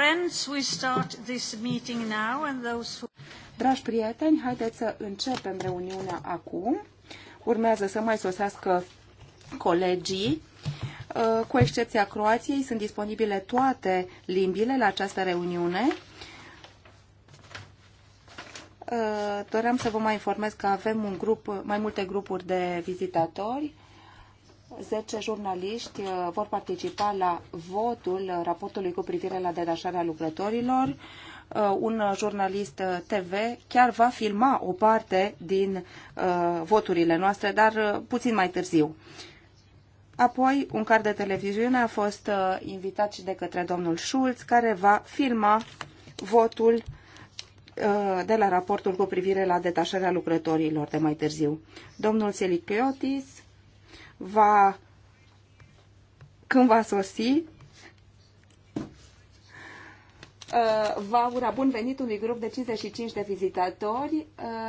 friends, we start this meeting now and those who... Dragi prieteni, haideți să începem reuniunea acum. Urmează să mai sosească colegii. Uh, cu excepția Croației, sunt disponibile toate limbile la această reuniune. Uh, doream să vă mai informez că avem un grup, mai multe grupuri de vizitatori 10 jurnaliști uh, vor participa la votul uh, raportului cu privire la detașarea lucrătorilor. Uh, un jurnalist TV chiar va filma o parte din voturile noastre, dar puțin mai târziu. Apoi, un car de televiziune a fost invitat și de către domnul Schulz, care va filma votul de la raportul cu privire la detașarea lucrătorilor de mai târziu. Domnul Selichiotis va, când va sosi, uh, va ura bun venit unui grup de 55 de vizitatori uh,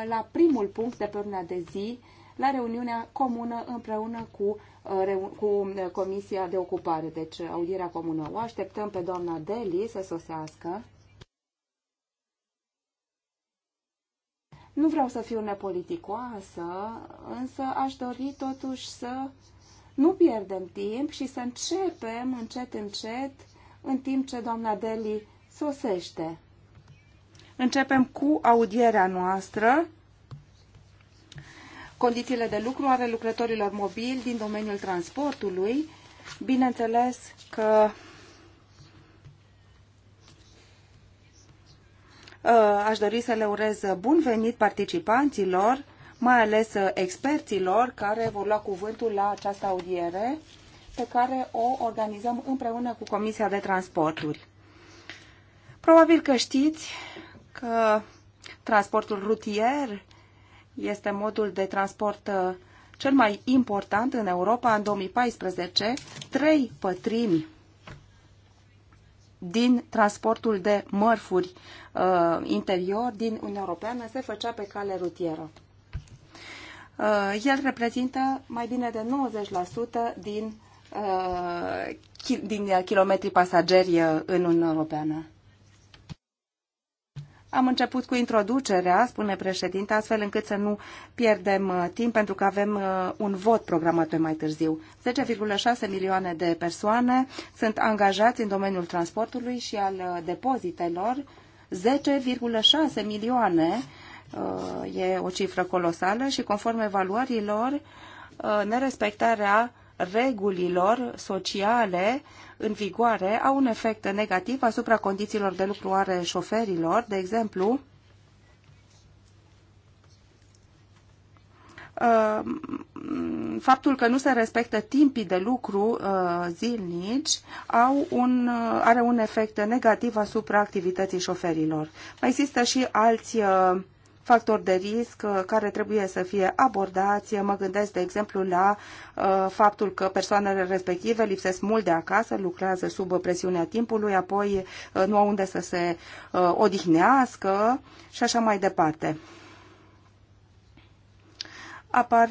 la primul punct de pe urmea de zi, la reuniunea comună împreună cu, uh, cu Comisia de Ocupare, deci audierea comună. O așteptăm pe doamna Deli să sosească. Nu vreau să fiu nepoliticoasă, însă aș dori totuși să nu pierdem timp și să începem încet, încet, în timp ce doamna Deli sosește. Începem cu audierea noastră condițiile de lucru ale lucrătorilor mobili din domeniul transportului. Bineînțeles că Uh, aș dori să le urez bun venit participanților, mai ales uh, experților care vor lua cuvântul la această audiere pe care o organizăm împreună cu Comisia de Transporturi. Probabil că știți că transportul rutier este modul de transport uh, cel mai important în Europa în 2014. Trei pătrimi din transportul de mărfuri uh, interior din Uniunea Europeană se făcea pe cale rutieră. Uh, el reprezintă mai bine de 90% din, uh, din uh, kilometri pasageri uh, în Uniunea Europeană. Am început cu introducerea, spune președinte, astfel încât să nu pierdem uh, timp pentru că avem uh, un vot programat pe mai târziu. 10,6 milioane de persoane sunt angajați în domeniul transportului și al uh, depozitelor. 10,6 milioane e o cifră colosală și conform evaluărilor, nerespectarea regulilor sociale în vigoare au un efect negativ asupra condițiilor de lucru ale șoferilor, de exemplu, uh, faptul că nu se respectă timpii de lucru uh, zilnici au un, uh, are un efect negativ asupra activității șoferilor. Mai există și alți factori de risc uh, care trebuie să fie abordați. Mă gândesc, de exemplu, la uh, faptul că persoanele respective lipsesc mult de acasă, lucrează sub presiunea timpului, apoi uh, nu au unde să se odihnească și așa mai departe. Apar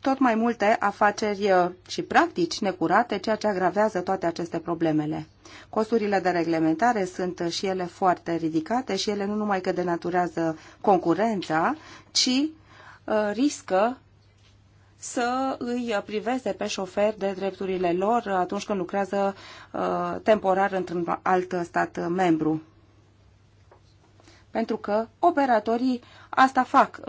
tot mai multe afaceri uh, și practici necurate, ceea ce agravează toate aceste problemele. Costurile de reglementare sunt uh, și ele foarte ridicate și ele nu numai că denaturează concurența, ci uh, riscă să îi priveze pe șofer de drepturile lor atunci când lucrează temporar într-un alt stat membru. Pentru că operatorii asta fac,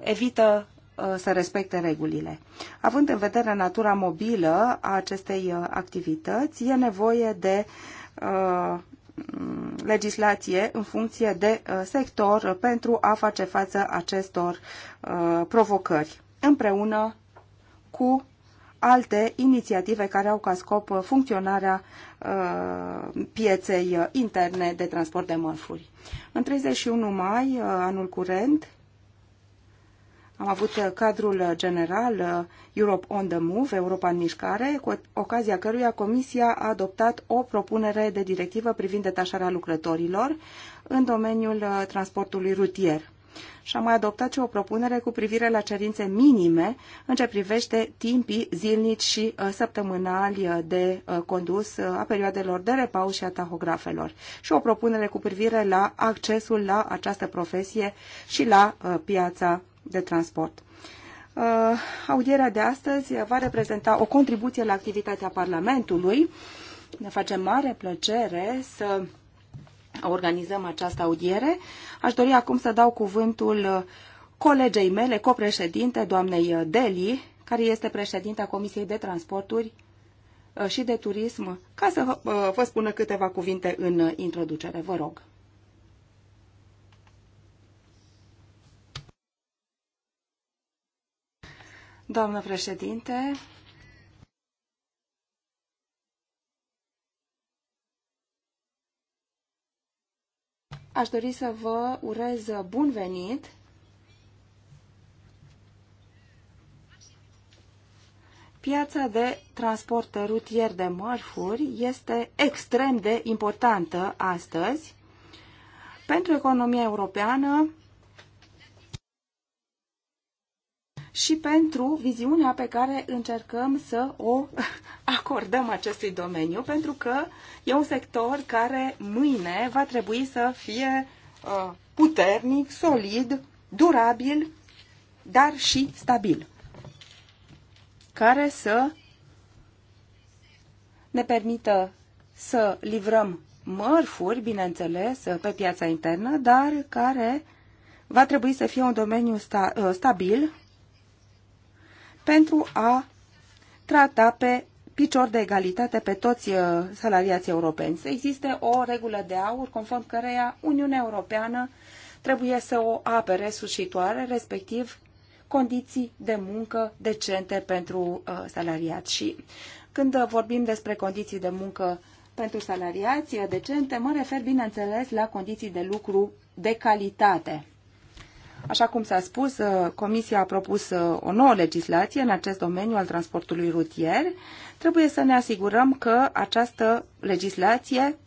evită Uh, să respecte regulile. Având în vedere natura mobilă a acestei uh, activități, e nevoie de uh, legislație în funcție de sector pentru a face față acestor provocări, împreună cu alte inițiative care au ca scop funcționarea pieței interne de transport de mărfuri. În 31 mai anul curent, am avut uh, cadrul uh, general uh, Europe on the Move, Europa în mișcare, cu ocazia căruia Comisia a adoptat o propunere de directivă privind detașarea lucrătorilor în domeniul transportului rutier. Și a mai adoptat și o propunere cu privire la cerințe minime în ce privește timpii zilnici și săptămânali de condus a perioadelor de repaus și a tahografelor și o propunere cu privire la accesul la această profesie și la piața de transport. Uh, audierea de astăzi va reprezenta o contribuție la activitatea Parlamentului. Ne face mare plăcere să organizăm această audiere. Aș dori acum să dau cuvântul colegei mele, copreședinte, doamnei Deli, care este președinta Comisiei de Transporturi uh, și de Turism, ca să uh, vă spună câteva cuvinte în introducere. Vă rog. Doamnă președinte, aș dori să vă urez bun venit Piața de transport rutier de mărfuri este extrem de importantă astăzi pentru economia europeană, și pentru viziunea pe care încercăm să o acordăm acestui domeniu, pentru că e un sector care mâine va trebui să fie uh, puternic, solid, durabil, dar și stabil, care să ne permită să livrăm mărfuri, bineînțeles, pe piața internă, dar care va trebui să fie un domeniu sta, uh, stabil, pentru a trata pe picior de egalitate pe toți uh, salariații europeni. Să existe o regulă de aur conform căreia Uniunea Europeană trebuie să o apere sușitoare, respectiv condiții de muncă decente pentru uh, salariați. Și când vorbim despre condiții de muncă pentru salariați decente, mă refer, bineînțeles, la condiții de lucru de calitate. Așa cum s-a spus, uh, Comisia a propus uh, o nouă legislație în acest domeniu al transportului rutier. Trebuie să ne asigurăm că această legislație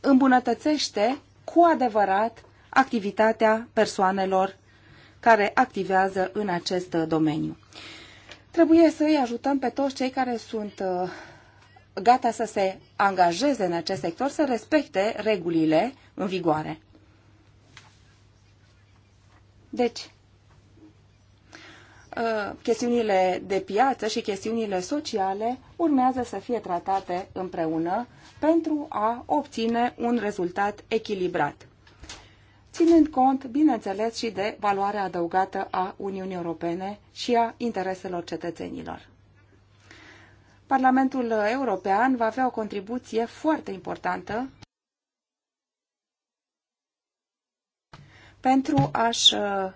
îmbunătățește cu adevărat activitatea persoanelor care activează în acest uh, domeniu. Trebuie să îi ajutăm pe toți cei care sunt gata să se angajeze în acest sector să respecte regulile în vigoare. Deci, uh, chestiunile de piață și chestiunile sociale urmează să fie tratate împreună pentru a obține un rezultat echilibrat, ținând cont, bineînțeles, și de valoarea adăugată a Uniunii Europene și a intereselor cetățenilor. Parlamentul European va avea o contribuție foarte importantă pentru a-și uh,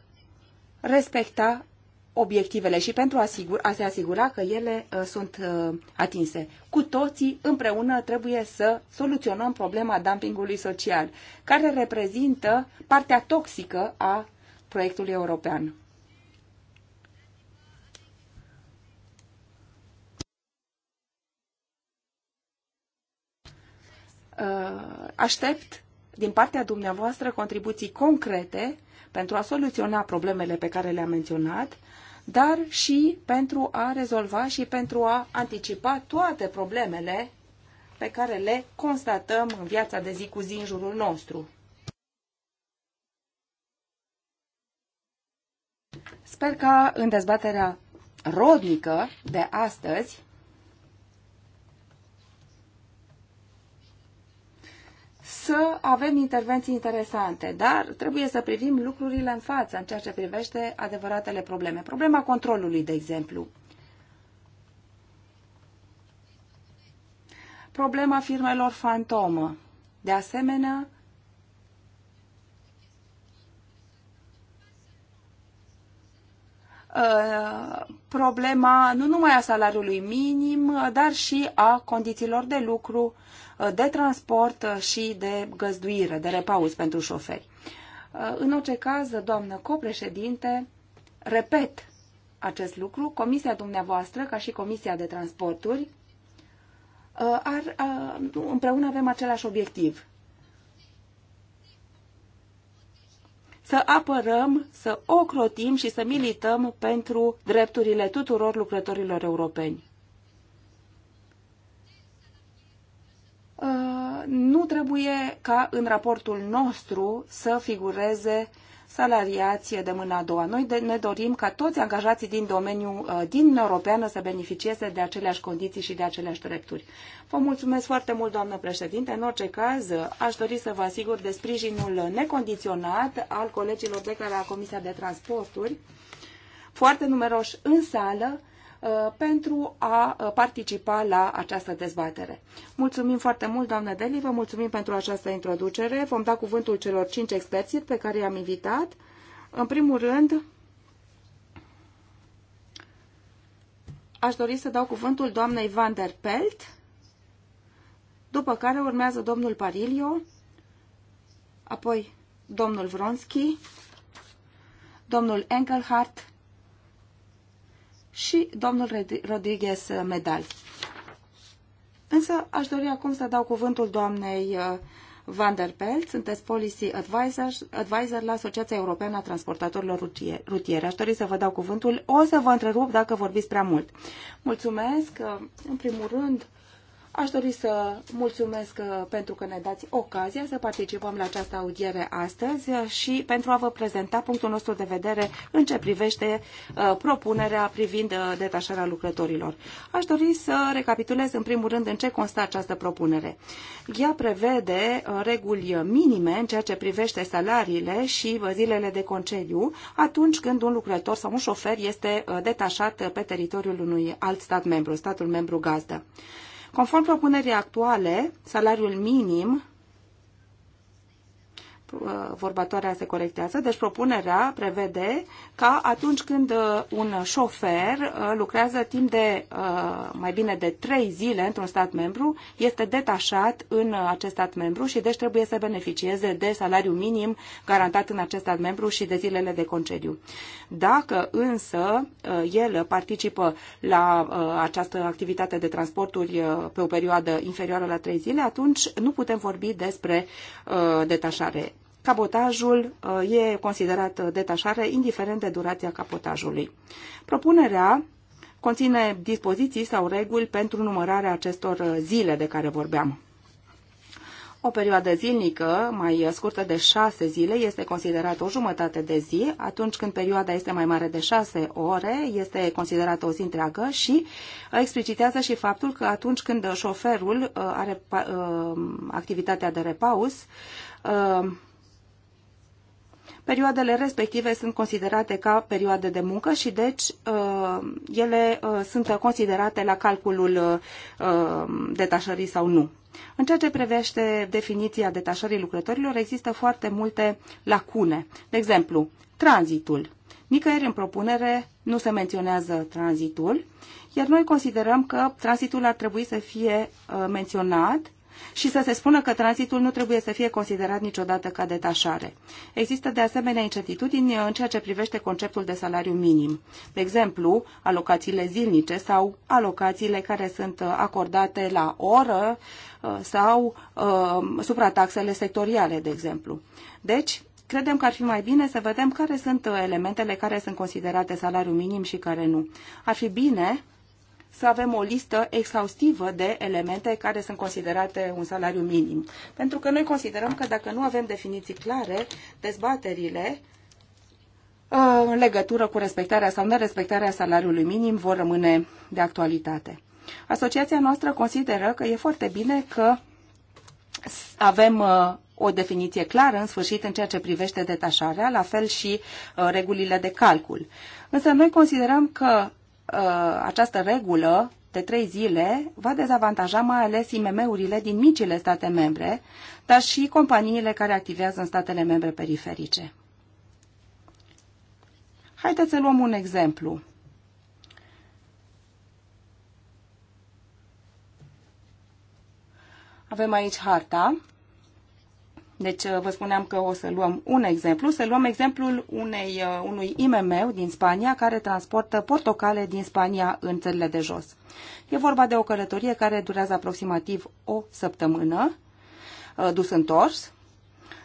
respecta obiectivele și pentru a, a se asigura că ele uh, sunt uh, atinse. Cu toții împreună trebuie să soluționăm problema dumpingului social, care reprezintă partea toxică a proiectului european. Uh, aștept din partea dumneavoastră contribuții concrete pentru a soluționa problemele pe care le-am menționat, dar și pentru a rezolva și pentru a anticipa toate problemele pe care le constatăm în viața de zi cu zi în jurul nostru. Sper că în dezbaterea rodnică de astăzi să avem intervenții interesante, dar trebuie să privim lucrurile în față în ceea ce privește adevăratele probleme. Problema controlului, de exemplu. Problema firmelor fantomă. De asemenea, Uh, problema nu numai a salariului minim, uh, dar și a condițiilor de lucru, uh, de transport și de găzduire, de repaus pentru șoferi. În orice caz, doamnă copreședinte, repet acest lucru, comisia dumneavoastră, ca și comisia de transporturi, ar, împreună avem același obiectiv, să apărăm, să ocrotim și să milităm pentru drepturile tuturor lucrătorilor europeni. Uh, nu trebuie ca în raportul nostru să figureze salariați de mâna a doua. Noi ne dorim ca toți angajații din domeniul uh, din Europeană să beneficieze de aceleași condiții și de aceleași drepturi. Vă mulțumesc foarte mult, doamnă președinte. În orice caz, aș dori să vă asigur de sprijinul necondiționat al colegilor de care la Comisia de Transporturi, foarte numeroși în sală, Uh, pentru a uh, participa la această dezbatere. Mulțumim foarte mult, doamnă Deli, vă mulțumim pentru această introducere. Vom da cuvântul celor cinci experți pe care i-am invitat. În primul rând, aș dori să dau cuvântul doamnei Van der Pelt, după care urmează domnul Parilio, apoi domnul Vronski, domnul Engelhardt și domnul Rodriguez uh, Medal. Însă aș dori acum să dau cuvântul doamnei uh, Van der Pelt. Sunteți policy advisor, advisor la Asociația Europeană a Transportatorilor Rutiere. Aș dori să vă dau cuvântul. O să vă întrerup dacă vorbiți prea mult. Mulțumesc. Uh, în primul rând, Aș dori să mulțumesc uh, pentru că ne dați ocazia să participăm la această audiere astăzi și pentru a vă prezenta punctul nostru de vedere în ce privește uh, propunerea privind uh, detașarea lucrătorilor. Aș dori să recapitulez în primul rând în ce constă această propunere. Ea prevede reguli minime în ceea ce privește salariile și zilele de concediu atunci când un lucrător sau un șofer este detașat pe teritoriul unui alt stat membru, statul membru gazdă. Conform propunerii actuale, salariul minim Uh, vorbătoarea se corectează. Deci propunerea prevede ca atunci când uh, un șofer uh, lucrează timp de mai bine de trei zile într-un stat membru, este detașat în acest stat membru și deci trebuie să beneficieze de salariu minim garantat în acest stat membru și de zilele de concediu. Dacă însă el participă la această activitate de transporturi pe o perioadă inferioară la trei zile, atunci nu putem vorbi despre detașare cabotajul uh, e considerat detașare, indiferent de durația capotajului. Propunerea conține dispoziții sau reguli pentru numărarea acestor uh, zile de care vorbeam. O perioadă zilnică, mai scurtă de șase zile, este considerată o jumătate de zi. Atunci când perioada este mai mare de șase ore, este considerată o zi întreagă și explicitează și faptul că atunci când șoferul uh, are activitatea de repaus, perioadele respective sunt considerate ca perioade de muncă și deci uh, ele uh, sunt considerate la calculul uh, detașării sau nu. În ceea ce privește definiția detașării lucrătorilor, există foarte multe lacune. De exemplu, tranzitul. Nicăieri în propunere nu se menționează tranzitul, iar noi considerăm că tranzitul ar trebui să fie menționat și să se spună că tranzitul nu trebuie să fie considerat niciodată ca detașare. Există de asemenea incertitudini în ceea ce privește conceptul de salariu minim. De exemplu, alocațiile zilnice sau alocațiile care sunt uh, acordate la oră uh, sau uh, suprataxele sectoriale, de exemplu. Deci, Credem că ar fi mai bine să vedem care sunt uh, elementele care sunt considerate salariu minim și care nu. Ar fi bine să avem o listă exhaustivă de elemente care sunt considerate un salariu minim. Pentru că noi considerăm că dacă nu avem definiții clare, dezbaterile uh, în legătură cu respectarea sau nerespectarea salariului minim vor rămâne de actualitate. Asociația noastră consideră că e foarte bine că avem uh, o definiție clară, în sfârșit, în ceea ce privește detașarea, la fel și uh, regulile de calcul. Însă noi considerăm că Uh, această regulă de trei zile va dezavantaja mai ales IMM-urile din micile state membre, dar și companiile care activează în statele membre periferice. Haideți să luăm un exemplu. Avem aici harta deci uh, vă spuneam că o să luăm un exemplu. Să luăm exemplul unei, uh, unui IMM din Spania care transportă portocale din Spania în țările de jos. E vorba de o călătorie care durează aproximativ o săptămână, uh, dus întors.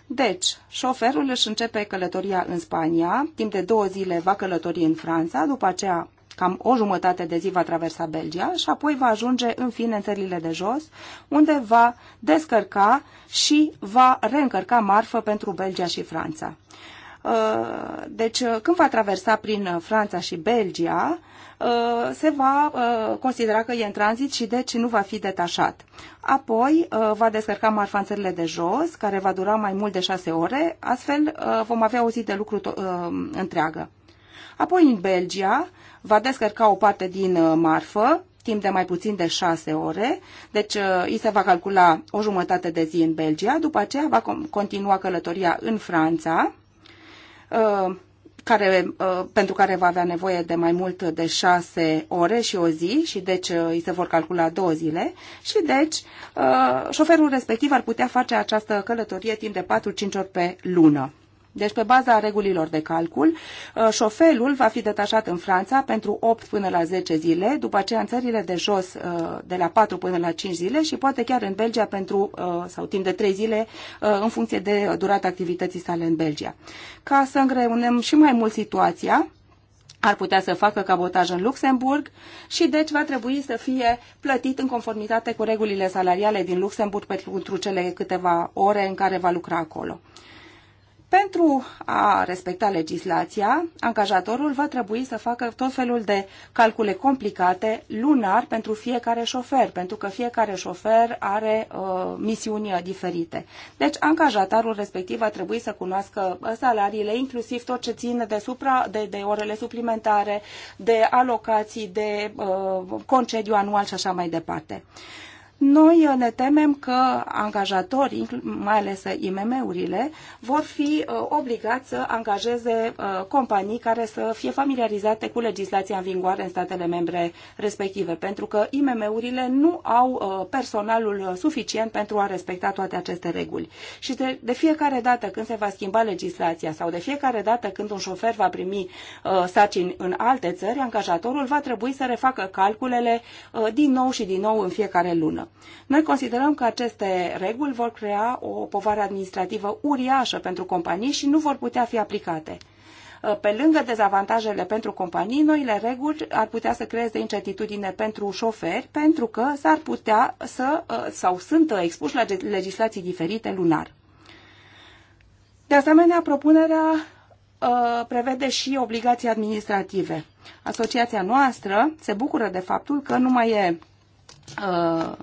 Deci, șoferul își începe călătoria în Spania, timp de două zile va călători în Franța, după aceea cam o jumătate de zi va traversa Belgia și apoi va ajunge în fine în țările de jos, unde va descărca și va reîncărca marfă pentru Belgia și Franța. Uh, deci, uh, când va traversa prin uh, Franța și Belgia, se va considera că e în tranzit și deci nu va fi detașat. Apoi va descărca marfa în țările de jos, care va dura mai mult de șase ore, astfel vom avea o zi de lucru întreagă. Apoi în Belgia va descărca o parte din uh, marfă timp de mai puțin de 6 ore, deci uh, îi se va calcula o jumătate de zi în Belgia, după aceea va continua călătoria în Franța, uh, care, pentru care va avea nevoie de mai mult de 6 ore și o zi și deci îi se vor calcula două zile și deci șoferul respectiv ar putea face această călătorie timp de 4-5 ori pe lună. Deci, pe baza regulilor de calcul, uh, șofelul va fi detașat în Franța pentru 8 până la 10 zile, după aceea în țările de jos uh, de la 4 până la 5 zile și poate chiar în Belgia pentru, uh, sau timp de 3 zile, în funcție de durata activității sale în Belgia. Ca să îngreunăm și mai mult situația, ar putea să facă cabotaj în Luxemburg și deci va trebui să fie plătit în conformitate cu regulile salariale din Luxemburg pentru cele câteva ore în care va lucra acolo. Pentru a respecta legislația, angajatorul va trebui să facă tot felul de calcule complicate lunar pentru fiecare șofer, pentru că fiecare șofer are uh, misiuni diferite. Deci, angajatorul respectiv va trebui să cunoască uh, salariile, inclusiv tot ce ține de, supra, de, de orele suplimentare, de alocații, de uh, concediu anual și așa mai departe. Uh, noi uh, ne temem că angajatorii, mai ales uh, IMM-urile, vor fi uh, obligați să angajeze companii care să fie familiarizate cu legislația în vigoare în statele membre respective, pentru că IMM-urile nu au personalul suficient pentru a respecta toate aceste reguli. Și de, de fiecare dată când se va schimba legislația sau de fiecare dată când un șofer va primi sacini în alte țări, angajatorul va trebui să refacă calculele din nou și din nou în fiecare lună. Noi considerăm că aceste reguli vor crea o povară administrativă uriașă pentru companii și nu vor putea fi aplicate. Uh, pe lângă dezavantajele pentru companii, noile reguli ar putea să creeze incertitudine pentru șoferi, pentru că s-ar putea să uh, sau sunt expuși la legislații diferite lunar. De asemenea, propunerea uh, prevede și obligații administrative. Asociația noastră se bucură de faptul că nu mai e uh,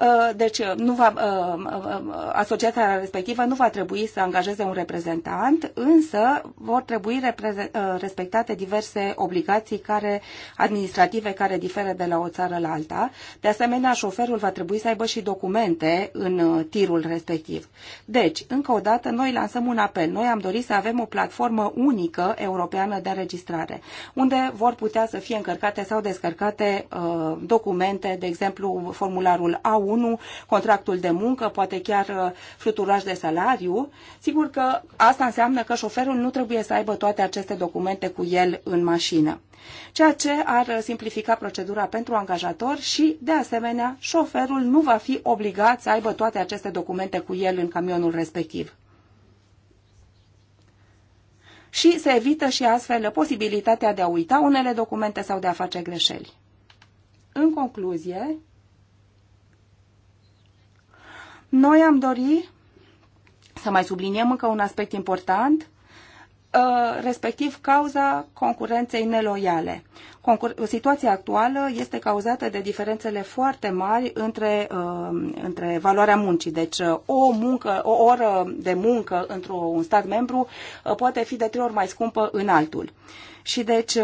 Uh, deci uh, nu va, uh, asociația respectivă nu va trebui să angajeze un reprezentant, însă vor trebui respectate diverse obligații care, administrative care diferă de la o țară la alta. De asemenea, șoferul va trebui să aibă și documente în tirul respectiv. Deci, încă o dată, noi lansăm un apel. Noi am dorit să avem o platformă unică europeană de înregistrare, unde vor putea să fie încărcate sau descărcate uh, documente, de exemplu, formularul A1, 1, contractul de muncă, poate chiar uh, fluturaj de salariu. Sigur că asta înseamnă că șoferul nu trebuie să aibă toate aceste documente cu el în mașină, ceea ce ar uh, simplifica procedura pentru angajator și, de asemenea, șoferul nu va fi obligat să aibă toate aceste documente cu el în camionul respectiv și se evită și astfel posibilitatea de a uita unele documente sau de a face greșeli. În concluzie, noi am dori să mai subliniem încă un aspect important, uh, respectiv cauza concurenței neloiale. Concur- situația actuală este cauzată de diferențele foarte mari între, uh, între valoarea muncii. Deci uh, o, muncă, o oră de muncă într-un stat membru poate fi de trei ori mai scumpă în altul. Și deci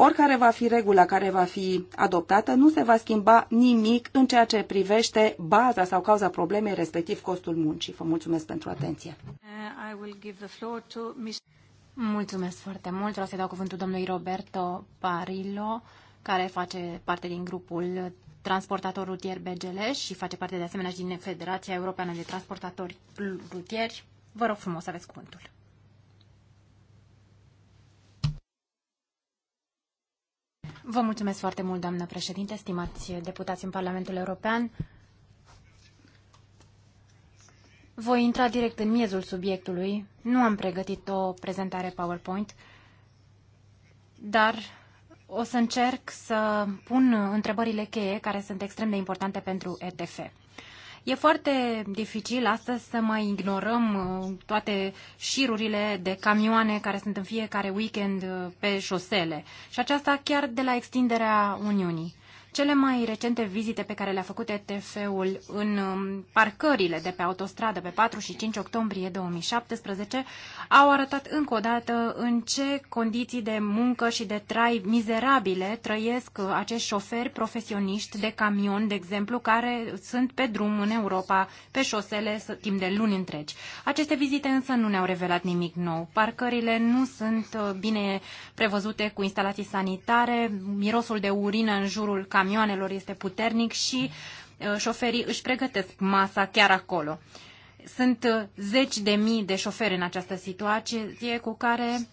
oricare va fi regula care va fi adoptată, nu se va schimba nimic în ceea ce privește baza sau cauza problemei, respectiv costul muncii. Vă mulțumesc pentru atenție. Uh, mulțumesc foarte mult. Vreau să dau cuvântul domnului Roberto Parillo, care face parte din grupul transportator rutier BGL și face parte de asemenea și din Federația Europeană de Transportatori Rutieri. Vă rog frumos, aveți cuvântul. Vă mulțumesc foarte mult, doamnă președinte, stimați deputați în Parlamentul European. Voi intra direct în miezul subiectului. Nu am pregătit o prezentare PowerPoint, dar o să încerc să pun întrebările cheie care sunt extrem de importante pentru ETF. E foarte dificil astăzi să mai ignorăm uh, toate șirurile de camioane care sunt în fiecare weekend uh, pe șosele. Și aceasta chiar de la extinderea Uniunii. Cele mai recente vizite pe care le-a făcut ETF-ul în um, parcările de pe autostradă pe 4 și 5 octombrie 2017 au arătat încă o dată în ce condiții de muncă și de trai mizerabile trăiesc uh, acești șoferi profesioniști de camion, de exemplu, care sunt pe drum în Europa, pe șosele, timp de luni întregi. Aceste vizite însă nu ne-au revelat nimic nou. Parcările nu sunt uh, bine prevăzute cu instalații sanitare, mirosul de urină în jurul camionului, camioanelor este puternic și uh, șoferii își pregătesc masa chiar acolo. Sunt uh, zeci de mii de șoferi în această situație cu care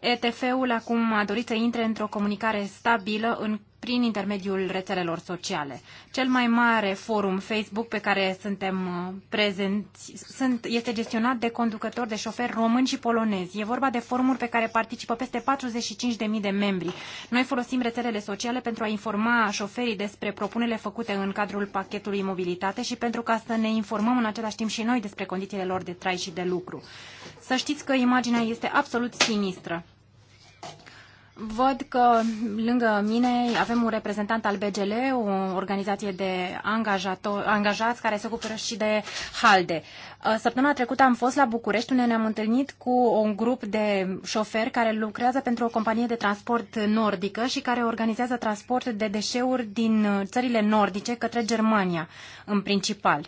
ETF-ul acum a dorit să intre într-o comunicare stabilă în prin intermediul rețelelor sociale. Cel mai mare forum Facebook pe care suntem uh, prezenți sunt, este gestionat de conducători de șoferi români și polonezi. E vorba de forumuri pe care participă peste 45.000 de membri. Noi folosim rețelele sociale pentru a informa șoferii despre propunele făcute în cadrul pachetului mobilitate și pentru ca să ne informăm în același timp și noi despre condițiile lor de trai și de lucru. Să știți că imaginea este absolut sinistră. Văd că lângă mine avem un reprezentant al BGL, o organizație de angajați care se ocupă și de halde. Uh, săptămâna trecută am fost la București unde ne-am întâlnit cu un grup de șoferi care lucrează pentru o companie de transport nordică și care organizează transport de deșeuri din uh, țările nordice către Germania în principal. Uh,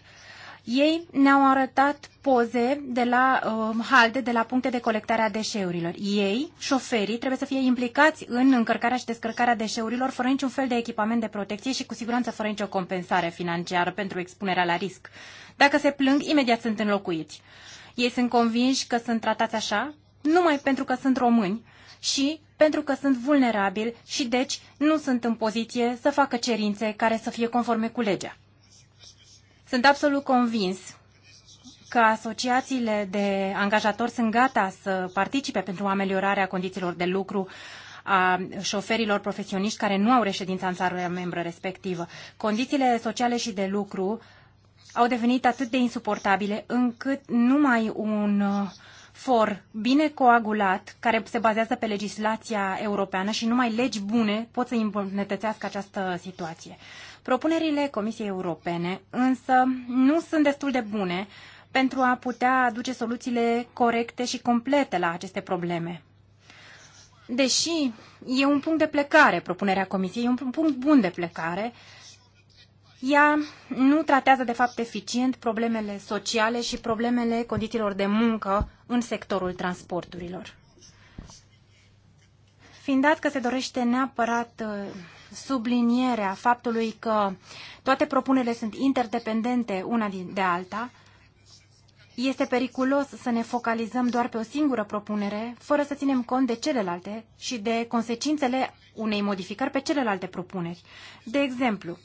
ei ne-au arătat poze de la uh, halde, de la puncte de colectare a deșeurilor. Ei, șoferii, trebuie să fie implicați în încărcarea și descărcarea deșeurilor fără niciun fel de echipament de protecție și cu siguranță fără nicio compensare financiară pentru expunerea la risc. Dacă se plâng, imediat sunt înlocuiți. Ei sunt convinși că sunt tratați așa numai pentru că sunt români și pentru că sunt vulnerabili și deci nu sunt în poziție să facă cerințe care să fie conforme cu legea. Sunt absolut convins că asociațiile de angajatori sunt gata să participe pentru ameliorarea condițiilor de lucru a șoferilor profesioniști care nu au reședința în țara membră respectivă. Condițiile sociale și de lucru au devenit atât de insuportabile încât numai un uh, for bine coagulat, care se bazează pe legislația europeană și numai legi bune pot să îmbunătățească această situație. Propunerile Comisiei Europene însă nu sunt destul de bune pentru a putea aduce soluțiile corecte și complete la aceste probleme. Deși e un punct de plecare, propunerea Comisiei e un punct bun de plecare, ea nu tratează de fapt eficient problemele sociale și problemele condițiilor de muncă în sectorul transporturilor. Fiind dat că se dorește neapărat uh, sublinierea faptului că toate propunerile sunt interdependente una de alta, este periculos să ne focalizăm doar pe o singură propunere, fără să ținem cont de celelalte și de consecințele unei modificări pe celelalte propuneri. De exemplu,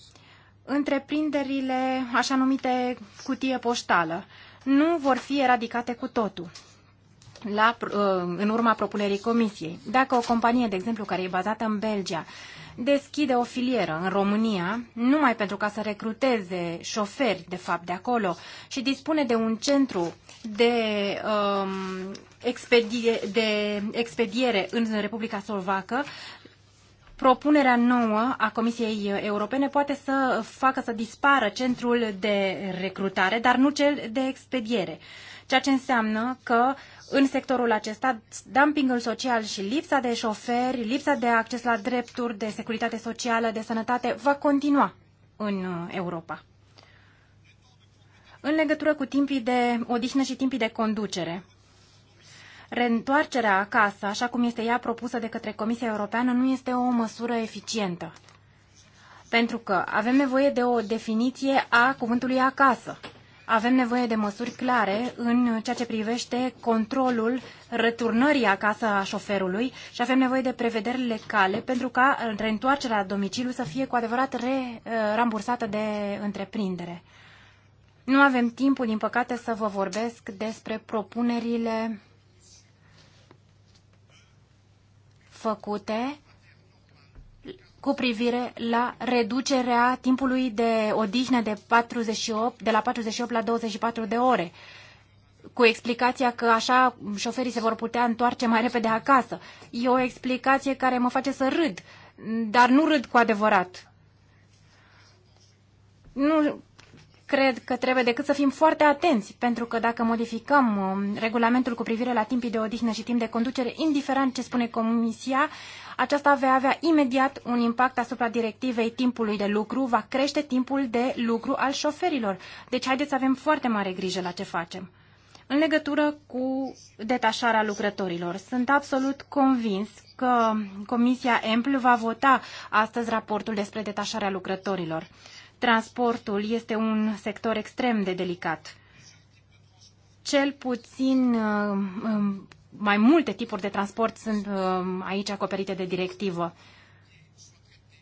întreprinderile așa numite cutie poștală nu vor fi eradicate cu totul la, uh, în urma propunerii comisiei. Dacă o companie, de exemplu, care e bazată în Belgia, deschide o filieră în România, numai pentru ca să recruteze șoferi, de fapt, de acolo și dispune de un centru de, um, expedie, de expediere în Republica Slovacă, propunerea nouă a Comisiei Europene poate să facă să dispară centrul de recrutare, dar nu cel de expediere. Ceea ce înseamnă că uh, în sectorul acesta, dumpingul social și lipsa de șoferi, lipsa de acces la drepturi, de securitate socială, de sănătate, va continua în uh, Europa. În legătură cu timpii de odihnă și timpii de conducere, reîntoarcerea acasă, așa cum este ea propusă de către Comisia Europeană, nu este o măsură eficientă. Pentru că avem nevoie de o definiție a cuvântului acasă avem nevoie de măsuri clare în ceea ce privește controlul returnării acasă a șoferului și avem nevoie de prevederi legale pentru ca reîntoarcerea la domiciliu să fie cu adevărat re, uh, rambursată de întreprindere. Nu avem timpul, din păcate, să vă vorbesc despre propunerile făcute cu privire la reducerea timpului de odihnă de, 48, de la 48 la 24 de ore, cu explicația că așa șoferii se vor putea întoarce mai repede acasă. E o explicație care mă face să râd, dar nu râd cu adevărat. Nu cred că trebuie decât să fim foarte atenți, pentru că dacă modificăm um, regulamentul cu privire la timpii de odihnă și timp de conducere, indiferent ce spune Comisia, aceasta va avea imediat un impact asupra directivei timpului de lucru, va crește timpul de lucru al șoferilor. Deci haideți să avem foarte mare grijă la ce facem. În legătură cu detașarea lucrătorilor, sunt absolut convins că Comisia EMPL va vota astăzi raportul despre detașarea lucrătorilor transportul este un sector extrem de delicat. Cel puțin uh, um, mai multe tipuri de transport sunt uh, aici acoperite de directivă.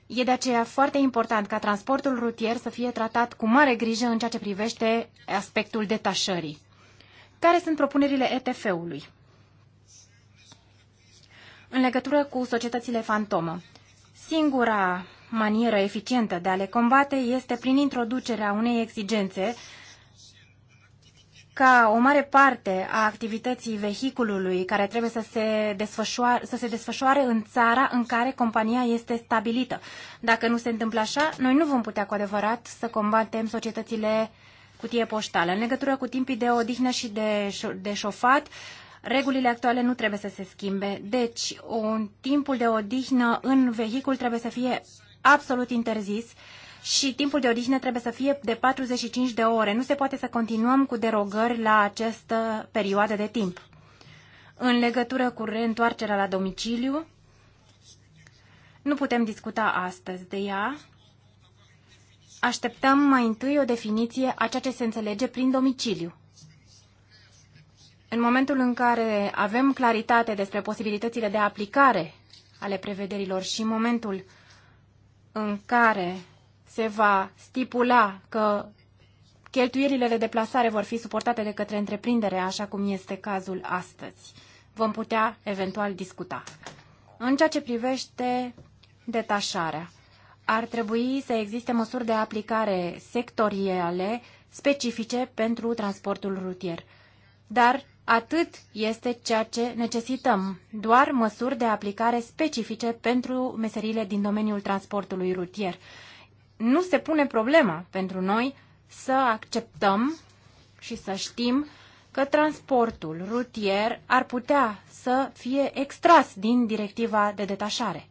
E de aceea foarte important ca transportul rutier să fie tratat cu mare grijă în ceea ce privește aspectul detașării. Care sunt propunerile ETF-ului? În legătură cu societățile fantomă, singura manieră eficientă de a le combate este prin introducerea unei exigențe ca o mare parte a activității vehiculului care trebuie să se, desfășoare, să se desfășoare în țara în care compania este stabilită. Dacă nu se întâmplă așa, noi nu vom putea cu adevărat să combatem societățile cutie poștală. În legătură cu timpii de odihnă și de, de șofat, regulile actuale nu trebuie să se schimbe. Deci, un timpul de odihnă în vehicul trebuie să fie absolut interzis și timpul de origine trebuie să fie de 45 de ore. Nu se poate să continuăm cu derogări la această perioadă de timp. În legătură cu reîntoarcerea la domiciliu, nu putem discuta astăzi de ea. Așteptăm mai întâi o definiție a ceea ce se înțelege prin domiciliu. În momentul în care avem claritate despre posibilitățile de aplicare ale prevederilor și în momentul în care se va stipula că cheltuielile de deplasare vor fi suportate de către întreprindere, așa cum este cazul astăzi. Vom putea eventual discuta. În ceea ce privește detașarea, ar trebui să existe măsuri de aplicare sectoriale specifice pentru transportul rutier. Dar atât este ceea ce necesităm, doar măsuri de aplicare specifice pentru meserile din domeniul transportului rutier. Nu se pune problema pentru noi să acceptăm și să știm că transportul rutier ar putea să fie extras din directiva de detașare.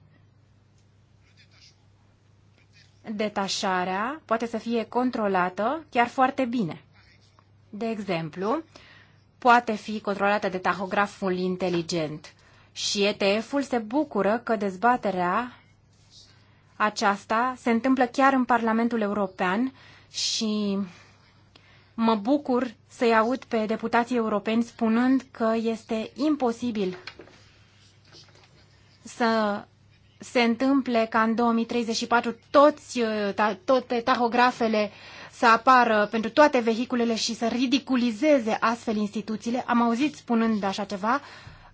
Detașarea poate să fie controlată chiar foarte bine. De exemplu, poate fi controlată de tahograful inteligent. Și ETF-ul se bucură că dezbaterea aceasta se întâmplă chiar în Parlamentul European și mă bucur să-i aud pe deputații europeni spunând că este imposibil să se întâmple ca în 2034 toți, toate tahografele uh, să apară pentru toate vehiculele și să ridiculizeze astfel instituțiile. Am auzit spunând așa ceva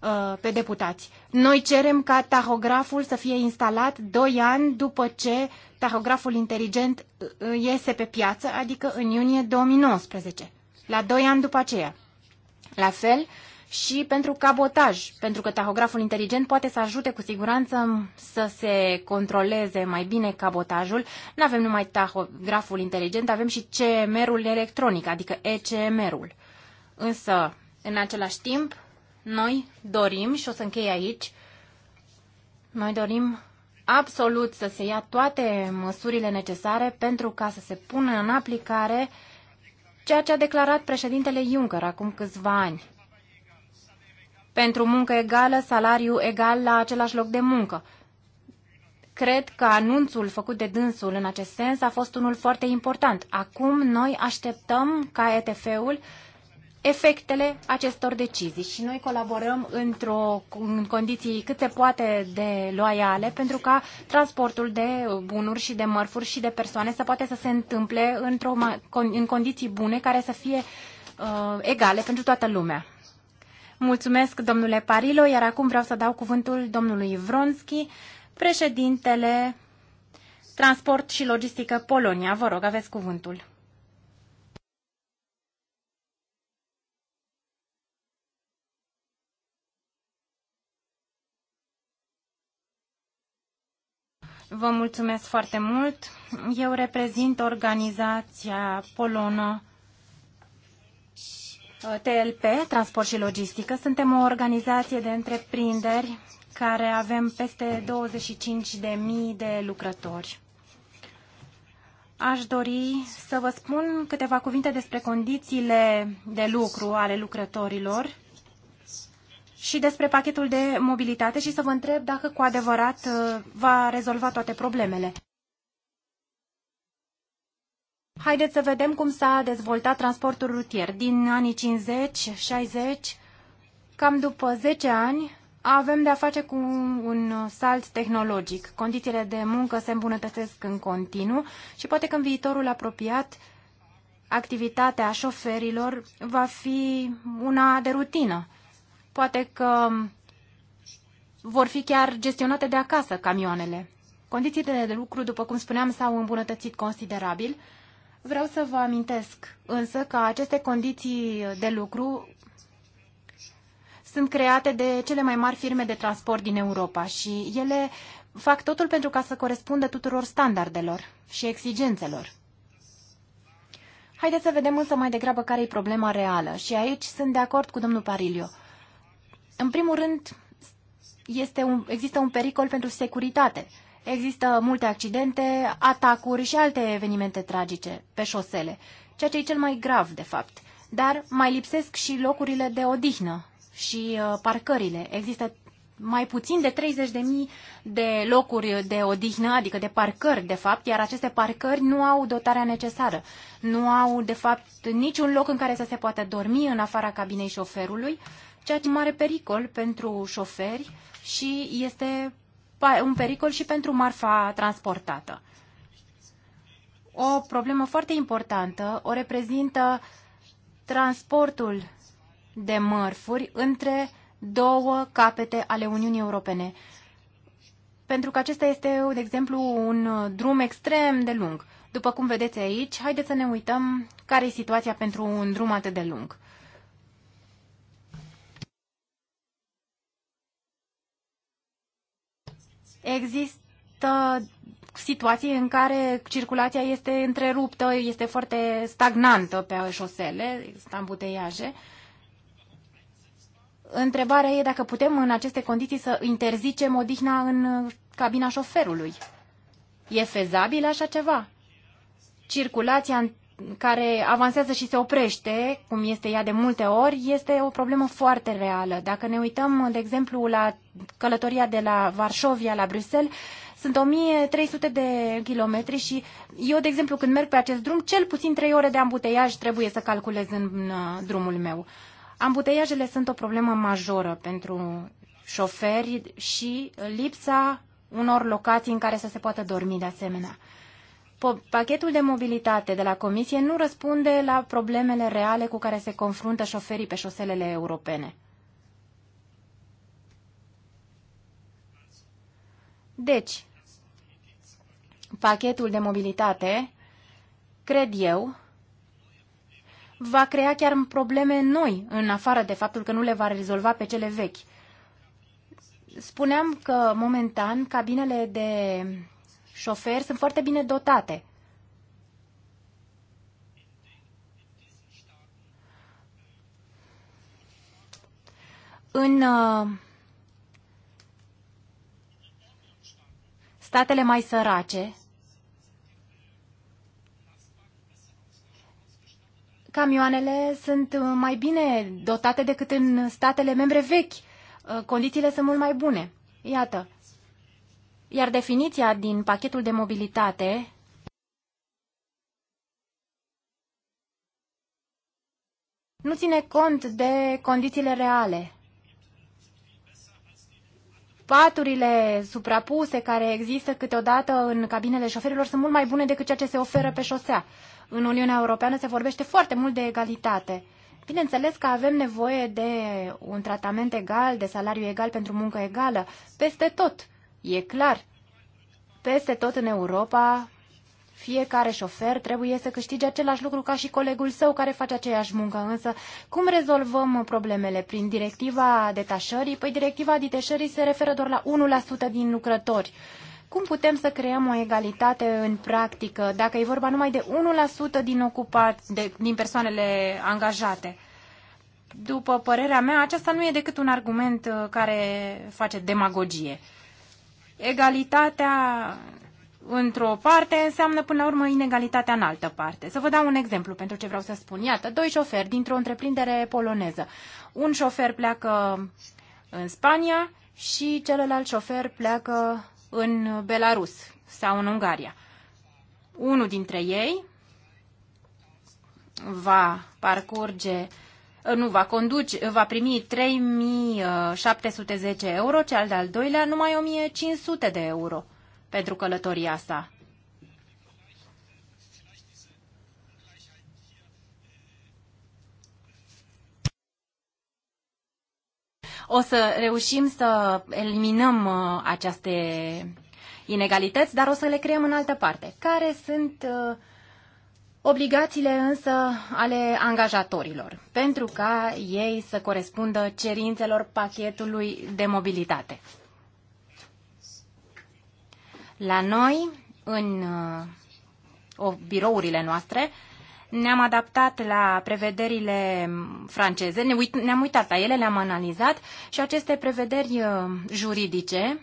uh, pe deputați. Noi cerem ca tahograful să fie instalat 2 ani după ce tahograful inteligent uh, iese pe piață, adică în iunie 2019, la 2 ani după aceea. La fel, și pentru cabotaj, pentru că tahograful inteligent poate să ajute cu siguranță să se controleze mai bine cabotajul. Nu avem numai tahograful inteligent, avem și CMR-ul electronic, adică ECMR-ul. Însă, în același timp, noi dorim, și o să închei aici, noi dorim absolut să se ia toate măsurile necesare pentru ca să se pună în aplicare ceea ce a declarat președintele Juncker acum câțiva ani pentru muncă egală, salariu egal la același loc de muncă. Cred că anunțul făcut de dânsul în acest sens a fost unul foarte important. Acum noi așteptăm ca ETF-ul efectele acestor decizii și noi colaborăm într-o, în condiții cât se poate de loiale pentru ca transportul de bunuri și de mărfuri și de persoane să poate să se întâmple într-o, în condiții bune care să fie uh, egale pentru toată lumea. Mulțumesc, domnule Parilo, iar acum vreau să dau cuvântul domnului Vronski, președintele Transport și Logistică Polonia. Vă rog, aveți cuvântul. Vă mulțumesc foarte mult. Eu reprezint organizația polonă TLP, Transport și Logistică. Suntem o organizație de întreprinderi care avem peste 25.000 de lucrători. Aș dori să vă spun câteva cuvinte despre condițiile de lucru ale lucrătorilor și despre pachetul de mobilitate și să vă întreb dacă cu adevărat uh, va rezolva toate problemele. Haideți să vedem cum s-a dezvoltat transportul rutier. Din anii 50-60, cam după 10 ani, avem de-a face cu un salt tehnologic. Condițiile de muncă se îmbunătățesc în continuu și poate că în viitorul apropiat activitatea șoferilor va fi una de rutină. Poate că vor fi chiar gestionate de acasă camioanele. Condițiile de lucru, după cum spuneam, s-au îmbunătățit considerabil Vreau să vă amintesc însă că aceste condiții de lucru sunt create de cele mai mari firme de transport din Europa și ele fac totul pentru ca să corespundă tuturor standardelor și exigențelor. Haideți să vedem însă mai degrabă care e problema reală și aici sunt de acord cu domnul Parilio. În primul rând, este un, există un pericol pentru securitate Există multe accidente, atacuri și alte evenimente tragice pe șosele, ceea ce e cel mai grav, de fapt. Dar mai lipsesc și locurile de odihnă și uh, parcările. Există mai puțin de 30.000 de locuri de odihnă, adică de parcări, de fapt, iar aceste parcări nu au dotarea necesară. Nu au, de fapt, niciun loc în care să se poată dormi în afara cabinei șoferului, ceea ce e mare pericol pentru șoferi și este un pericol și pentru marfa transportată. O problemă foarte importantă o reprezintă transportul de mărfuri între două capete ale Uniunii Europene. Pentru că acesta este, de exemplu, un drum extrem de lung. După cum vedeți aici, haideți să ne uităm care e situația pentru un drum atât de lung. Există situații în care circulația este întreruptă, este foarte stagnantă pe șosele, există ambuteiaje. Întrebarea e dacă putem în aceste condiții să interzicem odihna în cabina șoferului. E fezabil așa ceva? Circulația care avansează și se oprește, cum este ea de multe ori, este o problemă foarte reală. Dacă ne uităm, de exemplu, la călătoria de la Varșovia la Bruxelles, sunt 1300 de kilometri și eu, de exemplu, când merg pe acest drum, cel puțin 3 ore de ambuteiaj trebuie să calculez în uh, drumul meu. Ambuteiajele sunt o problemă majoră pentru șoferi și lipsa unor locații în care să se poată dormi de asemenea pachetul de mobilitate de la Comisie nu răspunde la problemele reale cu care se confruntă șoferii pe șoselele europene. Deci, pachetul de mobilitate, cred eu, va crea chiar probleme noi, în afară de faptul că nu le va rezolva pe cele vechi. Spuneam că, momentan, cabinele de șoferi sunt foarte bine dotate. În uh, statele mai sărace, camioanele sunt uh, mai bine dotate decât în statele membre vechi. Uh, condițiile sunt mult mai bune. Iată, iar definiția din pachetul de mobilitate nu ține cont de condițiile reale. Paturile suprapuse care există câteodată în cabinele șoferilor sunt mult mai bune decât ceea ce se oferă pe șosea. În Uniunea Europeană se vorbește foarte mult de egalitate. Bineînțeles că avem nevoie de un tratament egal, de salariu egal pentru muncă egală, peste tot. E clar, peste tot în Europa, fiecare șofer trebuie să câștige același lucru ca și colegul său care face aceeași muncă. Însă, cum rezolvăm problemele? Prin directiva detașării? Păi directiva detașării se referă doar la 1% din lucrători. Cum putem să creăm o egalitate în practică dacă e vorba numai de 1% din ocupați, de, din persoanele angajate? După părerea mea, aceasta nu e decât un argument uh, care face demagogie. Egalitatea într-o parte înseamnă până la urmă inegalitatea în altă parte. Să vă dau un exemplu pentru ce vreau să spun. Iată, doi șoferi dintr-o întreprindere poloneză. Un șofer pleacă în Spania și celălalt șofer pleacă în Belarus sau în Ungaria. Unul dintre ei va parcurge nu va conduce, va primi 3710 euro, cel de-al doilea numai 1500 de euro pentru călătoria sa. O să reușim să eliminăm uh, aceste inegalități, dar o să le creăm în altă parte. Care sunt uh, obligațiile însă ale angajatorilor, pentru ca ei să corespundă cerințelor pachetului de mobilitate. La noi, în uh, birourile noastre, ne-am adaptat la prevederile franceze, ne uit- ne-am uitat la ele, le-am analizat și aceste prevederi uh, juridice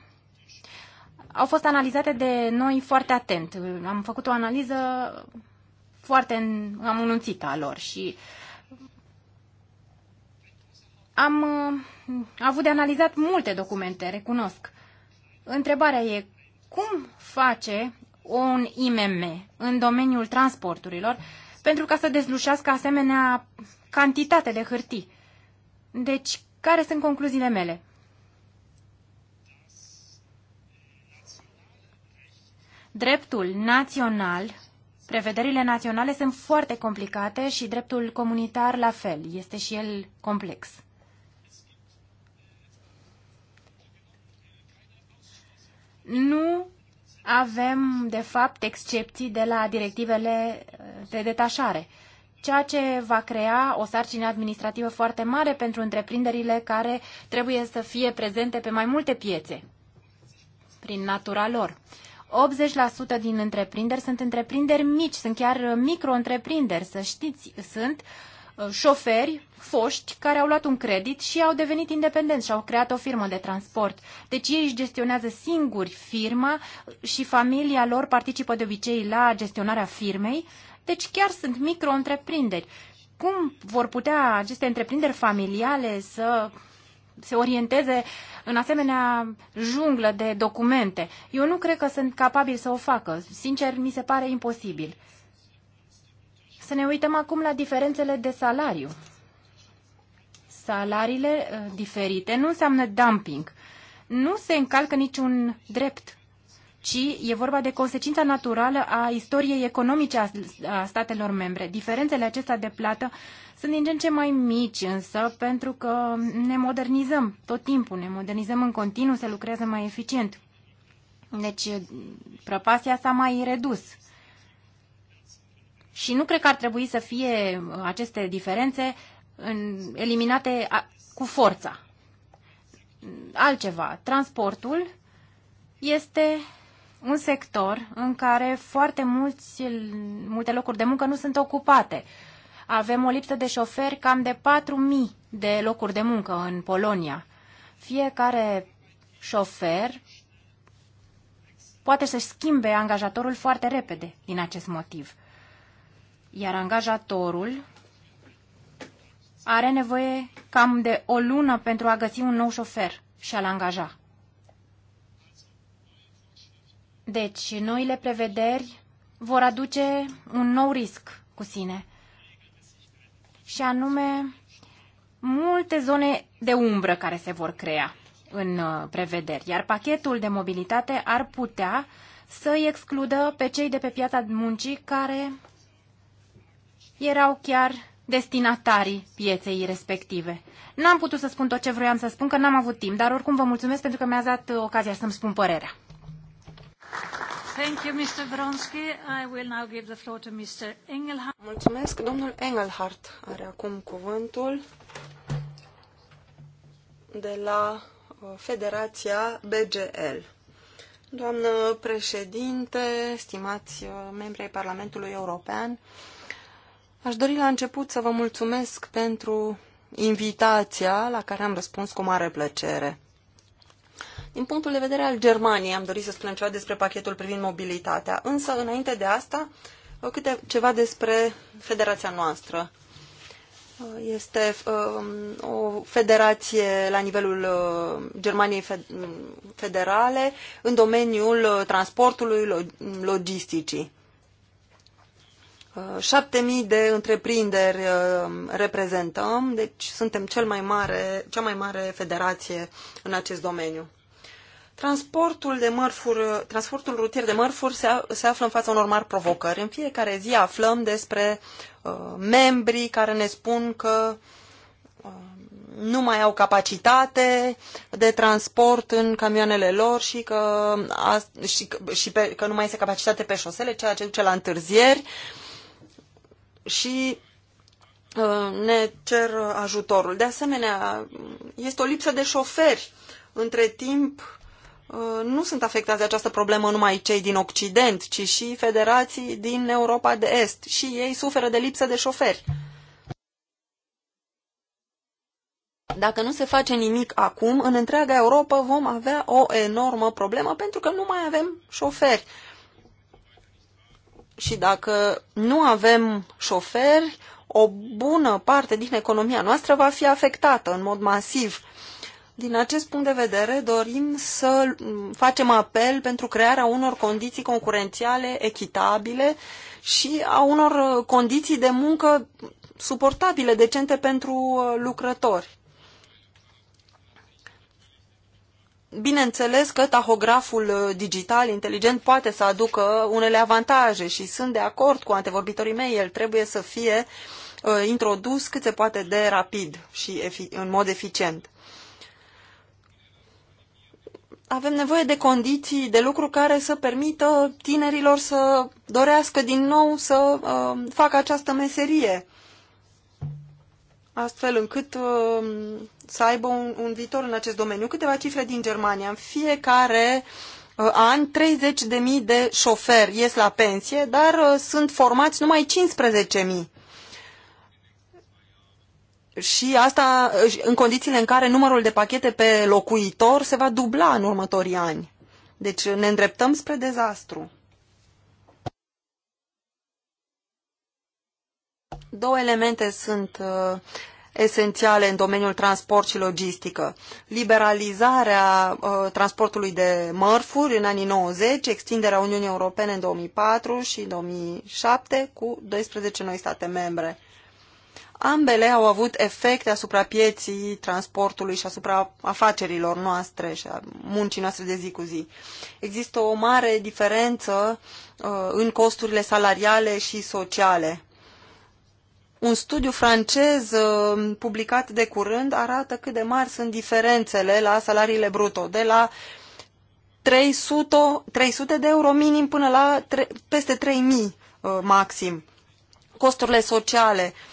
au fost analizate de noi foarte atent. Am făcut o analiză foarte amănunțită a lor și am uh, avut de analizat multe documente, recunosc. Întrebarea e cum face un IMM în domeniul transporturilor pentru ca să dezlușească asemenea cantitate de hârtii. Deci, care sunt concluziile mele? Dreptul național Prevederile naționale sunt foarte complicate și dreptul comunitar la fel, este și el complex. Nu avem, de fapt, excepții de la directivele uh, de detașare, ceea ce va crea o sarcină administrativă foarte mare pentru întreprinderile care trebuie să fie prezente pe mai multe piețe, prin natura lor. 80% din întreprinderi sunt întreprinderi mici, sunt chiar micro-întreprinderi, să știți, sunt uh, șoferi foști care au luat un credit și au devenit independenți și au creat o firmă de transport. Deci ei își gestionează singuri firma și familia lor participă de obicei la gestionarea firmei, deci chiar sunt micro-întreprinderi. Cum vor putea aceste întreprinderi familiale să se orienteze în asemenea junglă de documente. Eu nu cred că sunt capabil să o facă. Sincer, mi se pare imposibil. Să ne uităm acum la diferențele de salariu. Salariile uh, diferite nu înseamnă dumping. Nu se încalcă niciun drept ci e vorba de consecința naturală a istoriei economice a statelor membre. Diferențele acestea de plată sunt din ce în ce mai mici, însă, pentru că ne modernizăm tot timpul, ne modernizăm în continuu, se lucrează mai eficient. Deci, prăpasia s-a mai redus. Și nu cred că ar trebui să fie aceste diferențe în, eliminate a, cu forța. Altceva, transportul este un sector în care foarte mulți, multe locuri de muncă nu sunt ocupate. Avem o lipsă de șoferi cam de 4.000 de locuri de muncă în Polonia. Fiecare șofer poate să-și schimbe angajatorul foarte repede din acest motiv. Iar angajatorul are nevoie cam de o lună pentru a găsi un nou șofer și a-l angaja. Deci, noile prevederi vor aduce un nou risc cu sine. Și anume, multe zone de umbră care se vor crea în uh, prevederi, iar pachetul de mobilitate ar putea să-i excludă pe cei de pe piața muncii care erau chiar destinatarii pieței respective. N-am putut să spun tot ce vroiam să spun, că n-am avut timp, dar oricum vă mulțumesc pentru că mi-ați dat ocazia să-mi spun părerea. Thank you, Mr. Vronsky. I will now give the floor to Mr. Engelhardt. Mulțumesc. Domnul Engelhardt are acum cuvântul de la uh, Federația BGL. Doamnă președinte, stimați uh, membri ai Parlamentului European, aș dori la început să vă mulțumesc pentru invitația la care am răspuns cu mare plăcere. Din punctul de vedere al Germaniei, am dorit să spunem ceva despre pachetul privind mobilitatea, însă înainte de asta, câte ceva despre federația noastră. Este um, o federație la nivelul uh, Germaniei federale în domeniul uh, transportului logisticii. 7.000 uh, de întreprinderi reprezentăm, deci suntem cel mai mare, cea mai mare federație în acest domeniu. Transportul, de mărfuri, transportul rutier de mărfuri se, se află în fața unor mari provocări. În fiecare zi aflăm despre uh, membrii care ne spun că uh, nu mai au capacitate de transport în camioanele lor și că, a, și, și pe, că nu mai este capacitate pe șosele, ceea ce duce la întârzieri și uh, ne cer ajutorul. De asemenea, este o lipsă de șoferi. Între timp, Uh, nu sunt afectați de această problemă numai cei din Occident, ci și federații din Europa de Est și ei suferă de lipsă de șoferi. Dacă nu se face nimic acum, în întreaga Europa vom avea o enormă problemă pentru că nu mai avem șoferi. Și dacă nu avem șoferi, o bună parte din economia noastră va fi afectată în mod masiv. Din acest punct de vedere, dorim să facem apel pentru crearea unor condiții concurențiale echitabile și a unor condiții de muncă suportabile, decente pentru uh, lucrători. Bineînțeles că tahograful uh, digital inteligent poate să aducă unele avantaje și sunt de acord cu antevorbitorii mei, el trebuie să fie uh, introdus cât se poate de rapid și în mod eficient avem nevoie de condiții de lucru care să permită tinerilor să dorească din nou să uh, facă această meserie, astfel încât uh, să aibă un, un viitor în acest domeniu. Câteva cifre din Germania. În fiecare uh, an, 30.000 de șoferi ies la pensie, dar uh, sunt formați numai 15.000 și asta în condițiile în care numărul de pachete pe locuitor se va dubla în următorii ani. Deci ne îndreptăm spre dezastru. Două elemente sunt uh, esențiale în domeniul transport și logistică. Liberalizarea uh, transportului de mărfuri în anii 90, extinderea Uniunii Europene în 2004 și 2007 cu 12 noi state membre. Ambele au avut efecte asupra pieții, transportului și asupra afacerilor noastre și a muncii noastre de zi cu zi. Există o mare diferență uh, în costurile salariale și sociale. Un studiu francez uh, publicat de curând arată cât de mari sunt diferențele la salariile bruto, de la 300, 300 de euro minim până la tre- peste 3000 uh, maxim. Costurile sociale uh,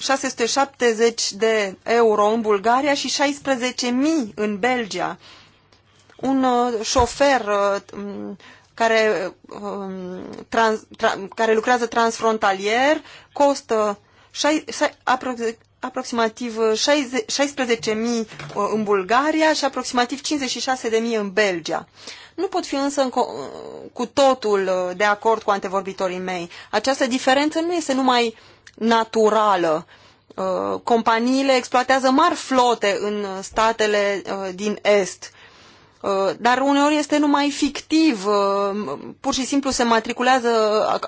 670 de euro în Bulgaria și 16.000 în Belgia. Un uh, șofer uh, care, um, trans, tra, care lucrează transfrontalier costă 6, aproximativ aproximativ 16.000 uh, uh, în Bulgaria și aproximativ 56.000 în Belgia. Nu pot fi însă uh, cu totul de acord cu antevorbitorii mei. Această diferență nu este numai naturală. Companiile exploatează mari flote în statele din Est Uh, dar uneori este numai fictiv. Uh, pur și simplu se matriculează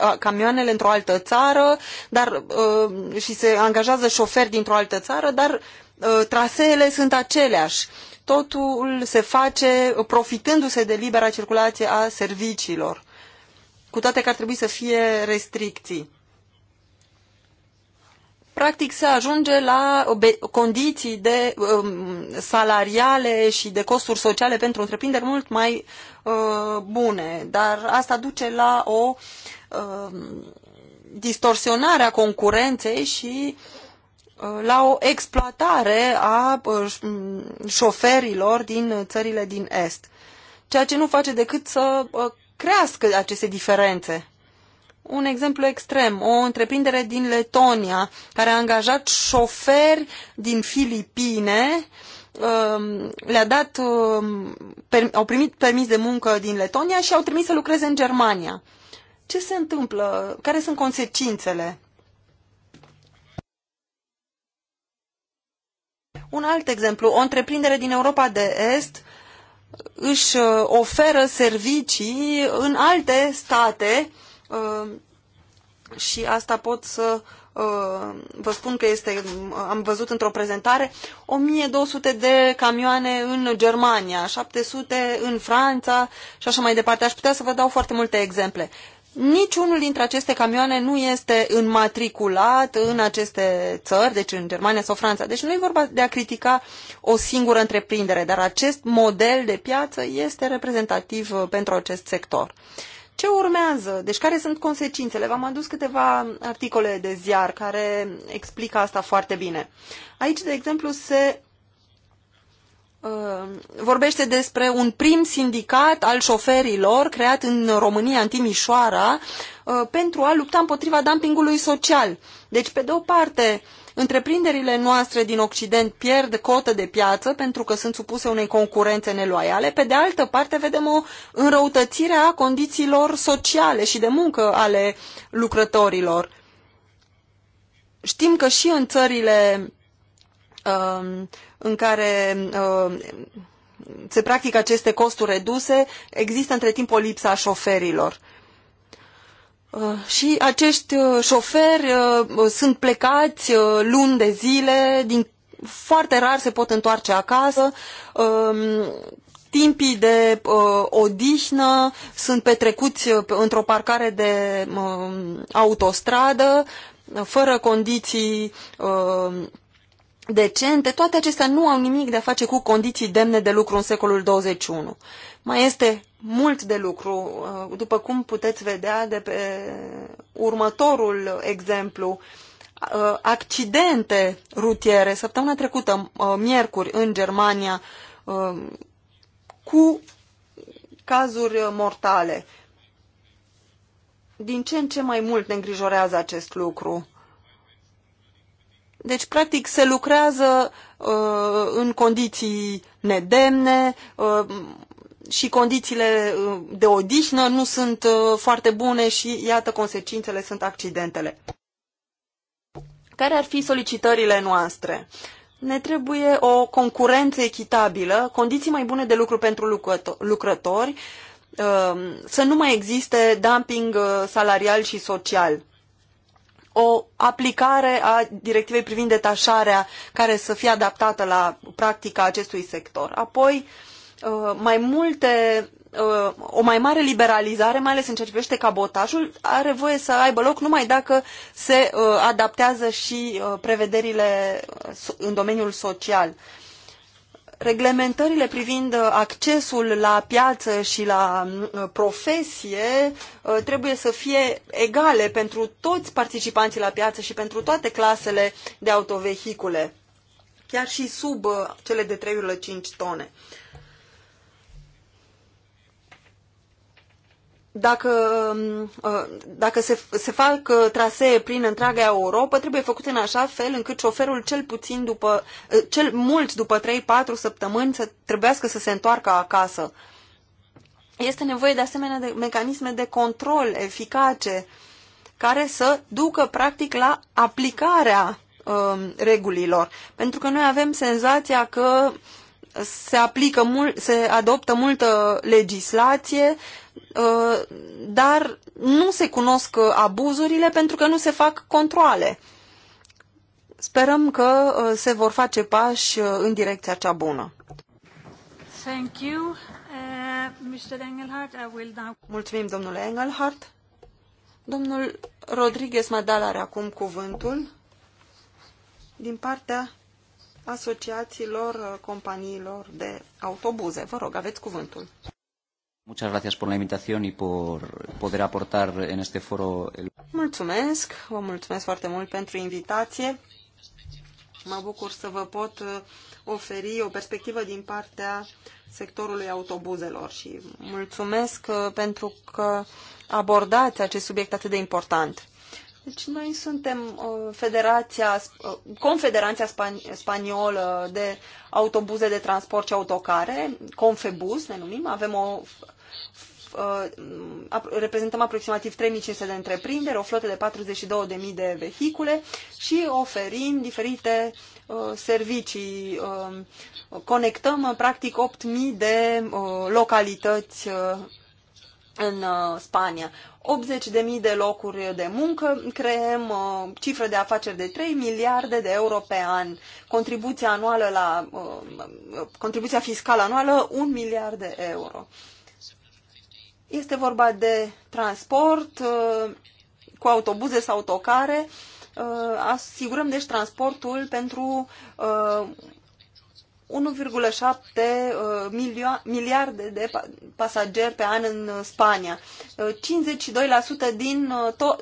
uh, camioanele într-o altă țară dar, și se angajează șoferi dintr-o altă țară, dar traseele sunt aceleași. Totul se face profitându-se de libera circulație a serviciilor, cu toate că ar trebui să fie restricții practic se ajunge la condiții de um, salariale și de costuri sociale pentru întreprinderi mult mai uh, bune, dar asta duce la o uh, distorsionare a concurenței și uh, la o exploatare a uh, șoferilor din țările din Est, ceea ce nu face decât să uh, crească aceste diferențe un exemplu extrem, o întreprindere din Letonia care a angajat șoferi din Filipine, um, le-a dat, um, au primit permis de muncă din Letonia și au trimis să lucreze în Germania. Ce se întâmplă? Care sunt consecințele? Un alt exemplu, o întreprindere din Europa de Est își uh, oferă servicii în alte state uh, Um, și asta pot să um, vă spun că este, um, am văzut într-o prezentare, 1200 de camioane în Germania, 700 în Franța și așa mai departe. Aș putea să vă dau foarte multe exemple. Niciunul dintre aceste camioane nu este înmatriculat în aceste țări, deci în Germania sau Franța. Deci nu e vorba de a critica o singură întreprindere, dar acest model de piață este reprezentativ uh, pentru acest sector. Uh, ce urmează? Deci care sunt consecințele? V-am adus câteva articole de ziar care explică asta foarte bine. Aici, de exemplu, se uh, vorbește despre un prim sindicat al șoferilor creat în România, în Timișoara, uh, pentru a lupta împotriva dumpingului social. Deci, pe de o parte, Întreprinderile noastre din Occident pierd cotă de piață pentru că sunt supuse unei concurențe neloiale. Pe de altă parte, vedem o înrăutățire a condițiilor sociale și de muncă ale lucrătorilor. Știm că și în țările uh, în care uh, se practică aceste costuri reduse, există între timp o lipsă a șoferilor. Uh, Uh, și acești uh, șoferi uh, sunt plecați luni de zile, din, foarte rar se pot întoarce acasă, um, timpii de odihnă sunt petrecuți într-o parcare de um, autostradă, fără condiții um, decente, toate acestea nu au nimic de a face cu condiții demne de lucru în secolul 21. Mai este mult de lucru, uh, după cum puteți vedea de pe următorul exemplu, uh, accidente rutiere. Săptămâna trecută, uh, miercuri, în Germania, cu cazuri mortale. Din ce în ce mai mult ne îngrijorează acest lucru. Deci, practic, se lucrează uh, în condiții nedemne, uh, și condițiile uh, de odihnă nu sunt uh, foarte bune și, iată, consecințele sunt accidentele. Care ar fi solicitările noastre? Ne trebuie o concurență echitabilă, condiții mai bune de lucru pentru lucrători, uh, să nu mai existe dumping salarial și social. O aplicare a directivei privind detașarea care să fie adaptată la practica acestui sector. Apoi, uh, Uh, mai multe uh, o mai mare liberalizare, mai ales în ceea ce privește cabotajul, are voie să aibă loc numai dacă se uh, adaptează și prevederile în domeniul social. Reglementările privind accesul la piață și la profesie trebuie să fie egale pentru toți participanții la piață și pentru toate clasele de autovehicule, chiar și sub cele de 3,5 tone. dacă, um, uh, dacă se, se fac uh, trasee prin întreaga Europa, trebuie făcute în așa fel încât șoferul cel puțin după, uh, cel mult după 3-4 săptămâni să trebuiască să se întoarcă acasă. Este nevoie de asemenea de mecanisme de control eficace care să ducă practic la aplicarea um, regulilor. Pentru că noi avem senzația că se aplică mult, se adoptă multă legislație, Uh, dar nu se cunosc abuzurile pentru că nu se fac controle. Sperăm că uh, se vor face pași uh, în direcția cea bună. Thank you. Uh, Mr. Engelhardt, I will now... Mulțumim, domnule Engelhardt. Domnul Rodriguez Madal are acum cuvântul din partea asociațiilor companiilor de autobuze. Vă rog, aveți cuvântul. Muchas gracias por la invitación y por poder aportar en este foro. El... Mulțumesc, vă mulțumesc foarte mult pentru invitație. Mă bucur să vă pot uh, oferi o perspectivă din partea sectorului autobuzelor și mulțumesc uh, pentru că abordați acest subiect atât de important. Deci noi suntem uh, federația, Confederația Spaniolă de Autobuze de Transport și Autocare, Confebus ne numim, avem o Uh, reprezentăm aproximativ 3500 de întreprinderi, o flotă de 42.000 de vehicule și oferim diferite uh, servicii. Uh, conectăm practic 8.000 de localități în Spania. 80.000 de locuri de muncă, creăm cifră de afaceri de 3 miliarde de euro pe an, contribuția, anuală la, contribuția fiscală anuală 1 miliard de euro. Este vorba de transport uh, cu autobuze sau autocare. Uh, asigurăm deci transportul pentru 1,7 uh, miliarde de pasageri pe an în Spania. 52% din, to-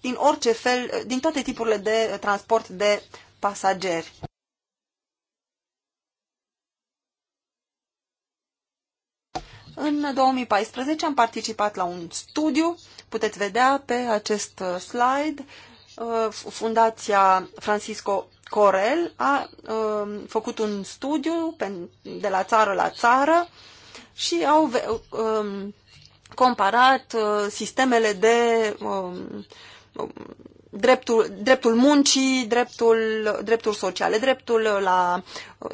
din orice fel, din toate tipurile de transport de pasageri. În 2014 am participat la un studiu, puteți vedea pe acest uh, slide, uh, Fundația Francisco Corel a um, făcut un studiu de la țară la țară și au um, comparat uh, sistemele de um, dreptul, dreptul muncii, dreptul, dreptul sociale, dreptul, la,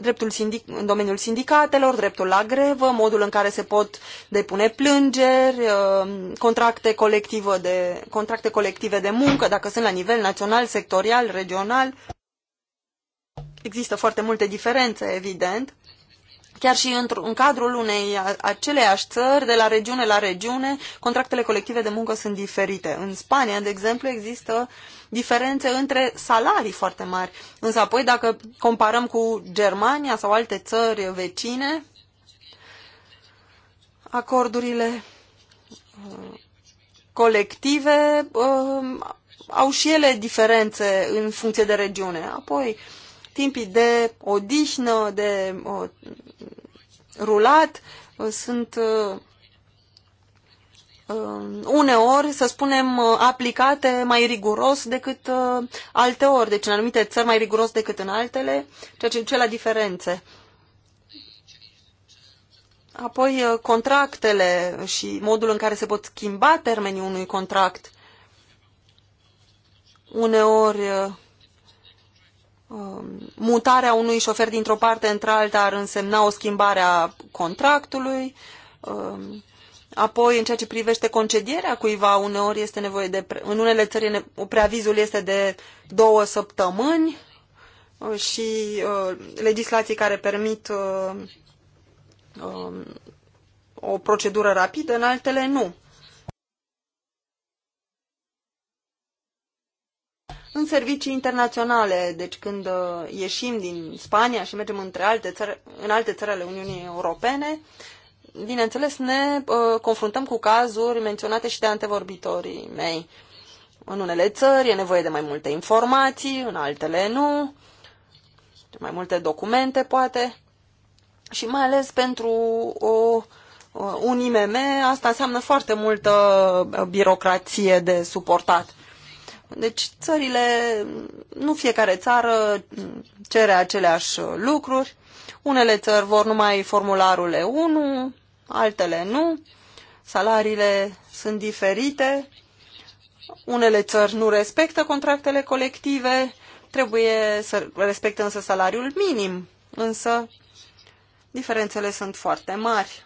dreptul sindic, în domeniul sindicatelor, dreptul la grevă, modul în care se pot depune plângeri, uh, contracte colective de, contracte colective de muncă, dacă sunt la nivel național, sectorial, regional. Există foarte multe diferențe, evident, Chiar și într-un în cadrul unei aceleiași țări, de la regiune la regiune, contractele colective de muncă sunt diferite. În Spania, de exemplu, există diferențe între salarii foarte mari. Însă apoi, dacă comparăm cu Germania sau alte țări vecine, acordurile uh, colective uh, au și ele diferențe în funcție de regiune. Apoi, timpii de odihnă, de uh, rulat, uh, sunt uh, uh uneori, să spunem, uh, aplicate mai riguros decât uh, alte ori, deci în anumite țări mai riguros decât în altele, ceea ce duce la diferențe. Apoi, contractele și modul în care se pot schimba termenii unui contract. Uneori, Um, mutarea unui șofer dintr-o parte într-alta ar însemna o schimbare a contractului, um, apoi în ceea ce privește concedierea cuiva, uneori este nevoie de, în unele țări preavizul este de două săptămâni uh, și uh, legislații care permit uh, um, o procedură rapidă, în altele nu. în servicii internaționale, deci când uh, ieșim din Spania și mergem între alte țări, în alte țări ale Uniunii Europene, bineînțeles ne uh, confruntăm cu cazuri menționate și de antevorbitorii mei. În unele țări e nevoie de mai multe informații, în altele nu, de mai multe documente poate și mai ales pentru o, un IMM asta înseamnă foarte multă uh, birocrație de suportat. Deci țările, nu fiecare țară cere aceleași lucruri. Unele țări vor numai formularul E1, altele nu. Salariile sunt diferite. Unele țări nu respectă contractele colective, trebuie să respecte însă salariul minim. Însă diferențele sunt foarte mari.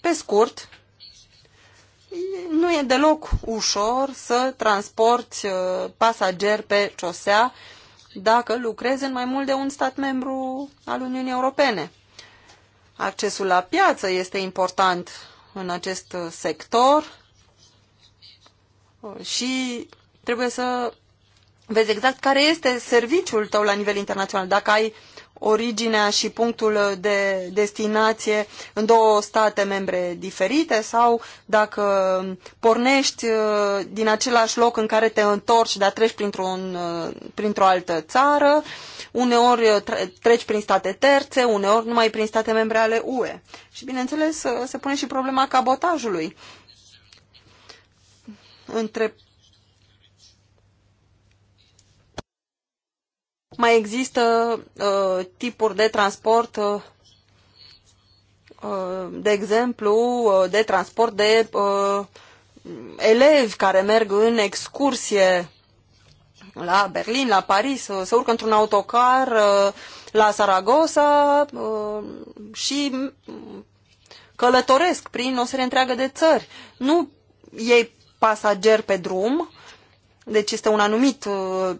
Pe scurt, nu e deloc ușor să transporti uh, pasager pe ciosea dacă lucrezi în mai mult de un stat membru al Uniunii Europene. Accesul la piață este important în acest sector uh, și trebuie să vezi exact care este serviciul tău la nivel internațional. Dacă ai originea și punctul de destinație în două state membre diferite sau dacă pornești uh, din același loc în care te întorci, dar treci printr uh, printr-o altă țară, uneori uh, treci prin state terțe, uneori numai prin state membre ale UE. Și bineînțeles se pune și problema cabotajului. Între Mai există uh, tipuri de transport, uh, uh de exemplu, uh, de transport de uh, elevi care merg în excursie la Berlin, la Paris, uh, se urcă într-un autocar la Saragossa și călătoresc prin o serie întreagă de țări. Nu ei pasageri pe drum, deci este un anumit uh,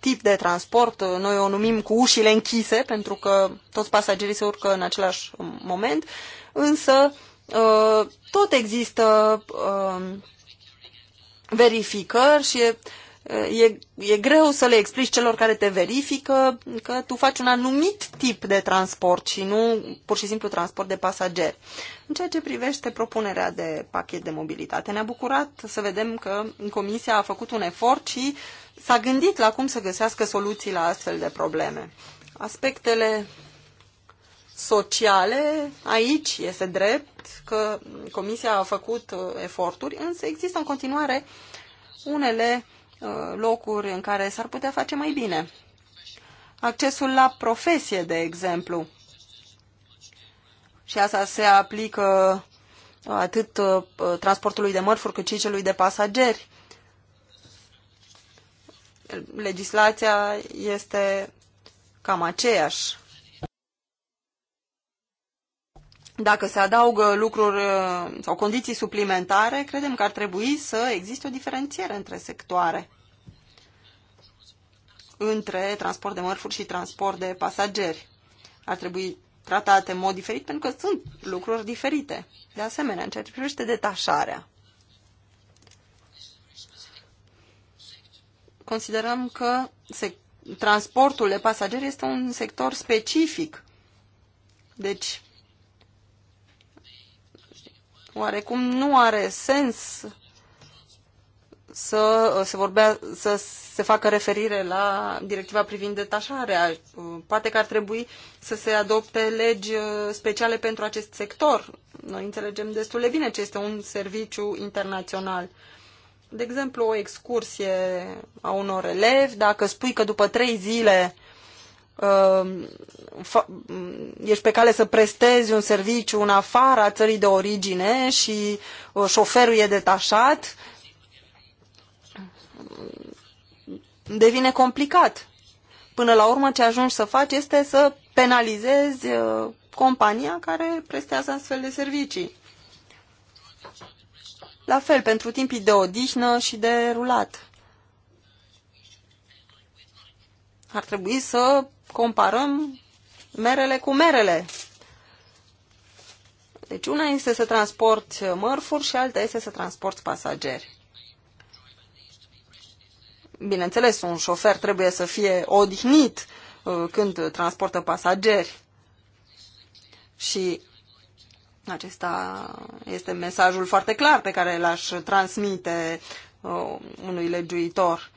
tip de transport, uh, noi o numim cu ușile închise, pentru că toți pasagerii se urcă în același um, moment, însă uh, tot există um, verificări și e, e greu să le explici celor care te verifică că tu faci un anumit tip de transport și nu pur și simplu transport de pasageri. În ceea ce privește propunerea de pachet de mobilitate, ne-a bucurat să vedem că Comisia a făcut un efort și s-a gândit la cum să găsească soluții la astfel de probleme. Aspectele sociale, aici este drept că Comisia a făcut uh, eforturi, însă există în continuare unele Uh, locuri în care s-ar putea face mai bine. Accesul la profesie, de exemplu. Și asta se aplică atât uh, transportului de mărfuri cât și celui de pasageri. Legislația este cam aceeași. Dacă se adaugă lucruri uh, sau condiții suplimentare, credem că ar trebui să existe o diferențiere între sectoare, între transport de mărfuri și transport de pasageri. Ar trebui tratate în mod diferit pentru că sunt lucruri diferite. De asemenea, în ceea ce privește detașarea, considerăm că transportul de pasageri este un sector specific. Deci, oarecum nu are sens să uh, se, vorbea, să se facă referire la directiva privind detașarea. Uh, poate că ar trebui să se adopte legi uh, speciale pentru acest sector. Noi înțelegem destul de bine ce este un serviciu internațional. De exemplu, o excursie a unor elevi, dacă spui că după trei zile Um, mm, ești pe cale să prestezi un serviciu în afara țării de origine și uh, șoferul e detașat, mm, devine complicat. Până la urmă, ce ajungi să faci este să penalizezi uh, compania care prestează astfel de servicii. La fel, pentru timpii de odihnă și de rulat. Ar trebui să comparăm merele cu merele. Deci una este să transporti mărfuri și alta este să transporti pasageri. Bineînțeles, un șofer trebuie să fie odihnit uh, când transportă pasageri. Și acesta este mesajul foarte clar pe care l-aș transmite uh, unui legiuitor.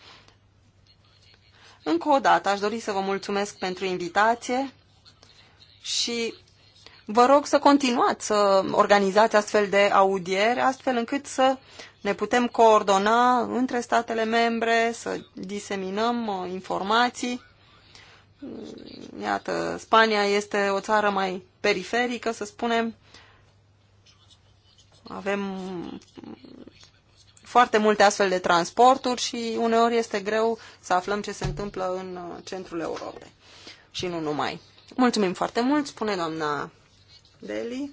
Încă o dată aș dori să vă mulțumesc pentru invitație și vă rog să continuați să organizați astfel de audieri, astfel încât să ne putem coordona între statele membre, să diseminăm uh, informații. Mm, iată, Spania este o țară mai periferică, să spunem. Avem foarte multe astfel de transporturi și uneori este greu să aflăm ce se întâmplă în uh, centrul Europei și nu numai. Mulțumim foarte mult, spune doamna Deli.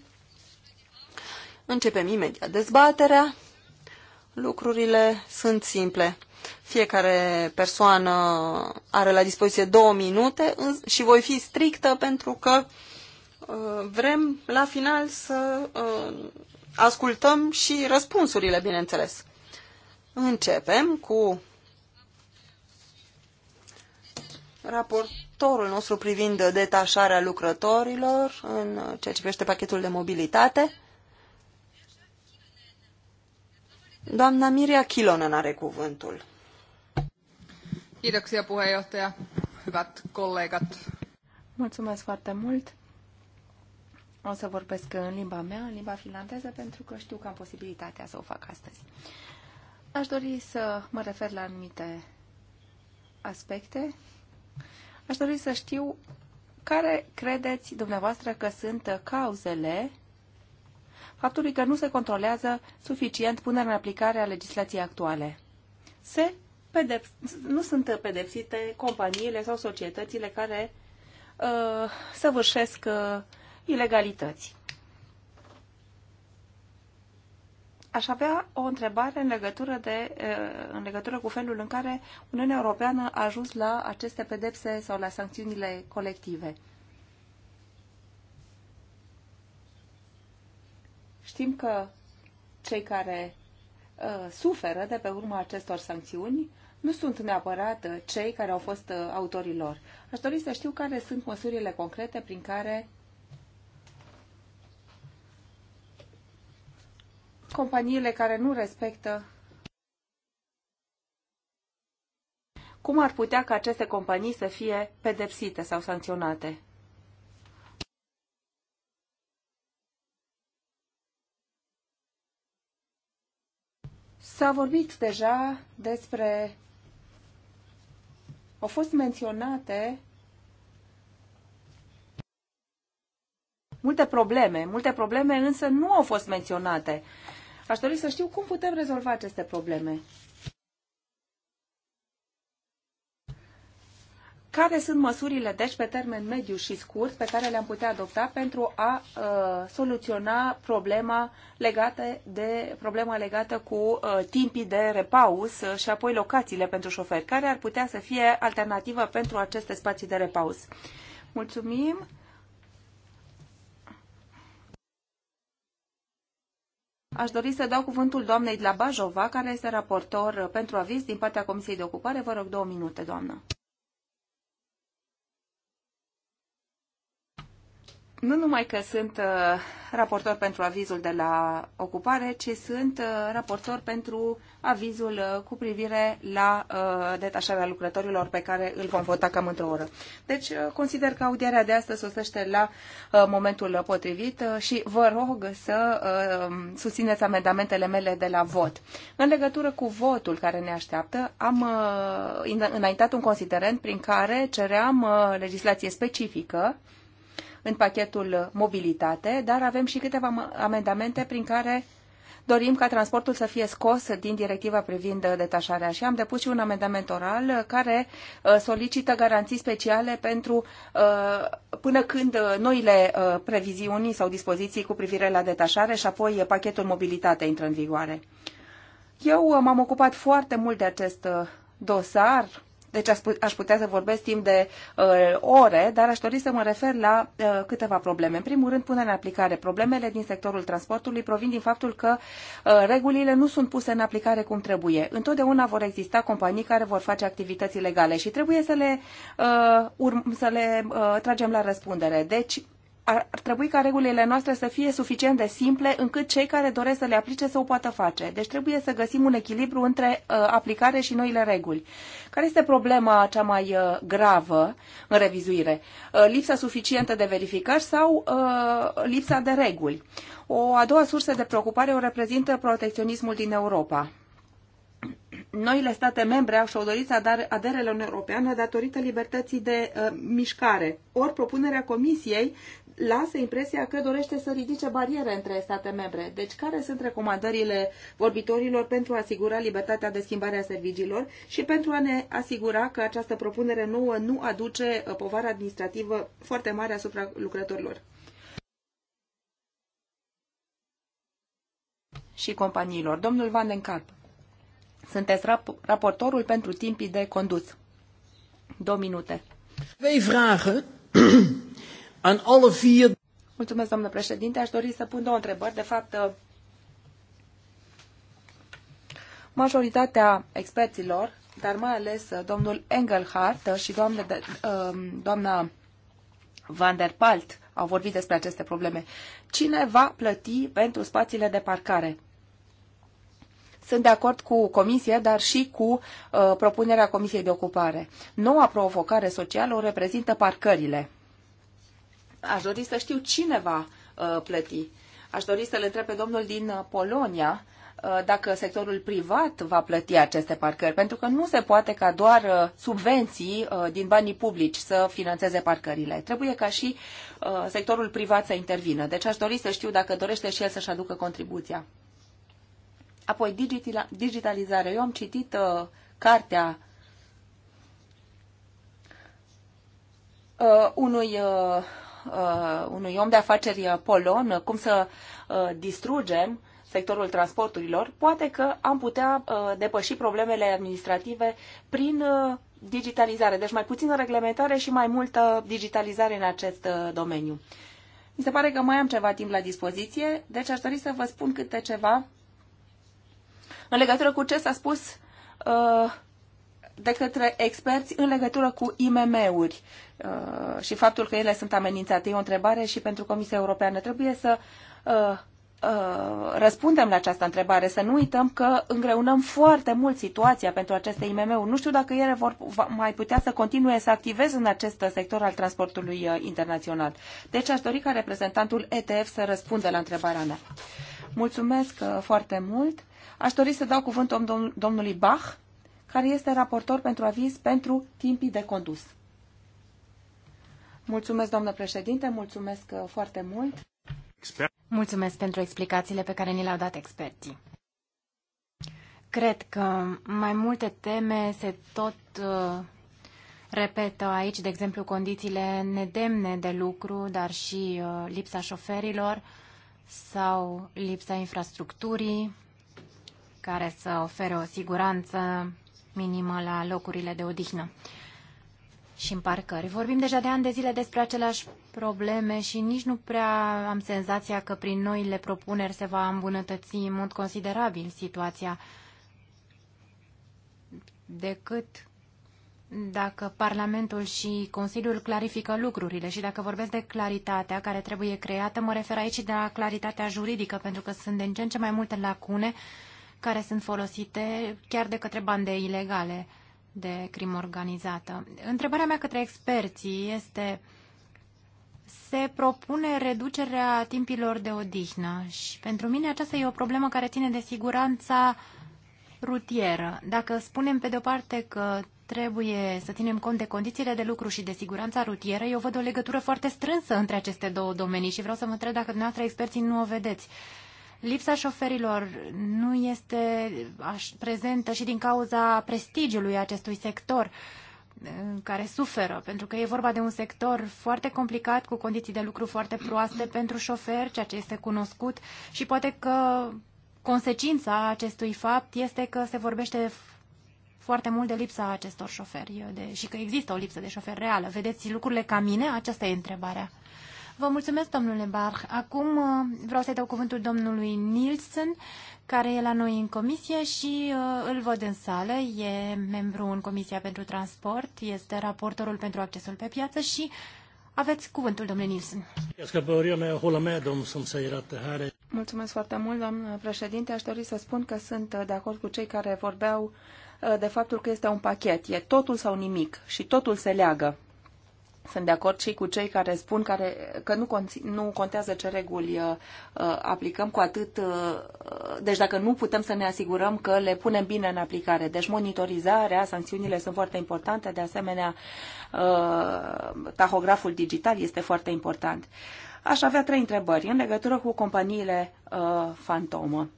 Începem imediat dezbaterea. Lucrurile sunt simple. Fiecare persoană are la dispoziție două minute și voi fi strictă pentru că uh, vrem la final să uh, ascultăm și răspunsurile, bineînțeles. Începem cu raportorul nostru privind detașarea lucrătorilor în ceea ce privește pachetul de mobilitate. Doamna Miria Kilonen are cuvântul. Kiitoksia puheenjohtaja. Hyvät kollegat. Mulțumesc foarte mult. O să vorbesc în limba mea, în limba finlandeză, pentru că știu că am posibilitatea să o fac astăzi. Uh, Aș dori să mă refer la anumite aspecte. Aș dori să știu care credeți dumneavoastră că sunt cauzele faptului că nu se controlează suficient punerea în aplicare a legislației actuale. Se pedep- nu sunt pedepsite companiile sau societățile care uh, săvârșesc uh, ilegalități. aș avea o întrebare în legătură, de, în legătură cu felul în care Uniunea Europeană a ajuns la aceste pedepse sau la sancțiunile colective. Știm că cei care uh, suferă de pe urma acestor sancțiuni nu sunt neapărat cei care au fost autorilor. lor. Aș dori să știu care sunt măsurile concrete prin care companiile care nu respectă cum ar putea ca aceste companii să fie pedepsite sau sancționate? S-a vorbit deja despre... Au fost menționate multe probleme, multe probleme însă nu au fost menționate. Aș dori să știu cum putem rezolva aceste probleme. Care sunt măsurile, deci, pe termen mediu și scurt, pe care le-am putea adopta pentru a uh, soluționa problema legată, de, problema legată cu uh, timpii de repaus uh, și apoi locațiile pentru șoferi? Care ar putea să fie alternativă pentru aceste spații de repaus? Mulțumim! Aș dori să dau cuvântul doamnei Dlabajova, care este raportor pentru aviz din partea Comisiei de Ocupare. Vă rog două minute, doamnă. nu numai că sunt uh, raportor pentru avizul de la ocupare, ci sunt uh, raportor pentru avizul uh, cu privire la detașarea lucrătorilor pe care îl vom vota cam într-o oră. Deci consider că audierea de astăzi sosește la momentul potrivit și vă rog să susțineți amendamentele mele de la vot. În legătură cu votul care ne așteaptă, am înaintat un considerent prin care ceream legislație specifică în pachetul mobilitate, dar avem și câteva amendamente prin care dorim ca transportul să fie scos din directiva privind detașarea și am depus și un amendament oral care uh, solicită garanții speciale pentru uh, până când uh, noile previziuni sau dispoziții cu privire la detașare și apoi pachetul mobilitate intră în vigoare. Eu m-am ocupat foarte mult de acest dosar deci aș putea să vorbesc timp de uh, ore, dar aș dori să mă refer la uh, câteva probleme. În primul rând, punerea în aplicare. Problemele din sectorul transportului provin din faptul că uh, regulile nu sunt puse în aplicare cum trebuie. Întotdeauna vor exista companii care vor face activități ilegale și trebuie să le, uh, urm- să le uh, tragem la răspundere. Deci, ar, trebui ca regulile noastre să fie suficient de simple încât cei care doresc să le aplice să o poată face. Deci trebuie să găsim un echilibru între uh, aplicare și noile reguli. Care este problema cea mai uh, gravă în revizuire? Uh, lipsa suficientă de verificări sau uh, lipsa de reguli? O a doua sursă de preocupare o reprezintă protecționismul din Europa noile state membre au și-au dorit să adere la Uniunea Europeană datorită libertății de uh, mișcare. Ori propunerea Comisiei lasă impresia că dorește să ridice bariere între state membre. Deci care sunt recomandările vorbitorilor pentru a asigura libertatea de schimbare a serviciilor și pentru a ne asigura că această propunere nouă nu aduce uh, povară administrativă foarte mare asupra lucrătorilor? și companiilor. Domnul Van den Karp, sunteți rap- raportorul pentru timpii de condus. Două minute. Vei vragă all of vier... Mulțumesc, domnule președinte. Aș dori să pun două întrebări. De fapt, uh, majoritatea experților, dar mai ales uh, domnul Engelhardt uh, și doamne doamna Van der Palt au vorbit despre aceste probleme. Cine va plăti pentru spațiile de parcare? Sunt de acord cu comisia, dar și cu uh, propunerea Comisiei de Ocupare. Noua provocare socială o reprezintă parcările aș dori să știu cine va uh, plăti. Aș dori să le întreb pe domnul din uh, Polonia uh, dacă sectorul privat va plăti aceste parcări, pentru că nu se poate ca doar subvenții din banii publici să financeze parcările. Trebuie ca și sectorul privat să intervină. Deci aș dori să știu dacă dorește și el să-și aducă contribuția. Apoi, digitalizare. Eu am citit cartea unui uh, unui om de afaceri uh, polon uh, cum să uh, distrugem sectorul transporturilor, poate că am putea uh, depăși problemele administrative prin uh, digitalizare. Deci mai puțină reglementare și mai multă digitalizare în acest uh, domeniu. Mi se pare că mai am ceva timp la dispoziție, deci aș dori să vă spun câte ceva în legătură cu ce s-a spus uh, de către experți în legătură cu IMM-uri uh, și faptul că ele sunt amenințate. E o întrebare și pentru Comisia Europeană. Trebuie să uh, uh, răspundem la această întrebare, să nu uităm că îngreunăm foarte mult situația pentru aceste IMM-uri. Nu știu dacă ele vor mai putea să continue să activeze în acest sector al transportului internațional. Deci aș dori ca reprezentantul ETF să răspundă la întrebarea mea. Mulțumesc foarte mult. Aș dori să dau cuvântul domnului Bach care este raportor pentru aviz pentru timpii de condus. Mulțumesc, doamnă președinte, mulțumesc uh, foarte mult. Expert. Mulțumesc pentru explicațiile pe care ni le-au dat experții. Cred că mai multe teme se tot uh, repetă aici, de exemplu, condițiile nedemne de lucru, dar și uh, lipsa șoferilor sau lipsa infrastructurii care să ofere o siguranță minimă la locurile de odihnă și în parcări. Vorbim deja de ani de zile despre aceleași probleme și nici nu prea am senzația că prin noile propuneri se va îmbunătăți în mod considerabil situația decât dacă Parlamentul și Consiliul clarifică lucrurile și dacă vorbesc de claritatea care trebuie creată, mă refer aici de la claritatea juridică, pentru că sunt din ce în ce mai multe lacune care sunt folosite chiar de către bande ilegale de crimă organizată. Întrebarea mea către experții este se propune reducerea timpilor de odihnă și pentru mine aceasta e o problemă care ține de siguranța rutieră. Dacă spunem pe de-o parte că trebuie să ținem cont de condițiile de lucru și de siguranța rutieră, eu văd o legătură foarte strânsă între aceste două domenii și vreau să mă întreb dacă dumneavoastră experții nu o vedeți. Uh, Lipsa șoferilor nu este prezentă și din cauza prestigiului acestui sector uh, care suferă, pentru că e vorba de un sector foarte complicat, cu condiții de lucru foarte proaste pentru șofer, ceea ce este cunoscut și poate că consecința acestui fapt este că se vorbește foarte mult de lipsa acestor șoferi de, și că există o lipsă de șofer reală. Vedeți lucrurile ca mine? Aceasta e întrebarea. Vă mulțumesc, domnule Barh. Acum uh, vreau să-i dau cuvântul domnului Nielsen, care e la noi în comisie și uh, îl văd în sală. E membru în Comisia pentru Transport, este raportorul pentru accesul pe piață și aveți cuvântul, domnule Nielsen. Mulțumesc foarte mult, doamnă președinte. Aș dori să spun că sunt uh, de acord cu cei care vorbeau uh, de faptul că este un pachet. E totul sau nimic și totul se leagă. Sunt de acord și cu cei care spun care, că nu, nu contează ce reguli uh, uh aplicăm, cu atât. Uh, uh, deci, dacă nu putem să ne asigurăm că le punem bine în aplicare. Deci, monitorizarea, sancțiunile sunt foarte importante, de asemenea, uh, tahograful digital este foarte important. Aș avea trei întrebări în legătură cu companiile uh, fantomă. Uh,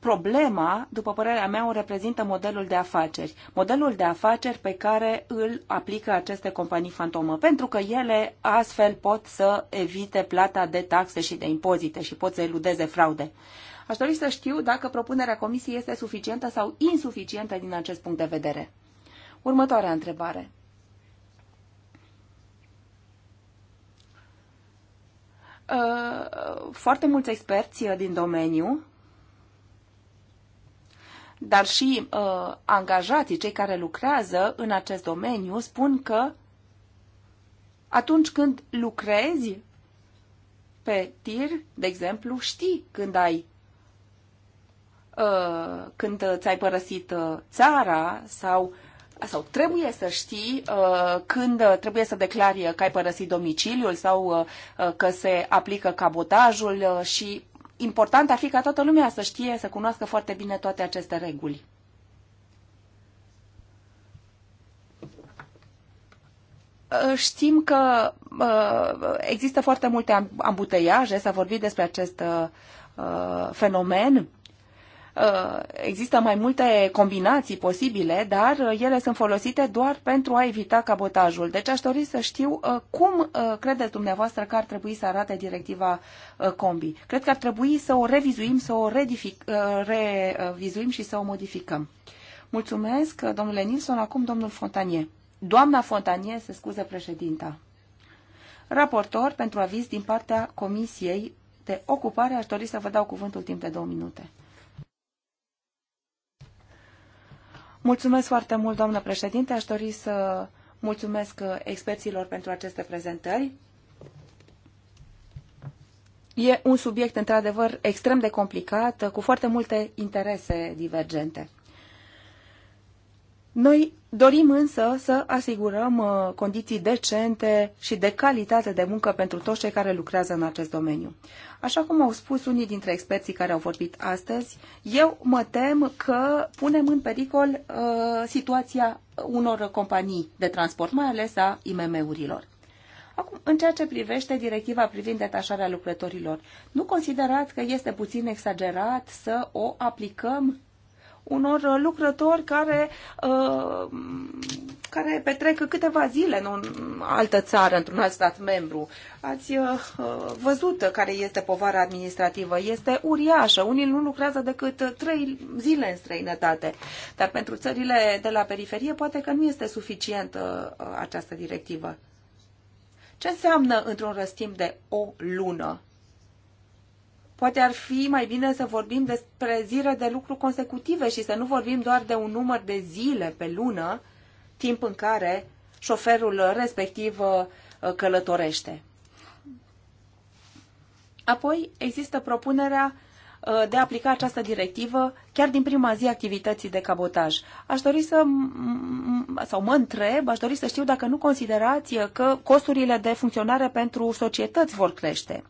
Problema, după părerea mea, o reprezintă modelul de afaceri. Modelul de afaceri pe care îl aplică aceste companii fantomă, pentru că ele astfel pot să evite plata de taxe și de impozite și pot să eludeze fraude. Aș dori să știu dacă propunerea comisiei este suficientă sau insuficientă din acest punct de vedere. Următoarea întrebare. Uh, foarte mulți experți uh, din domeniu dar și uh, angajații, cei care lucrează în acest domeniu, spun că atunci când lucrezi pe tir, de exemplu, știi când ai uh, când ți-ai părăsit uh, țara sau sau trebuie să știi uh, când trebuie să declari că ai părăsit domiciliul sau uh, că se aplică cabotajul uh, și important ar fi ca toată lumea să știe, să cunoască foarte bine toate aceste reguli. Ă, știm că ă, există foarte multe ambuteiaje, s-a vorbit despre acest ă, fenomen Uh, există mai multe combinații posibile, dar uh, ele sunt folosite doar pentru a evita cabotajul. Deci aș dori să știu uh, cum credeți dumneavoastră că ar trebui să arate directiva combi. Cred că ar trebui să o revizuim, să o revizuim și să o modificăm. Mulțumesc, domnule Nilsson. Acum domnul Fontanie. Doamna Fontanie, se scuză președinta. Raportor pentru aviz din partea Comisiei de Ocupare, aș dori să vă dau cuvântul timp de două minute. Mulțumesc foarte mult, doamnă președinte. Aș dori să mulțumesc experților pentru aceste prezentări. E un subiect, într-adevăr, extrem de complicat, cu foarte multe interese divergente. Noi dorim însă să asigurăm uh, condiții decente și de calitate de muncă pentru toți cei care lucrează în acest domeniu. Așa cum au spus unii dintre experții care au vorbit astăzi, eu mă tem că punem în pericol uh, situația unor companii de transport, mai ales a IMM-urilor. Acum, în ceea ce privește directiva privind detașarea lucrătorilor, nu considerați că este puțin exagerat să o aplicăm unor uh, lucrători care, uh, care petrec câteva zile în o altă țară, într-un alt stat membru. Ați uh, uh, văzut care este povara administrativă. Este uriașă. Unii nu lucrează decât trei zile în străinătate. Dar pentru țările de la periferie poate că nu este suficientă uh, această directivă. Ce înseamnă într-un răstim de o lună? Poate ar fi mai bine să vorbim despre zile de lucru consecutive și să nu vorbim doar de un număr de zile pe lună, timp în care șoferul respectiv uh, călătorește. Apoi există propunerea uh, de a aplica această directivă chiar din prima zi activității de cabotaj. Aș dori să, sau mă întreb, aș dori să știu dacă nu considerați că costurile de funcționare pentru societăți vor crește.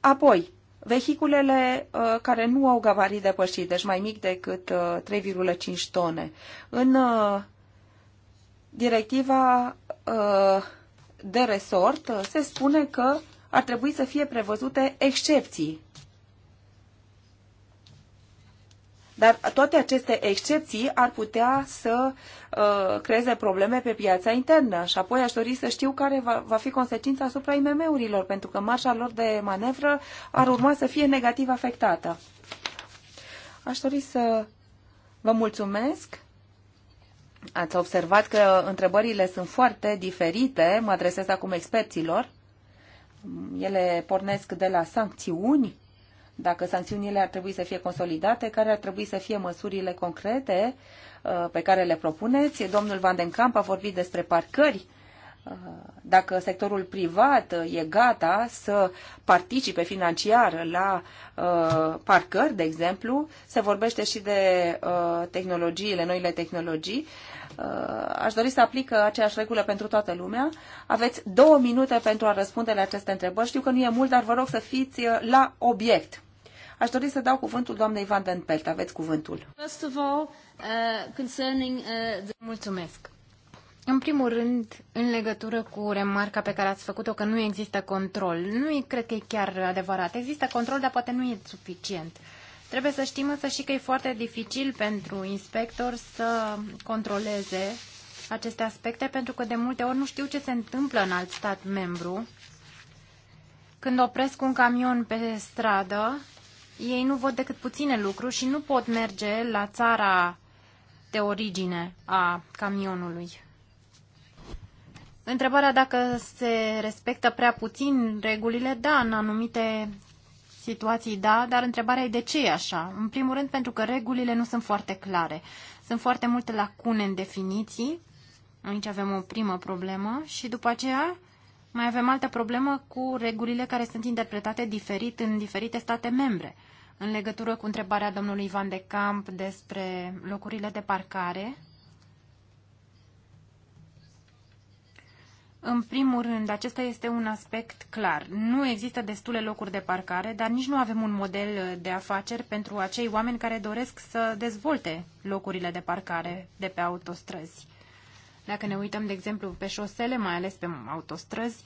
Apoi, vehiculele uh, care nu au gabarit depășit, deci mai mic decât uh, 3,5 tone. În uh, directiva uh, de resort uh, se spune că ar trebui să fie prevăzute excepții Dar toate aceste excepții ar putea să uh, creeze probleme pe piața internă și apoi aș dori să știu care va, va fi consecința asupra IMM-urilor, pentru că marșa lor de manevră ar urma să fie negativ afectată. Aș dori să vă mulțumesc. Ați observat că întrebările sunt foarte diferite, mă adresez acum experților. Ele pornesc de la sancțiuni dacă sancțiunile ar trebui să fie consolidate, care ar trebui să fie măsurile concrete uh, pe care le propuneți. Domnul Van den Camp a vorbit despre parcări. Uh, dacă sectorul privat uh, e gata să participe financiar la parcări, de exemplu, se vorbește și de tehnologiile, noile tehnologii. Aș dori să aplică aceeași regulă pentru toată lumea. Aveți două minute pentru a răspunde la aceste întrebări. Știu că nu e mult, dar vă rog să fiți la obiect. Aș dori să dau cuvântul doamnei Van Den Pelt. Aveți cuvântul. First of all, uh, concerning, uh, the... Mulțumesc. În primul rând, în legătură cu remarca pe care ați făcut-o că nu există control, nu cred că e chiar adevărat. Există control, dar poate nu e suficient. Trebuie să știm însă și că e foarte dificil pentru inspector să controleze aceste aspecte, pentru că de multe ori nu știu ce se întâmplă în alt stat membru. Când opresc un camion pe stradă, ei nu văd decât puține lucruri și nu pot merge la țara de origine a camionului. Întrebarea dacă se respectă prea puțin regulile, da, în anumite situații, da, dar întrebarea e de ce e așa. În primul rând pentru că regulile nu sunt foarte clare. Sunt foarte multe lacune în definiții. Aici avem o primă problemă și după aceea mai avem altă problemă cu regulile care sunt interpretate diferit în diferite state membre. În legătură cu întrebarea domnului Ivan de Camp despre locurile de parcare, În primul rând, acesta este un aspect clar. Nu există destule locuri de parcare, dar nici nu avem un model de afaceri pentru acei oameni care doresc să dezvolte locurile de parcare de pe autostrăzi. Dacă ne uităm, de exemplu, pe șosele, mai ales pe autostrăzi,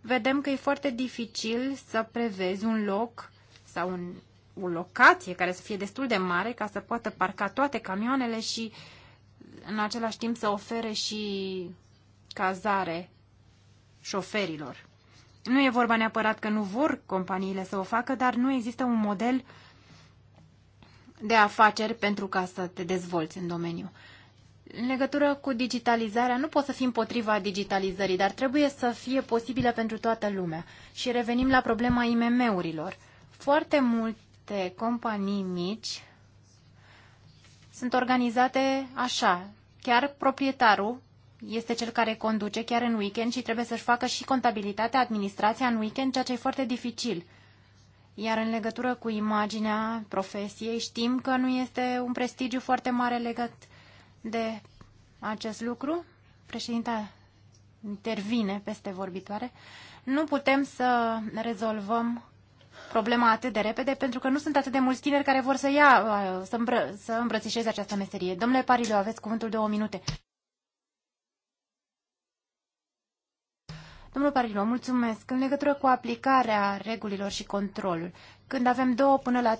vedem că e foarte dificil să prevezi un loc sau un, o locație care să fie destul de mare ca să poată parca toate camioanele și în același timp să ofere și cazare șoferilor. Nu e vorba neapărat că nu vor companiile să o facă, dar nu există un model de afaceri pentru ca să te dezvolți în domeniu. În legătură cu digitalizarea, nu pot să fim împotriva digitalizării, dar trebuie să fie posibilă pentru toată lumea. Și revenim la problema IMM-urilor. Foarte multe companii mici sunt organizate așa. Chiar proprietarul este cel care conduce chiar în weekend și trebuie să-și facă și contabilitatea, administrația în weekend, ceea ce e foarte dificil. Iar în legătură cu imaginea profesiei, știm că nu este un prestigiu foarte mare legat de acest lucru. Președinta intervine peste vorbitoare. Nu putem să rezolvăm problema atât de repede, pentru că nu sunt atât de mulți tineri care vor să ia, uh, să, îmbră, să îmbrățișeze această meserie. Domnule Parileu, aveți cuvântul două minute. Domnul Parileu, mulțumesc. În legătură cu aplicarea regulilor și controlul, când avem 2 până la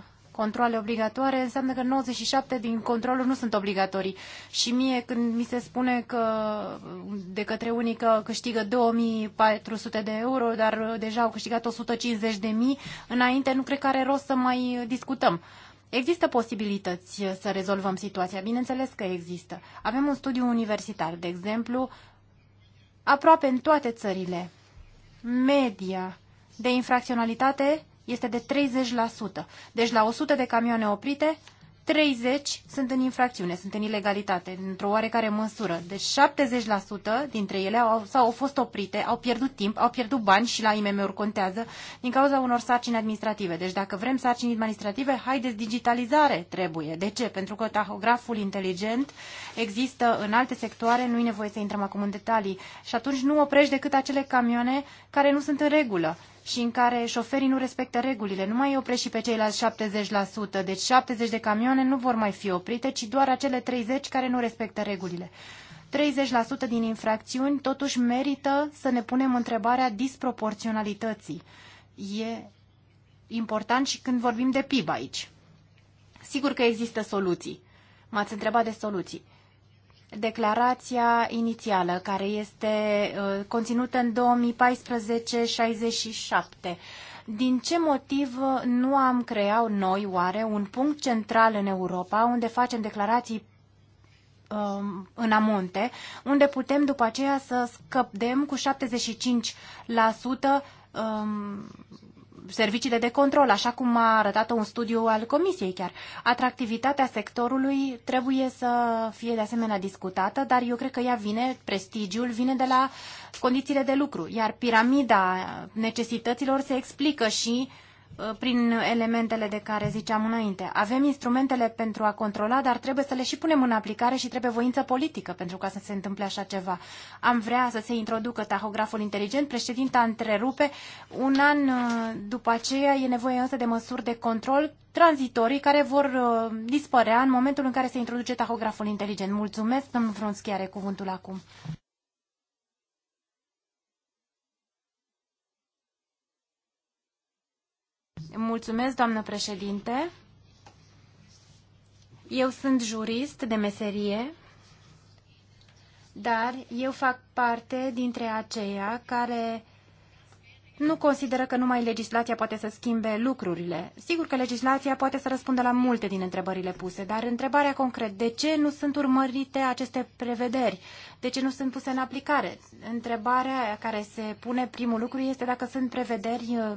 3% controale obligatoare, înseamnă că 97 din controluri nu sunt obligatorii. Și mie când mi se spune că de către unii că câștigă 2400 de euro, dar deja au câștigat 150 de mii, înainte nu cred că are rost să mai discutăm. Există posibilități să rezolvăm situația, bineînțeles că există. Avem un studiu universitar, de exemplu, aproape în toate țările. Media de infracționalitate este de 30%. Deci la 100 de camioane oprite, 30 sunt în infracțiune, sunt în ilegalitate, într-o oarecare măsură. Deci 70% dintre ele au, sau au fost oprite, au pierdut timp, au pierdut bani și la IMM-uri contează din cauza unor sarcini administrative. Deci dacă vrem sarcini administrative, haideți digitalizare, trebuie. De ce? Pentru că tahograful inteligent există în alte sectoare, nu e nevoie să intrăm acum în detalii. Și atunci nu oprești decât acele camioane care nu sunt în regulă și în care șoferii nu respectă regulile. Nu mai oprești și pe ceilalți 70%, deci 70 de camioane nu vor mai fi oprite, ci doar acele 30 care nu respectă regulile. 30% din infracțiuni totuși merită să ne punem întrebarea disproporționalității. E important și când vorbim de PIB aici. Sigur că există soluții. M-ați întrebat de soluții declarația inițială, care este uh, conținută în 2014-67. Din ce motiv nu am creat noi, oare, un punct central în Europa unde facem declarații um, în amonte, unde putem după aceea să scăpdem cu 75% um, serviciile de control, așa cum a arătat un studiu al Comisiei chiar. Atractivitatea sectorului trebuie să fie de asemenea discutată, dar eu cred că ea vine, prestigiul vine de la condițiile de lucru, iar piramida necesităților se explică și uh, Uh, prin elementele de care ziceam înainte. Avem instrumentele pentru a controla, dar trebuie să le și punem în aplicare și trebuie voință politică pentru ca să se întâmple așa ceva. Am vrea să se introducă tahograful inteligent, președinta întrerupe. Un an uh, după aceea e nevoie însă de măsuri de control tranzitorii care vor uh, dispărea în momentul în care se introduce tahograful inteligent. Mulțumesc, domnul Fronski are cuvântul acum. Mulțumesc, doamnă președinte. Eu sunt jurist de meserie, dar eu fac parte dintre aceia care nu consideră că numai legislația poate să schimbe lucrurile. Sigur că legislația poate să răspundă la multe din întrebările puse, dar întrebarea concret, de ce nu sunt urmărite aceste prevederi? De ce nu sunt puse în aplicare? Întrebarea care se pune primul lucru este dacă sunt prevederi uh,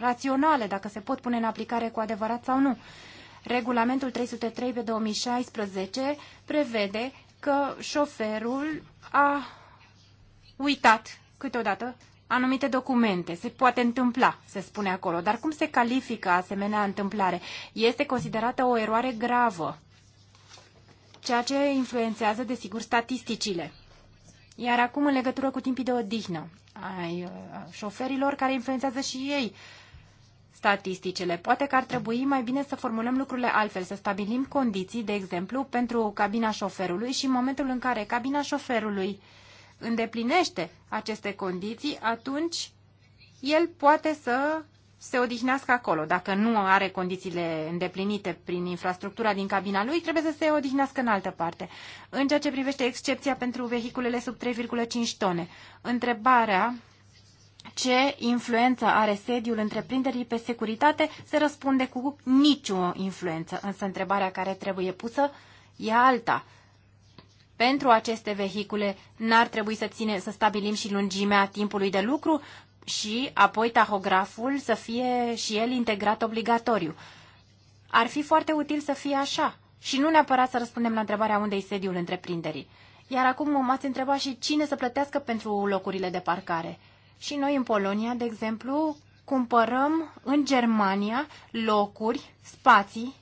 raționale, dacă se pot pune în aplicare cu adevărat sau nu. Regulamentul 303 pe 2016 prevede că șoferul a uitat câteodată anumite documente. Se poate întâmpla, se spune acolo. Dar cum se califică asemenea întâmplare? Este considerată o eroare gravă, ceea ce influențează, desigur, statisticile. Iar acum, în legătură cu timpii de odihnă ai uh, șoferilor, care influențează și ei statisticele. Poate că ar trebui mai bine să formulăm lucrurile altfel, să stabilim condiții, de exemplu, pentru cabina șoferului și în momentul în care cabina șoferului uh, îndeplinește aceste condiții, atunci el poate să se odihnească acolo. Dacă nu are condițiile îndeplinite prin infrastructura din cabina lui, trebuie să se odihnească în altă parte. În ceea ce privește excepția pentru vehiculele sub 3,5 tone, întrebarea ce influență are sediul întreprinderii pe securitate se răspunde cu nicio influență. Însă întrebarea care trebuie pusă e alta pentru aceste vehicule n-ar trebui să, ține, să stabilim și lungimea timpului de lucru și apoi tahograful să fie și el integrat obligatoriu. Ar fi foarte util să fie așa și nu neapărat să răspundem la întrebarea unde-i sediul întreprinderii. Iar acum m-ați întrebat și cine să plătească pentru locurile de parcare. Și noi în Polonia, de exemplu, cumpărăm în Germania locuri, spații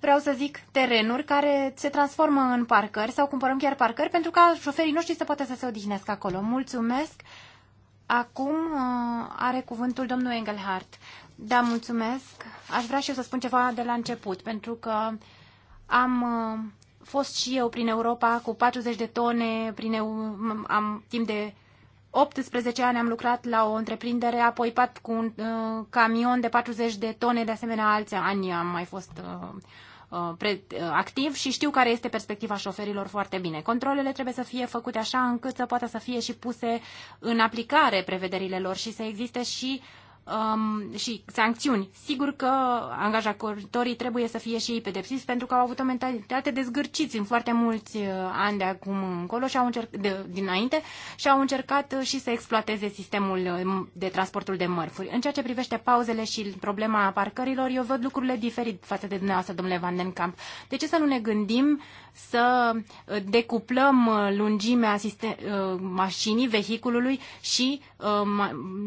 vreau să zic, terenuri care se transformă în parcări sau cumpărăm chiar parcări pentru ca șoferii noștri să poată să se odihnească acolo. Mulțumesc! Acum uh, are cuvântul domnul Engelhardt. Da, mulțumesc. Aș vrea și eu să spun ceva de la început, pentru că am uh, fost și eu prin Europa cu 40 de tone, prin eu, am timp de 18 ani am lucrat la o întreprindere, apoi pat cu un uh, camion de 40 de tone, de asemenea alți ani am mai fost uh, Uh, uh, activ și știu care este perspectiva șoferilor foarte bine. Controlele trebuie să fie făcute așa încât să poată să fie și puse în aplicare prevederile lor și să existe și uh, um, și sancțiuni. Sigur că angajatorii trebuie să fie și ei pedepsiți pentru că au avut o mentalitate de zgârciți în foarte mulți uh, ani de acum încolo și au încercat, de, dinainte și au încercat uh, și să exploateze sistemul uh, de transportul de mărfuri. În ceea ce privește pauzele și problema parcărilor, eu văd lucrurile diferit față de dumneavoastră, domnule Van den Camp. De ce să nu ne gândim să decuplăm lungimea sistem, mașinii, vehiculului și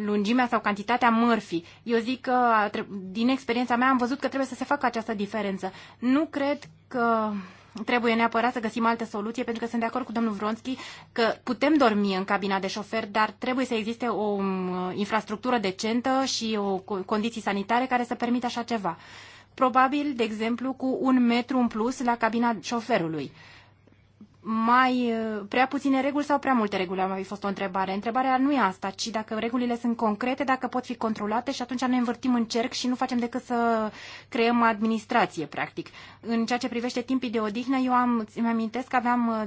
lungimea sau cantitatea mărfurilor Murphy. Eu zic că, din experiența mea, am văzut că trebuie să se facă această diferență. Nu cred că trebuie neapărat să găsim alte soluții, pentru că sunt de acord cu domnul Vronski că putem dormi în cabina de șofer, dar trebuie să existe o um, infrastructură decentă și o condiții sanitare care să permită așa ceva. Probabil, de exemplu, cu un metru în plus la cabina șoferului mai uh, prea puține reguli sau prea multe reguli, am mai fost o întrebare. Întrebarea nu e asta, ci dacă regulile sunt concrete, dacă pot fi controlate și atunci ne învârtim în cerc și nu facem decât să creăm administrație, practic. În ceea ce privește timpii de odihnă, eu am, îmi amintesc că aveam uh,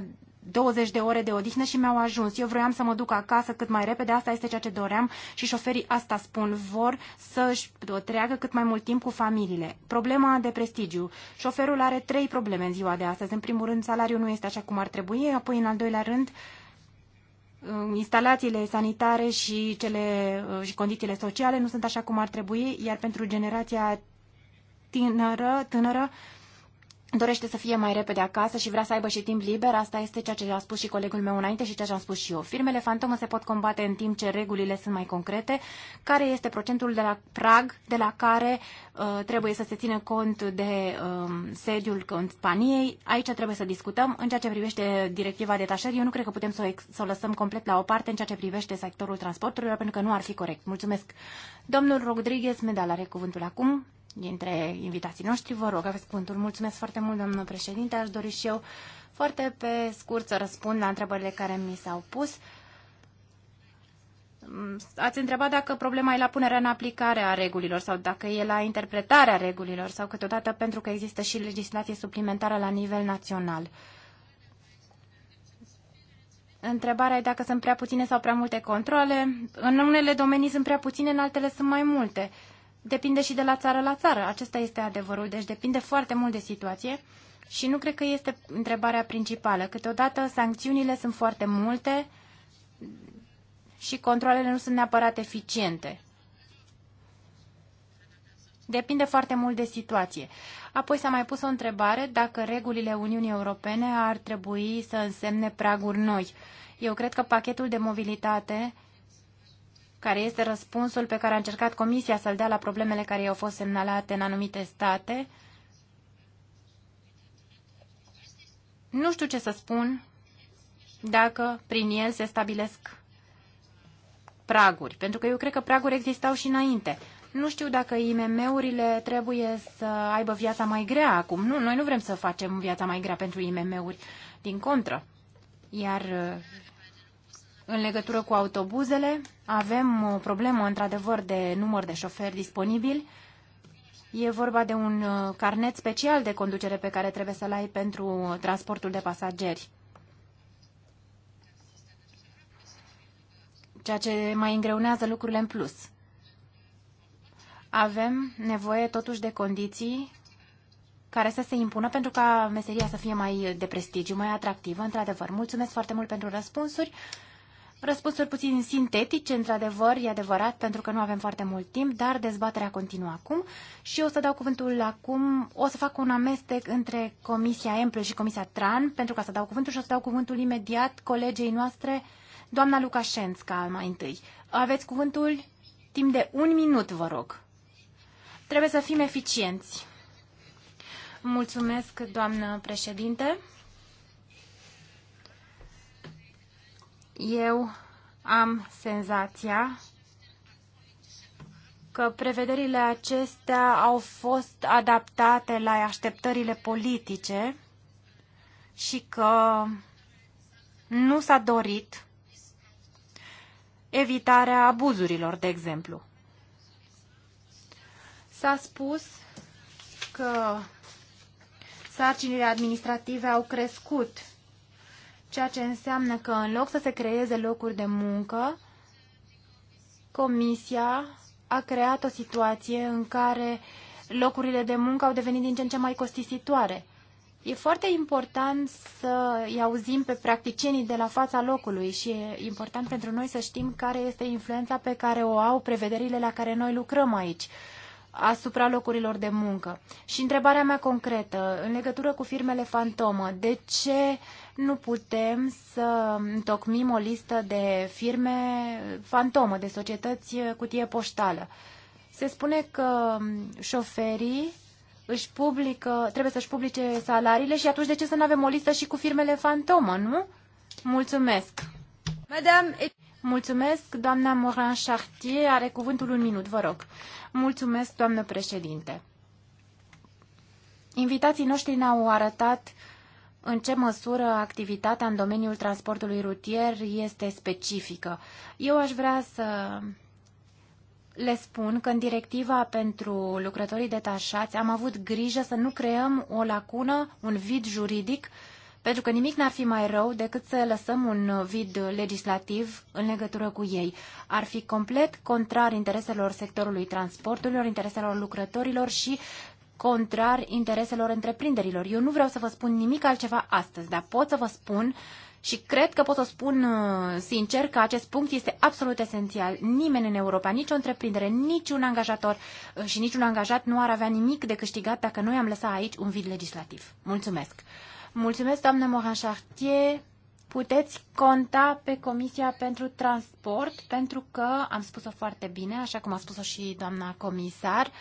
20 de ore de odihnă și mi-au ajuns. Eu vroiam să mă duc acasă cât mai repede, asta este ceea ce doream și șoferii asta spun, vor să-și treacă cât mai mult timp cu familiile. Problema de prestigiu. Șoferul are trei probleme în ziua de astăzi. În primul rând, salariul nu este așa cum ar trebui, apoi în al doilea rând, um, instalațiile sanitare și, cele, uh, și condițiile sociale nu sunt așa cum ar trebui, iar pentru generația tânără, tânără dorește să fie mai repede acasă și vrea să aibă și timp liber, asta este ceea ce a spus și colegul meu înainte și ceea ce am spus și eu. Firmele fantomă se pot combate în timp ce regulile sunt mai concrete. Care este procentul de la prag de la care uh, trebuie să se țină cont de um, sediul companiei? Aici trebuie să discutăm. În ceea ce privește directiva detașării, eu nu cred că putem să o, să o lăsăm complet la o parte în ceea ce privește sectorul transporturilor, pentru că nu ar fi corect. Mulțumesc. Domnul Rodriguez Medal are cuvântul acum dintre invitații noștri. Vă rog, aveți cuvântul. Mulțumesc foarte mult, doamnă președinte. Aș dori și eu foarte pe scurt să răspund la întrebările care mi s-au pus. Ați întrebat dacă problema e la punerea în aplicare a regulilor sau dacă e la interpretarea regulilor sau câteodată pentru că există și legislație suplimentară la nivel național. Întrebarea e dacă sunt prea puține sau prea multe controle. În unele domenii sunt prea puține, în altele sunt mai multe. Uh, depinde și de la țară la țară. Acesta este adevărul, deci depinde foarte mult de situație și nu cred că este întrebarea principală. Câteodată sancțiunile sunt foarte multe și controlele nu sunt neapărat eficiente. Depinde foarte mult de situație. Apoi s-a mai pus o întrebare dacă regulile Uniunii Europene ar trebui să însemne praguri noi. Eu cred că pachetul de mobilitate care este răspunsul pe care a încercat Comisia să-l dea la problemele care i-au fost semnalate în anumite state. Nu știu ce să spun dacă prin el se stabilesc praguri, pentru că eu cred că praguri existau și înainte. Nu știu dacă IMM-urile trebuie să aibă viața mai grea acum. Nu, noi nu vrem să facem viața mai grea pentru IMM-uri, din contră. Iar în legătură cu autobuzele, avem o problemă într-adevăr de număr de șoferi disponibili. E vorba de un uh, carnet special de conducere pe care trebuie să-l ai pentru transportul de pasageri. Ceea ce mai îngreunează lucrurile în plus. Avem nevoie totuși de condiții care să se impună pentru ca meseria să fie mai de prestigiu, mai atractivă, într-adevăr. Mulțumesc foarte mult pentru răspunsuri. Răspunsuri puțin sintetice, într-adevăr, e adevărat, pentru că nu avem foarte mult timp, dar dezbaterea continuă acum și o să dau cuvântul acum, o să fac un amestec între Comisia Emplu și Comisia Tran, pentru ca să dau cuvântul și o să dau cuvântul imediat colegei noastre, doamna Lucașenska, mai întâi. Aveți cuvântul timp de un minut, vă rog. Trebuie să fim eficienți. Mulțumesc, doamnă președinte. eu am senzația că prevederile acestea au fost adaptate la așteptările politice și că nu s-a dorit evitarea abuzurilor, de exemplu. S-a spus că sarcinile administrative au crescut ceea ce înseamnă că în loc să se creeze locuri de muncă, Comisia a creat o situație în care locurile de muncă au devenit din ce în ce mai costisitoare. E foarte important să îi auzim pe practicienii de la fața locului și e important pentru noi să știm care este influența pe care o au prevederile la care noi lucrăm aici asupra locurilor de muncă. Și întrebarea mea concretă, în legătură cu firmele fantomă, de ce nu putem să întocmim o listă de firme fantomă, de societăți uh, cutie poștală? Se spune că um, șoferii își publică, trebuie să-și publice salariile și atunci de ce să nu avem o listă și cu firmele fantomă, nu? Mulțumesc! Madame... Mulțumesc, doamna Moran Chartier. Are cuvântul un minut, vă rog. Mulțumesc, doamnă președinte. Invitații noștri ne-au arătat în ce măsură activitatea în domeniul transportului rutier este specifică. Eu aș vrea să le spun că în directiva pentru lucrătorii detașați am avut grijă să nu creăm o lacună, un vid juridic, uh, pentru că nimic n-ar fi mai rău decât să lăsăm un vid legislativ în legătură cu ei. Ar fi complet contrar intereselor sectorului transporturilor, intereselor lucrătorilor și contrar intereselor întreprinderilor. Eu nu vreau să vă spun nimic altceva astăzi, dar pot să vă spun și cred că pot să spun uh, sincer că acest punct este absolut esențial. Nimeni în Europa, nici o întreprindere, nici un angajator uh, și nici un angajat nu ar avea nimic de câștigat dacă noi am lăsat aici un vid legislativ. Mulțumesc! Mulțumesc, doamnă moran Puteți conta pe Comisia pentru Transport, pentru că, am spus-o foarte bine, așa cum a spus-o și doamna comisar,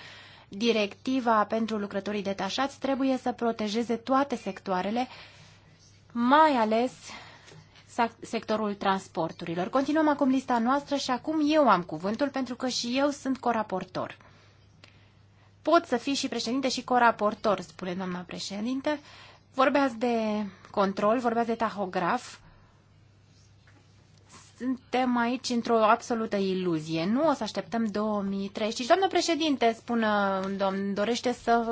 directiva pentru lucrătorii detașați trebuie să protejeze toate sectoarele, mai ales sectorul transporturilor. Continuăm acum lista noastră și acum eu am cuvântul pentru că și eu sunt coraportor. Pot să fii și președinte și coraportor, spune doamna președinte. Vorbeați de control, vorbeați de tahograf. Suntem aici într-o absolută iluzie. Nu o să așteptăm 2030. Doamnă președinte, spună, domn, dorește să,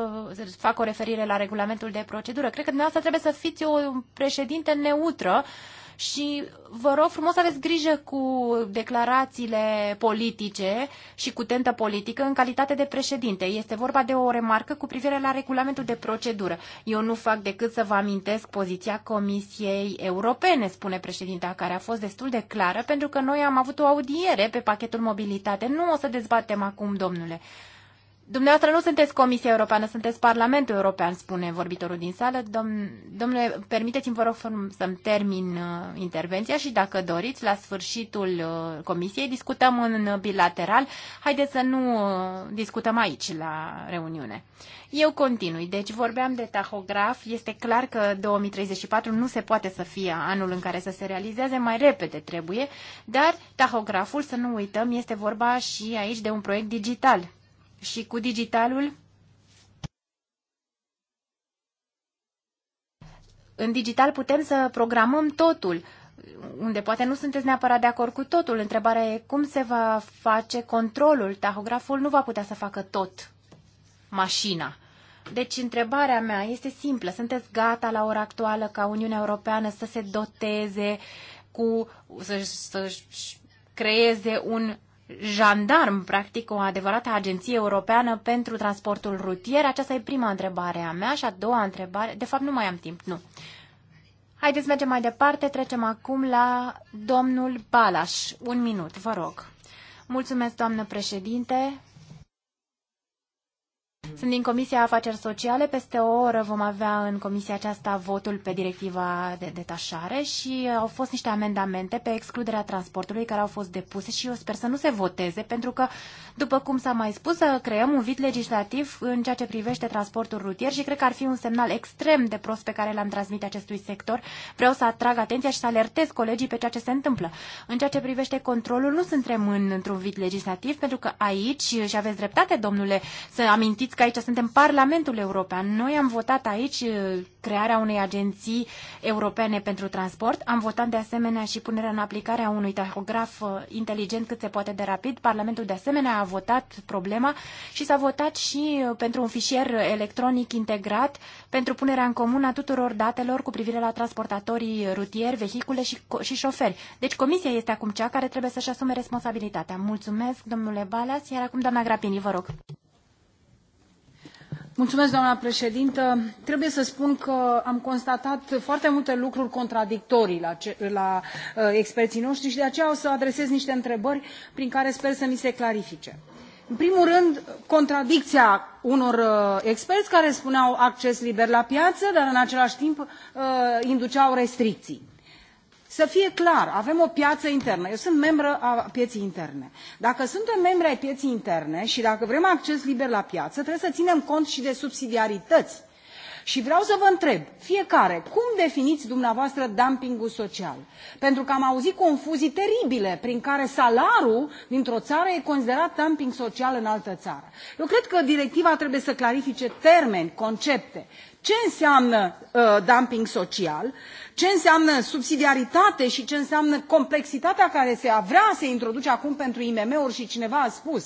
fac o referire la regulamentul de procedură. Cred că dumneavoastră trebuie să fiți o președinte neutră. Uh, și vă rog frumos să aveți grijă cu declarațiile politice și cu tentă politică în calitate de președinte. Este vorba de o remarcă cu privire la regulamentul de procedură. Eu nu fac decât să vă amintesc poziția Comisiei Europene, spune președintea, care a fost destul de clară, pentru că noi am avut o audiere pe pachetul mobilitate. Nu o să dezbatem acum, domnule. Dumneavoastră nu sunteți Comisia Europeană, sunteți Parlamentul European, spune vorbitorul din sală. Domn, domnule, permiteți-mi, vă rog, să-mi termin uh, intervenția și, dacă doriți, la sfârșitul uh, Comisiei discutăm în bilateral. Haideți să nu uh, discutăm aici, la reuniune. Eu continui. Deci vorbeam de tahograf. Este clar că 2034 nu se poate să fie anul în care să se realizeze. Mai repede trebuie. Dar tahograful, să nu uităm, este vorba și aici de un proiect digital și cu digitalul. În digital putem să programăm totul, unde poate nu sunteți neapărat de acord cu totul. Întrebarea e cum se va face controlul. Tahograful nu va putea să facă tot mașina. Deci întrebarea mea este simplă. Sunteți gata la ora actuală ca Uniunea Europeană să se doteze cu, să-și, să, creeze un jandarm, practic o adevărată agenție europeană pentru transportul rutier? Aceasta e prima întrebare a mea și a doua întrebare... De fapt, nu mai am timp, nu. Haideți, mergem mai departe. Trecem acum la domnul Balaș. Un minut, vă rog. Mulțumesc, doamnă președinte. Sunt din Comisia Afaceri Sociale. Peste o oră vom avea în comisia aceasta votul pe directiva de detașare și au fost niște amendamente pe excluderea transportului care au fost depuse și eu sper să nu se voteze pentru că, după cum s-a mai spus, să creăm un vid legislativ în ceea ce privește transportul rutier și cred că ar fi un semnal extrem de prost pe care l-am transmit acestui sector. Vreau să atrag atenția și să alertez colegii pe ceea ce se întâmplă. În ceea ce privește controlul, nu suntem în, într-un vid legislativ pentru că aici, și aveți dreptate, domnule, să amintiți știți că aici suntem Parlamentul European. Noi am votat aici uh, crearea unei agenții europene pentru transport. Am votat de asemenea și punerea în aplicare a unui tahograf uh, inteligent cât se poate de rapid. Parlamentul de asemenea a votat problema și s-a votat și uh, pentru un fișier electronic integrat pentru punerea în comun a tuturor datelor cu privire la transportatorii rutieri, vehicule și, și șoferi. Deci comisia este acum cea care trebuie să-și asume responsabilitatea. Mulțumesc, domnule Balas, iar acum doamna Grapini, vă rog doamnă președintă. Trebuie să spun că am constatat foarte multe lucruri contradictorii la, uh, experții noștri și de aceea o să adresez niște întrebări prin care sper să mi se clarifice. În primul rând, contradicția unor uh, experți care spuneau acces liber la piață, dar în același timp uh, induceau restricții să fie clar, avem o piață internă. Eu sunt membră a pieții interne. Dacă suntem membri ai pieții interne și dacă vrem acces liber la piață, trebuie să ținem cont și de subsidiarități. Și vreau să vă întreb, fiecare, cum definiți dumneavoastră dumpingul social? Pentru că am auzit confuzii teribile prin care salarul dintr-o țară e considerat dumping social în altă țară. Eu cred că directiva trebuie să clarifice termeni, concepte. Ce înseamnă uh, dumping social? Uh, ce înseamnă subsidiaritate și ce înseamnă complexitatea care se vrea să introduce acum pentru imm uri și cineva a spus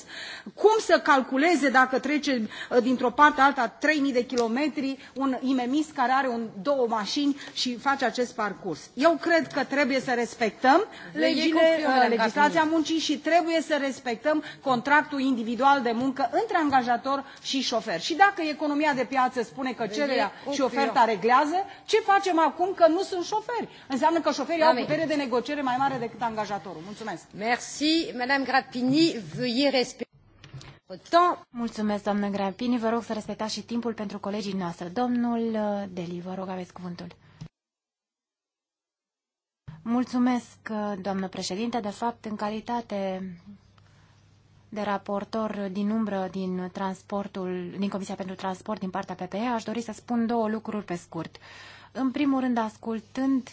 cum să calculeze dacă trece uh, dintr o parte alta trei mii de kilometri un imm ist care are un, două mașini și face acest parcurs. eu cred că trebuie să respectăm legile, uh, legislația muncii și trebuie să respectăm contractul individual de muncă între angajator și șofer. și dacă economia de piață spune că cererea și oferta reglează ce facem acum că nu sunt șoferi. Înseamnă că șoferii au putere de negociere mai mare decât angajatorul. Mulțumesc. Merci, Madame Grappini, veuillez respecter. Mulțumesc, doamnă Grappini. Vă rog să respectați și timpul pentru colegii noastre. Domnul uh, Deli, vă rog, aveți cuvântul. Mulțumesc, uh, doamnă președinte. De fapt, în calitate de raportor din umbră din transportul, din Comisia pentru Transport din partea PPE, aș dori să spun două lucruri pe scurt. În primul rând, ascultând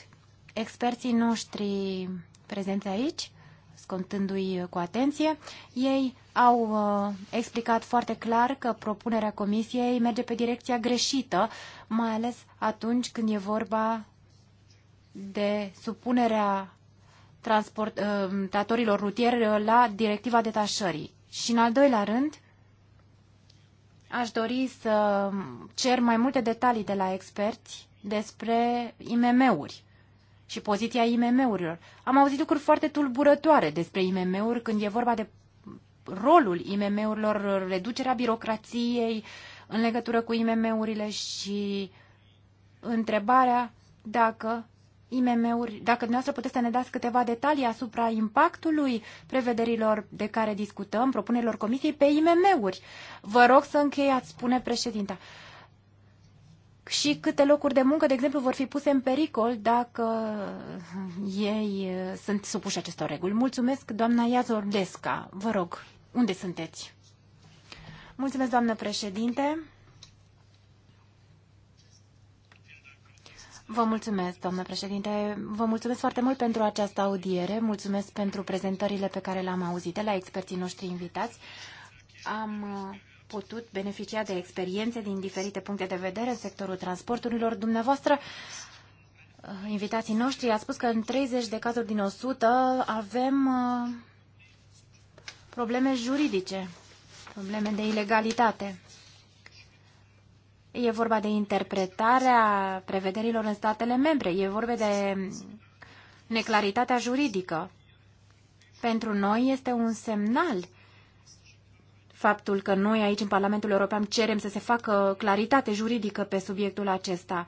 experții noștri prezenți aici, scontându-i cu atenție, ei au uh, explicat foarte clar că propunerea comisiei merge pe direcția greșită, mai ales atunci când e vorba de supunerea transport, uh, datorilor rutieri la directiva detașării. Și în al doilea rând, aș dori să cer mai multe detalii de la experți despre IMM-uri și poziția IMM-urilor. Am auzit lucruri foarte tulburătoare despre IMM-uri când e vorba de rolul IMM-urilor, reducerea birocrației în legătură cu IMM-urile și întrebarea dacă IMM-uri, dacă dumneavoastră puteți să ne dați câteva detalii asupra impactului prevederilor de care discutăm, propunerilor comisiei pe IMM-uri. Vă rog să încheiați, spune președinta și câte locuri de muncă, de exemplu, vor fi puse în pericol dacă ei uh, sunt supuși acestor reguli. Mulțumesc, doamna Iazordesca. Vă rog, unde sunteți? Mulțumesc, doamnă președinte. Vă mulțumesc, doamnă președinte. Vă mulțumesc foarte mult pentru această audiere. Mulțumesc pentru prezentările pe care le-am auzit de la experții noștri invitați. Am uh, putut beneficia de experiențe din diferite puncte de vedere în sectorul transporturilor. Dumneavoastră, uh, invitații noștri, a spus că în 30 de cazuri din 100 avem uh, probleme juridice, probleme de ilegalitate. E vorba de interpretarea prevederilor în statele membre, e vorba de neclaritatea juridică. Pentru noi este un semnal faptul că noi aici în Parlamentul European cerem să se facă claritate juridică pe subiectul acesta.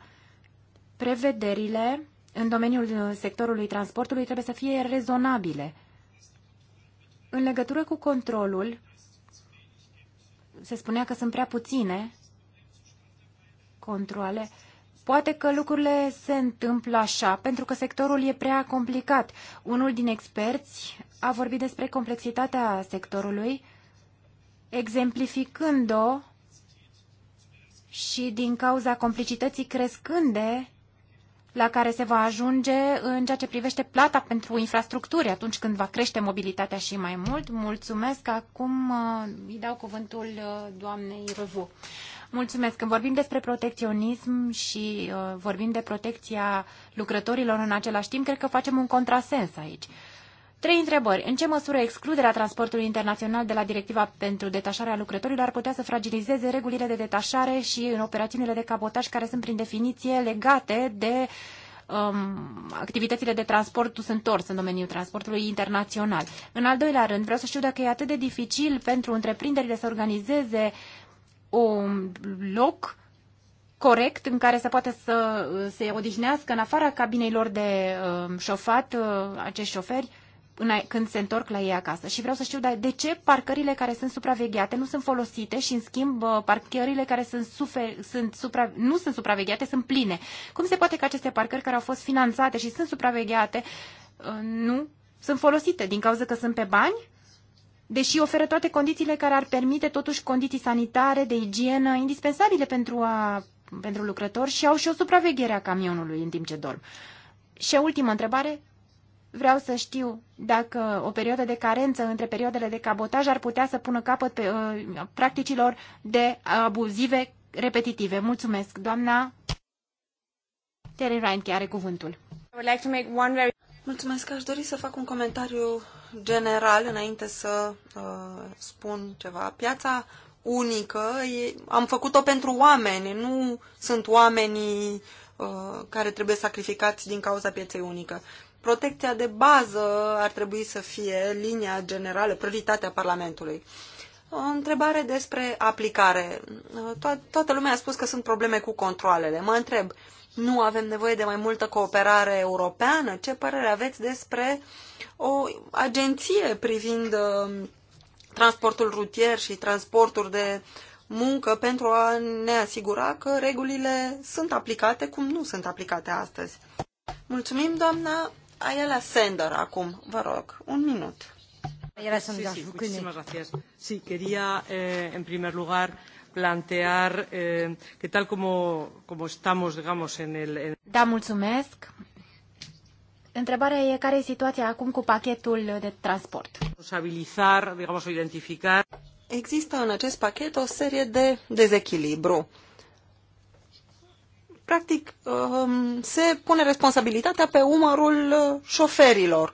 Prevederile în domeniul sectorului transportului trebuie să fie rezonabile. În legătură cu controlul, se spunea că sunt prea puține controle. Poate că lucrurile se întâmplă așa, pentru că sectorul e prea complicat. Unul din experți a vorbit despre complexitatea sectorului exemplificând-o și din cauza complicității crescânde la care se va ajunge în ceea ce privește plata pentru infrastructuri atunci când va crește mobilitatea și mai mult. Mulțumesc. Acum uh, îi dau cuvântul uh, doamnei Răvu. Mulțumesc. Când vorbim despre protecționism și uh, vorbim de protecția lucrătorilor în același timp, cred că facem un contrasens aici. Uh, Trei întrebări. În ce măsură excluderea transportului internațional de la directiva pentru detașarea lucrătorilor ar putea să fragilizeze regulile de detașare și în operațiunile de cabotaj care sunt prin definiție legate de um, activitățile de transport dus întors în domeniul transportului internațional? În al doilea rând, vreau să știu dacă e atât de dificil pentru întreprinderile să organizeze un loc corect în care să poată să se odihnească în afara cabinei lor de uh, șofat uh, acești șoferi când se întorc la ei acasă. Și vreau să știu de ce parcările care sunt supravegheate nu sunt folosite și, în schimb, uh, parcările care sunt, sufe, sunt supra, nu sunt supravegheate sunt pline. Cum se poate că aceste parcări care au fost finanțate și sunt supravegheate uh, nu sunt folosite din cauza că sunt pe bani? Deși oferă toate condițiile care ar permite totuși condiții sanitare, de igienă, indispensabile pentru, a, pentru lucrători și au și o supraveghere a camionului în timp ce dorm. Și ultima întrebare, Vreau să știu dacă o perioadă de carență între perioadele de cabotaj ar putea să pună capăt pe, uh, practicilor de abuzive repetitive. Mulțumesc, doamna Terry Reinke are cuvântul. Mulțumesc, aș dori să fac un comentariu general înainte să uh, spun ceva. Piața unică, e, am făcut-o pentru oameni, nu sunt oamenii uh, care trebuie sacrificați din cauza pieței unică protecția de bază ar trebui să fie linia generală, prioritatea Parlamentului. O întrebare despre aplicare. To- toată lumea a spus că sunt probleme cu controlele. Mă întreb, nu avem nevoie de mai multă cooperare europeană? Ce părere aveți despre o agenție privind uh, transportul rutier și transportul de muncă pentru a ne asigura că regulile sunt aplicate cum nu sunt aplicate astăzi? Mulțumim, doamna Ayala Sender acum, vă rog, un minut. Ayala Sender, sí, sí, muchísimas gracias. Sí, quería eh, en primer lugar plantear eh, que tal como, como estamos, digamos, en el... En... Da, mulțumesc. Întrebarea e care e situația acum cu pachetul de transport. Responsabilizar, digamos, o identificar. Există în acest pachet o serie de dezechilibru practic, um, se pune responsabilitatea pe umărul uh, șoferilor.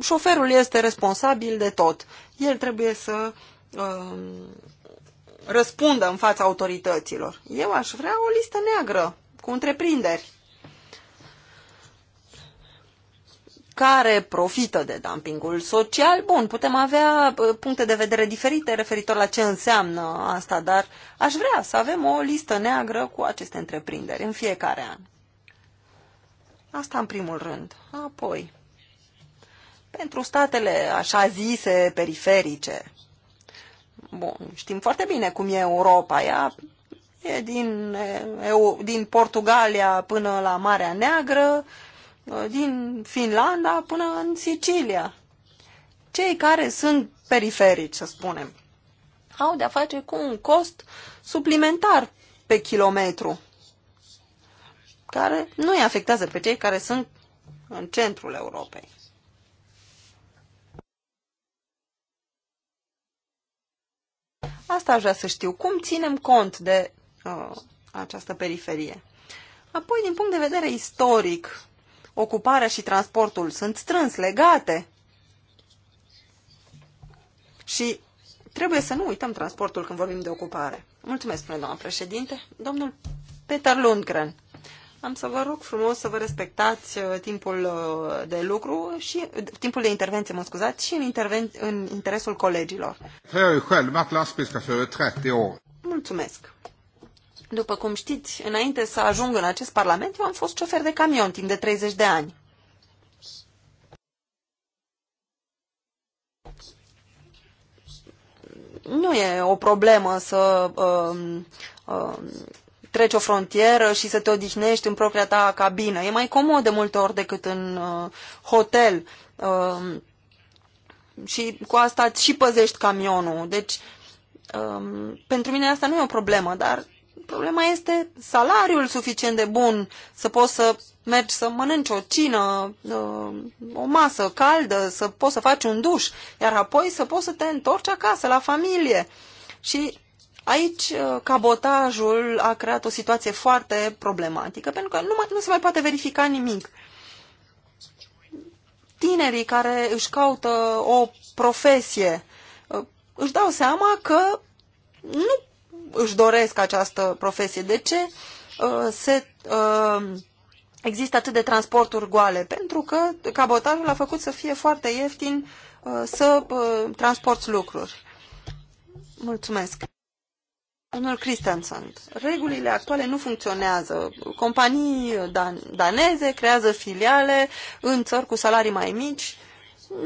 Șoferul este responsabil de tot. El trebuie să um, răspundă în fața autorităților. Eu aș vrea o listă neagră cu întreprinderi care profită de dumpingul social. Bun, putem avea uh, puncte de vedere diferite referitor la ce înseamnă asta, dar aș vrea să avem o listă neagră cu aceste întreprinderi în fiecare an. Asta în primul rând. Apoi, pentru statele așa zise periferice, bun, știm foarte bine cum e Europa, ea e din, din Portugalia până la Marea Neagră, Uh, din Finlanda până în Sicilia. Cei care sunt periferici, să spunem, au de-a face cu un cost suplimentar pe kilometru, care nu îi afectează pe cei care sunt în centrul Europei. Asta aș vrea să știu. Cum ținem cont de uh, această periferie? Apoi, din punct de vedere istoric, ocuparea și transportul sunt strâns legate. Și trebuie să nu uităm transportul când vorbim de ocupare. Mulțumesc, spune doamna președinte. Domnul Peter Lundgren, am să vă rog frumos să vă respectați uh, timpul uh, de lucru și uh, timpul de intervenție, mă scuzați, și în, interven, în interesul colegilor. Mulțumesc. După cum știți, înainte să ajung în acest parlament, eu am fost șofer de camion timp de 30 de ani. Nu e o problemă să uh, uh, treci o frontieră și să te odihnești în propria ta cabină. E mai comod de multe ori decât în uh, hotel. Uh, și cu asta și păzești camionul. Deci, uh, pentru mine asta nu e o problemă, dar Problema este salariul suficient de bun să poți să mergi să mănânci o cină, uh, o masă caldă, să poți să faci un duș, iar apoi să poți să te întorci acasă, la familie. Și aici uh, cabotajul a creat o situație foarte problematică, pentru că nu, mai, nu se mai poate verifica nimic. Tinerii care își caută o profesie uh, își dau seama că nu își doresc această profesie. De ce uh, se, uh, există atât de transporturi goale? Pentru că cabotajul a făcut să fie foarte ieftin uh, să uh, transporti lucruri. Mulțumesc. Domnul Christensen, regulile actuale nu funcționează. Companii dan daneze creează filiale în țări cu salarii mai mici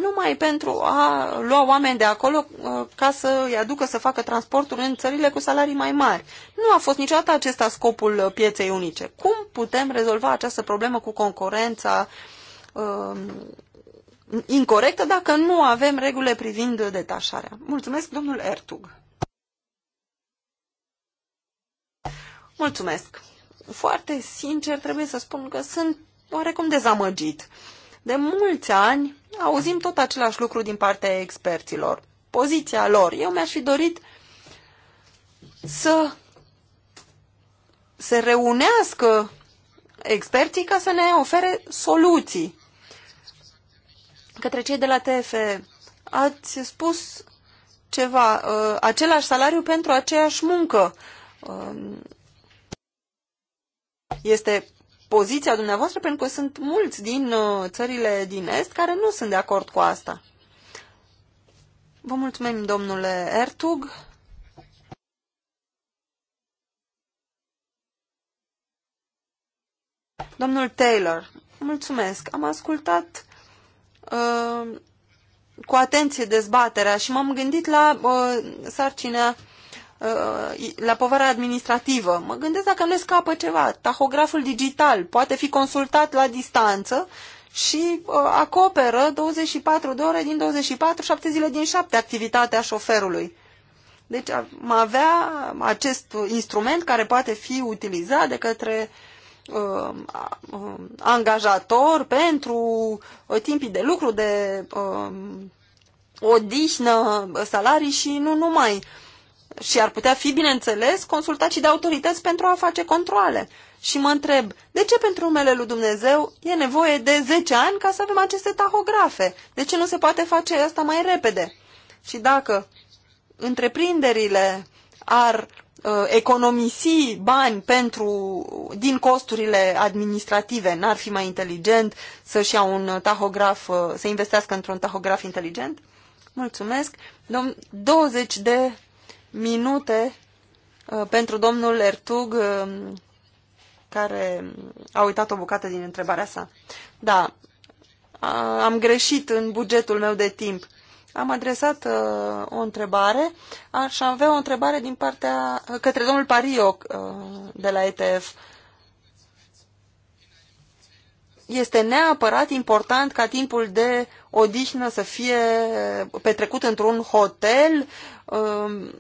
numai pentru a lua oameni de acolo uh, ca să îi aducă să facă transporturi în țările cu salarii mai mari. Nu a fost niciodată acesta scopul uh, pieței unice. Cum putem rezolva această problemă cu concurența uh, incorrectă dacă nu avem regulile privind detașarea? Mulțumesc, domnul Ertug. Mulțumesc. Foarte sincer trebuie să spun că sunt oarecum dezamăgit. De mulți ani auzim tot același lucru din partea experților. Poziția lor. Eu mi-aș fi dorit să se reunească experții ca să ne ofere soluții. Către cei de la TF, ați spus ceva, uh, același salariu pentru aceeași muncă. Uh, este poziția dumneavoastră, pentru că sunt mulți din uh, țările din Est care nu sunt de acord cu asta. Vă mulțumim, domnule Ertug. Domnul Taylor, mulțumesc. Am ascultat uh, cu atenție dezbaterea și m-am gândit la uh, sarcina Uh, la povara administrativă. Mă gândesc dacă le scapă ceva. Tahograful digital poate fi consultat la distanță și uh, acoperă 24 de ore din 24, 7 zile din 7 activitatea șoferului. Deci am avea acest instrument care poate fi utilizat de către uh, uh, angajator pentru uh, timpii de lucru, de uh, odihnă, salarii și nu numai. Uh, și ar putea fi, bineînțeles, consultat și de autorități pentru a face controle. Și mă întreb, de ce pentru numele lui Dumnezeu e nevoie de 10 ani ca să avem aceste tahografe? De ce nu se poate face asta mai repede? Și dacă întreprinderile ar uh, economisi bani pentru, din costurile administrative, n-ar fi mai inteligent să-și ia un tahograf, uh, să investească într-un tahograf inteligent? Mulțumesc. Dom 20 de minute uh, pentru domnul Ertug, uh, care a uitat o bucată din întrebarea sa. Da, am greșit în bugetul meu de timp. Am adresat uh, o întrebare și am avea o întrebare din partea uh, către domnul Pario uh, de la ETF. Este neapărat important ca timpul de odihnă să fie petrecut într-un hotel uh,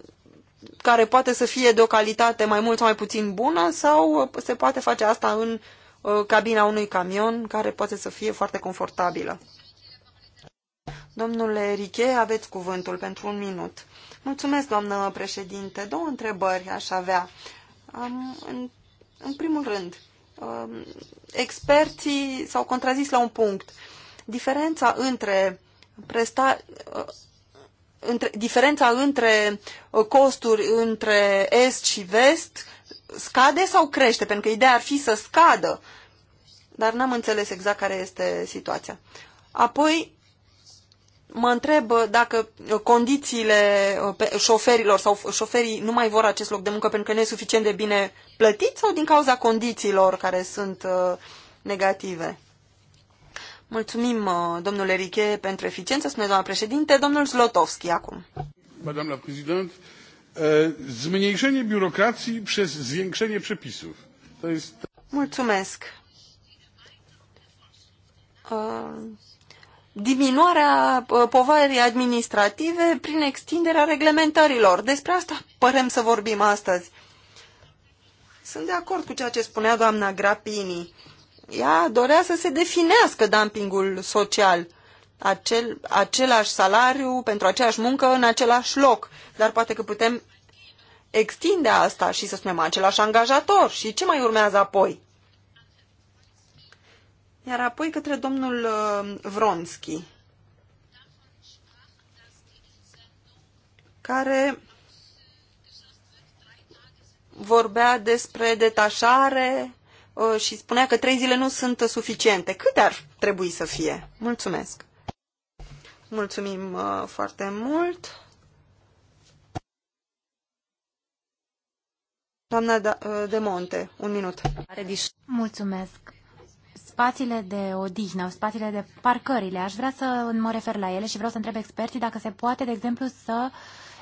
care poate să fie de o calitate mai mult sau mai puțin bună sau se poate face asta în uh, cabina unui camion care poate să fie foarte confortabilă. Domnule Riche, aveți cuvântul pentru un minut. Mulțumesc, doamnă președinte. Două întrebări aș avea. Am, în, în primul rând, um, experții s-au contrazis la un punct. Diferența între presta, uh, între, diferența între uh, costuri între est și vest scade sau crește? Pentru că ideea ar fi să scadă, dar n-am înțeles exact care este situația. Apoi mă întreb uh, dacă uh, condițiile șoferilor sau șoferii nu mai vor acest loc de muncă pentru că nu e suficient de bine plătit sau din cauza condițiilor care sunt negative. Mulțumim, uh, domnule Riche, pentru eficiență. Spune doamna președinte, domnul Zlotowski acum. Madame la prezident, uh, zmniejszenie biurokracji przez zwiększenie przepisów. To jest... Mulțumesc. Uh, diminuarea poverii administrative prin extinderea reglementărilor. Despre asta părem să vorbim astăzi. Sunt de acord cu ceea ce spunea doamna Grapini ea dorea să se definească dumpingul social. Acel, același salariu pentru aceeași muncă în același loc. Dar poate că putem extinde asta și să spunem același angajator. Și ce mai urmează apoi? Iar apoi către domnul uh, Vronski, care vorbea despre detașare Uh, și spunea că trei zile nu sunt suficiente. Câte ar trebui să fie? Mulțumesc! Mulțumim uh, foarte mult! Doamna da, uh, De Monte, un minut. Mulțumesc! Spațiile de odihnă, spațiile de parcările, aș vrea să mă refer la ele și vreau să întreb experții dacă se poate, de exemplu, să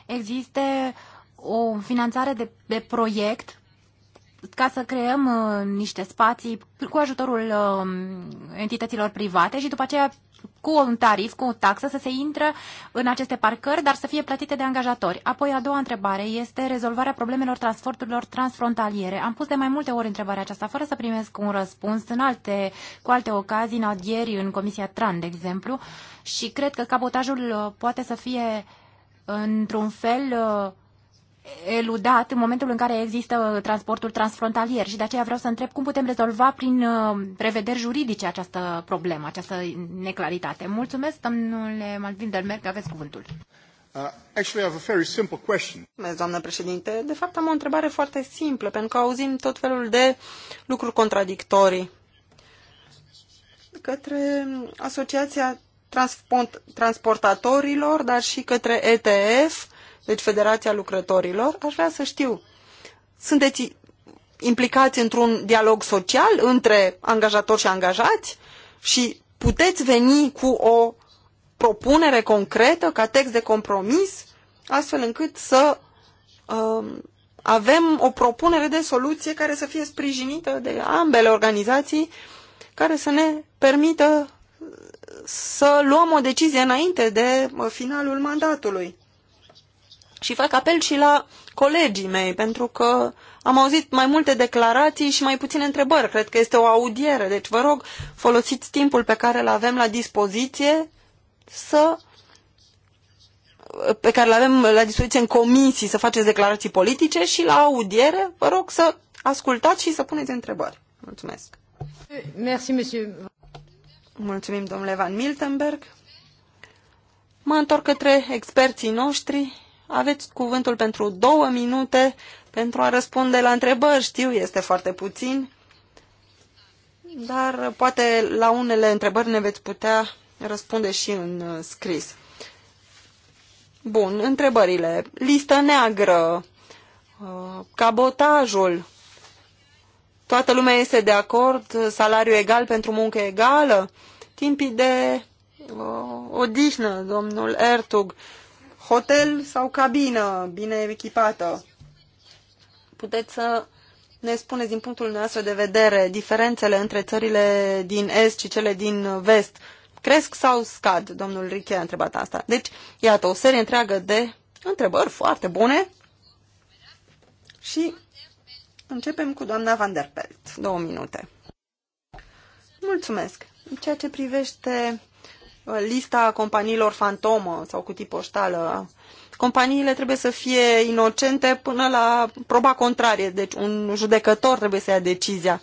existe o finanțare de, de proiect ca să creăm uh, niște spații cu ajutorul uh, entităților private și după aceea cu un tarif, cu o taxă, să se intră în aceste parcări, dar să fie plătite de angajatori. Apoi, a doua întrebare este rezolvarea problemelor transporturilor transfrontaliere. Am pus de mai multe ori întrebarea aceasta, fără să primesc un răspuns în alte, cu alte ocazii, în adieri, în Comisia TRAN, de exemplu, și cred că cabotajul uh, poate să fie, uh, într-un fel, uh, eludat în momentul în care există transportul transfrontalier și de aceea vreau să întreb cum putem rezolva prin uh, prevederi juridice această problemă, această neclaritate. Mulțumesc, domnule Malvin Delmer, că aveți cuvântul. Uh, actually, I have a very simple question. Doamnă președinte, de fapt am o întrebare foarte simplă, pentru că auzim tot felul de lucruri contradictorii către Asociația Transport- Transportatorilor, dar și către ETF, deci Federația Lucrătorilor, aș vrea să știu, sunteți implicați într-un dialog social între angajatori și angajați și puteți veni cu o propunere concretă ca text de compromis, astfel încât să um, avem o propunere de soluție care să fie sprijinită de ambele organizații, care să ne permită să luăm o decizie înainte de uh, finalul mandatului. Și fac apel și la colegii mei, pentru că am auzit mai multe declarații și mai puține întrebări. Cred că este o audiere, deci vă rog, folosiți timpul pe care îl avem la dispoziție să pe care le avem la dispoziție în comisii să faceți declarații politice și la audiere vă rog să ascultați și să puneți întrebări. Mulțumesc. Merci, monsieur. Mulțumim, domnule Van Miltenberg. Mă întorc către experții noștri. Aveți cuvântul pentru două minute pentru a răspunde la întrebări. Știu, este foarte puțin, dar poate la unele întrebări ne veți putea răspunde și în uh, scris. Bun, întrebările. Listă neagră, uh, cabotajul, toată lumea este de acord, uh, salariu egal pentru muncă egală, timpii de odihnă, domnul Ertug, hotel sau cabină bine echipată. Puteți să ne spuneți din punctul nostru de vedere diferențele între țările din est și cele din vest. Cresc sau scad? Domnul Riche a întrebat asta. Deci, iată, o serie întreagă de întrebări foarte bune. Și începem cu doamna Van der Pelt. Două minute. Mulțumesc. În ceea ce privește lista companiilor fantomă sau cutii poștală. Companiile trebuie să fie inocente până la proba contrarie, deci un judecător trebuie să ia decizia.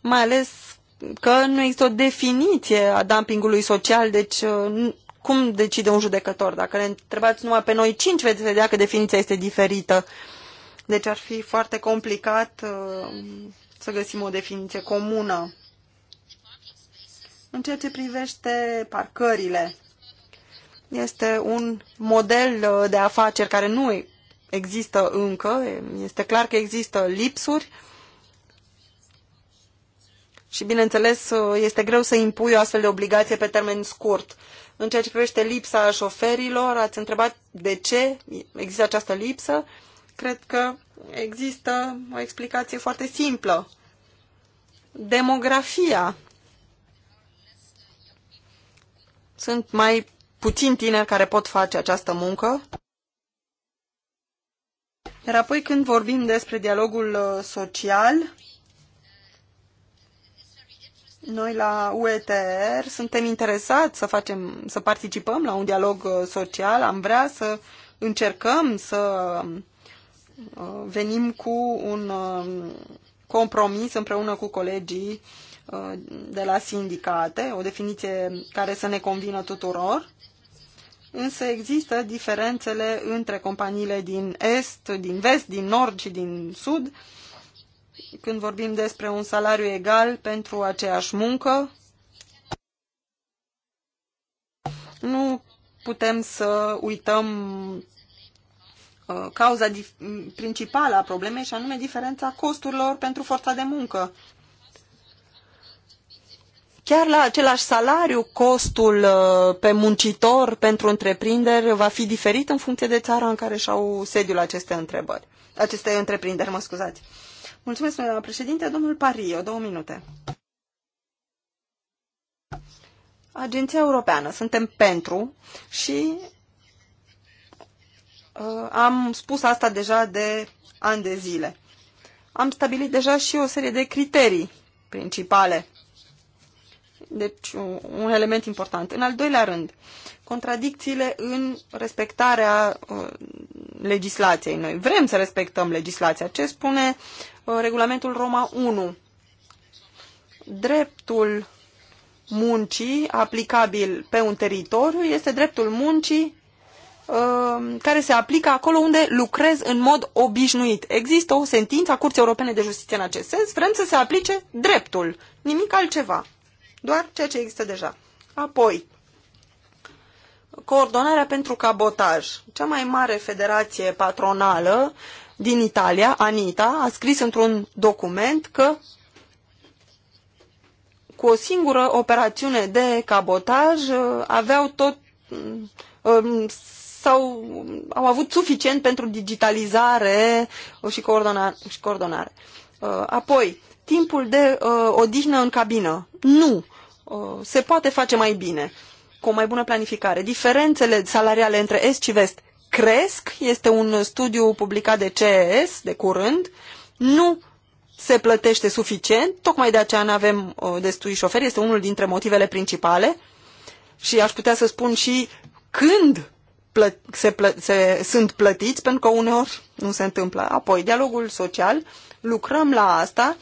Mai ales că nu există o definiție a dumpingului social, deci uh, cum decide un judecător? Dacă ne întrebați numai pe noi cinci, veți vedea că definiția este diferită. Deci ar fi foarte complicat uh, să găsim o definiție comună. În ceea ce privește parcările, este un model uh, de afaceri care nu există încă. Este clar că există lipsuri și, bineînțeles, uh, este greu să impui o astfel de obligație pe termen scurt. În ceea ce privește lipsa șoferilor, ați întrebat de ce există această lipsă. Cred că există o explicație foarte simplă. Demografia Sunt mai puțin tineri care pot face această muncă. Iar apoi când vorbim despre dialogul uh, social, noi la UETR suntem interesați să, facem, să participăm la un dialog uh, social, am vrea să încercăm să uh, venim cu un compromis împreună cu colegii Uh, de la sindicate, o definiție care să ne convină tuturor, însă există diferențele între companiile din Est, din Vest, din Nord și din Sud, când vorbim despre un salariu egal pentru aceeași muncă, nu putem să uităm uh, cauza principală a problemei și anume diferența costurilor pentru forța de muncă. Chiar la același salariu, costul uh, pe muncitor pentru întreprinderi va fi diferit în funcție de țara în care și-au sediul aceste întrebări. Aceste întreprinderi, mă scuzați. Mulțumesc, doamna președinte. Domnul Pario, două minute. Agenția Europeană. Suntem pentru și uh, am spus asta deja de ani de zile. Am stabilit deja și o serie de criterii principale deci, un element important. În al doilea rând, contradicțiile în respectarea uh, legislației. Noi vrem să respectăm legislația. Ce spune uh, regulamentul Roma 1? Dreptul muncii aplicabil pe un teritoriu este dreptul muncii uh, care se aplică acolo unde lucrez în mod obișnuit. Există o sentință a Curții Europene de Justiție în acest sens. Vrem să se aplice dreptul, nimic altceva doar ceea ce există deja. Apoi, coordonarea pentru cabotaj. Cea mai mare federație patronală din Italia, Anita, a scris într-un document că cu o singură operațiune de cabotaj uh, aveau tot um, um, sau au avut suficient pentru digitalizare uh, și coordonare. Și uh, coordonare. Apoi, timpul de odihnă în cabină. Nu. Uh, se poate face mai bine, cu o mai bună planificare. Diferențele salariale între Est și Vest cresc, este un studiu publicat de CES de curând, nu se plătește suficient, tocmai de aceea nu avem uh, destui șoferi, este unul dintre motivele principale și aș putea să spun și când plă- se plă- se, sunt plătiți, pentru că uneori nu se întâmplă. Apoi, dialogul social, lucrăm la asta,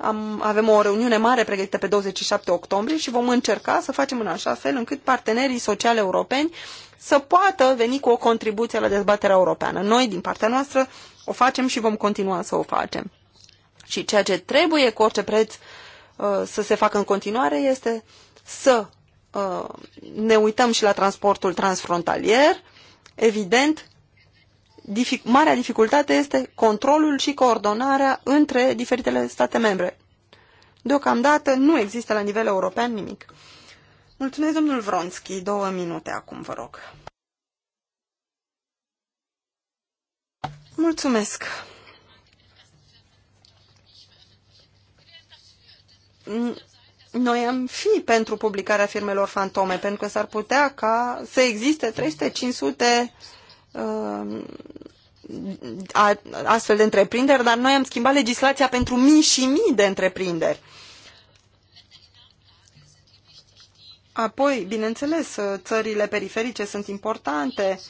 am, avem o reuniune mare pregătită pe 27 octombrie și vom încerca să facem în așa fel încât partenerii sociale europeni să poată veni cu o contribuție la dezbaterea europeană. Noi, din partea noastră, o facem și vom continua să o facem. Și ceea ce trebuie cu orice preț uh, să se facă în continuare este să uh, ne uităm și la transportul transfrontalier, evident, dific marea dificultate este controlul și coordonarea între diferitele state membre. Deocamdată nu există la nivel european nimic. Mulțumesc, domnul Vronski. Două minute acum, vă rog. Mulțumesc. Noi am fi pentru publicarea firmelor fantome, pentru că s-ar putea ca să existe 300-500 astfel de întreprinderi, dar noi am schimbat legislația pentru mii și mii de întreprinderi. Apoi, bineînțeles, țările periferice sunt importante,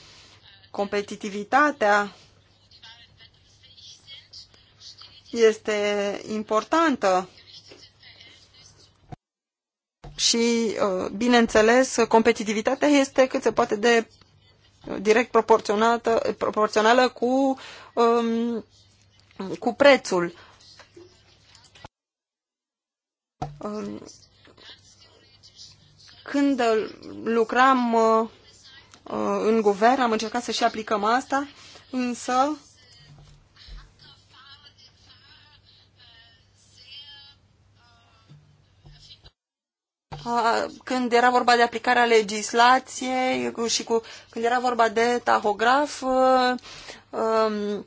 competitivitatea este importantă și, uh, bineînțeles, competitivitatea este cât se poate de direct proporționată, proporțională cu, um, cu prețul. Um, când lucram uh, uh în guvern, am încercat să și aplicăm asta, însă când era vorba de aplicarea legislației și cu, când era vorba de tahograf, uh, um,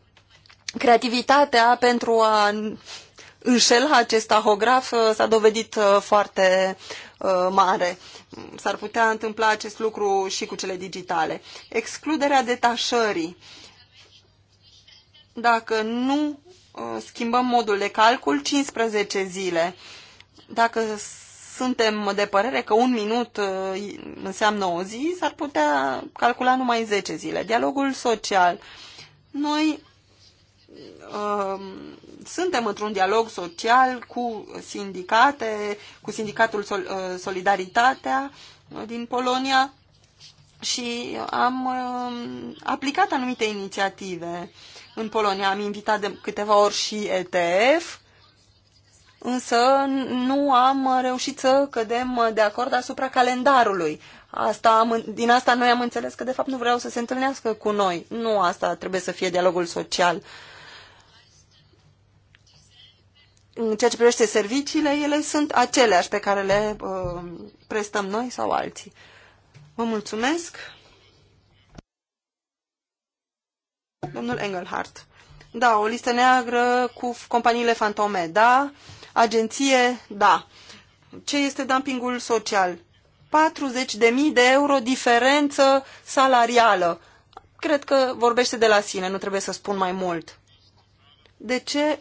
creativitatea pentru a înșela acest tahograf uh, s-a dovedit uh, foarte mare. S-ar putea întâmpla acest lucru și cu cele digitale. Excluderea detașării. Dacă nu schimbăm modul de calcul, 15 zile. Dacă suntem de părere că un minut uh, înseamnă o zi, s-ar putea calcula numai 10 zile. Dialogul social. Noi uh, suntem într-un dialog social cu sindicate, cu sindicatul Sol, uh, Solidaritatea uh, din Polonia și am uh, aplicat anumite inițiative în Polonia. Am invitat de câteva ori și ETF însă nu am reușit să cădem de acord asupra calendarului. Asta am, din asta noi am înțeles că de fapt nu vreau să se întâlnească cu noi. Nu asta trebuie să fie dialogul social. În ceea ce privește serviciile, ele sunt aceleași pe care le uh, prestăm noi sau alții. Vă mulțumesc. Domnul Engelhardt. Da, o listă neagră cu companiile fantome, da. Agenție, da. Ce este dumpingul social? 40.000 de euro diferență salarială. Cred că vorbește de la sine, nu trebuie să spun mai mult. De ce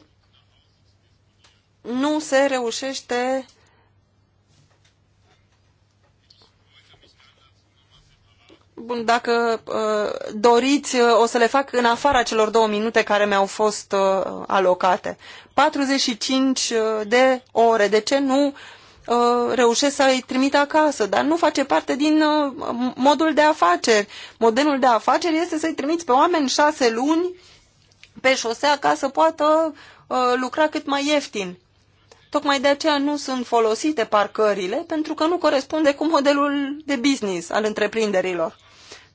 nu se reușește Bun, dacă uh, doriți, uh, o să le fac în afara celor două minute care mi-au fost uh, alocate. 45 uh, de ore. De ce nu uh, reușesc să-i trimit acasă? Dar nu face parte din uh, modul de afaceri. Modelul de afaceri este să-i trimiți pe oameni șase luni pe șosea ca să poată uh, lucra cât mai ieftin. Tocmai de aceea nu sunt folosite parcările, pentru că nu corespunde cu modelul de business al întreprinderilor.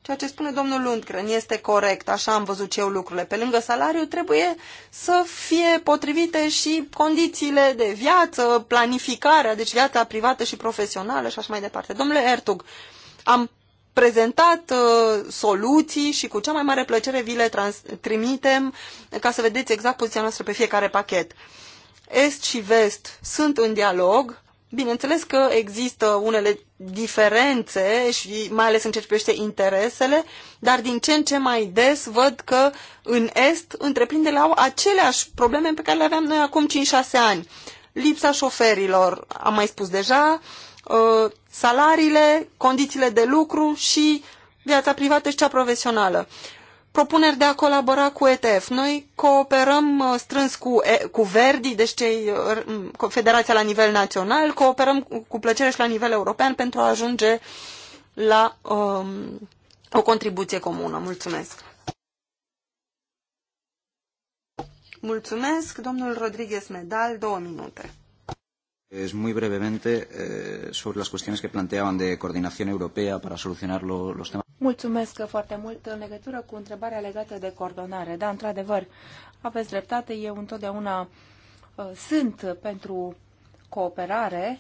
Ceea ce spune domnul Lundgren este corect, așa am văzut eu lucrurile. Pe lângă salariu trebuie să fie potrivite și condițiile de viață, planificarea, deci viața privată și profesională și așa mai departe. Domnule Ertug, am prezentat uh, soluții și cu cea mai mare plăcere vi le trimitem ca să vedeți exact poziția noastră pe fiecare pachet. Est și vest sunt în dialog, Bineînțeles că există unele diferențe și mai ales în ce privește interesele, dar din ce în ce mai des văd că în Est întreprinderile au aceleași probleme pe care le aveam noi acum 5-6 ani. Lipsa șoferilor, am mai spus deja, ă, salariile, condițiile de lucru și viața privată și cea profesională propuneri de a colabora cu ETF. Noi cooperăm uh, strâns cu, cu Verdi, deci cei, uh, Federația la nivel național, cooperăm cu, cu plăcere și la nivel european pentru a ajunge la um, o contribuție comună. Mulțumesc! Mulțumesc, domnul Rodriguez Medal, două minute. Es muy brevemente eh, sobre las cuestiones que planteaban de coordinación europea para solucionar lo, los temas. Mulțumesc foarte mult în legătură cu întrebarea legată de coordonare. Da, într-adevăr, aveți dreptate, eu întotdeauna uh, sunt pentru cooperare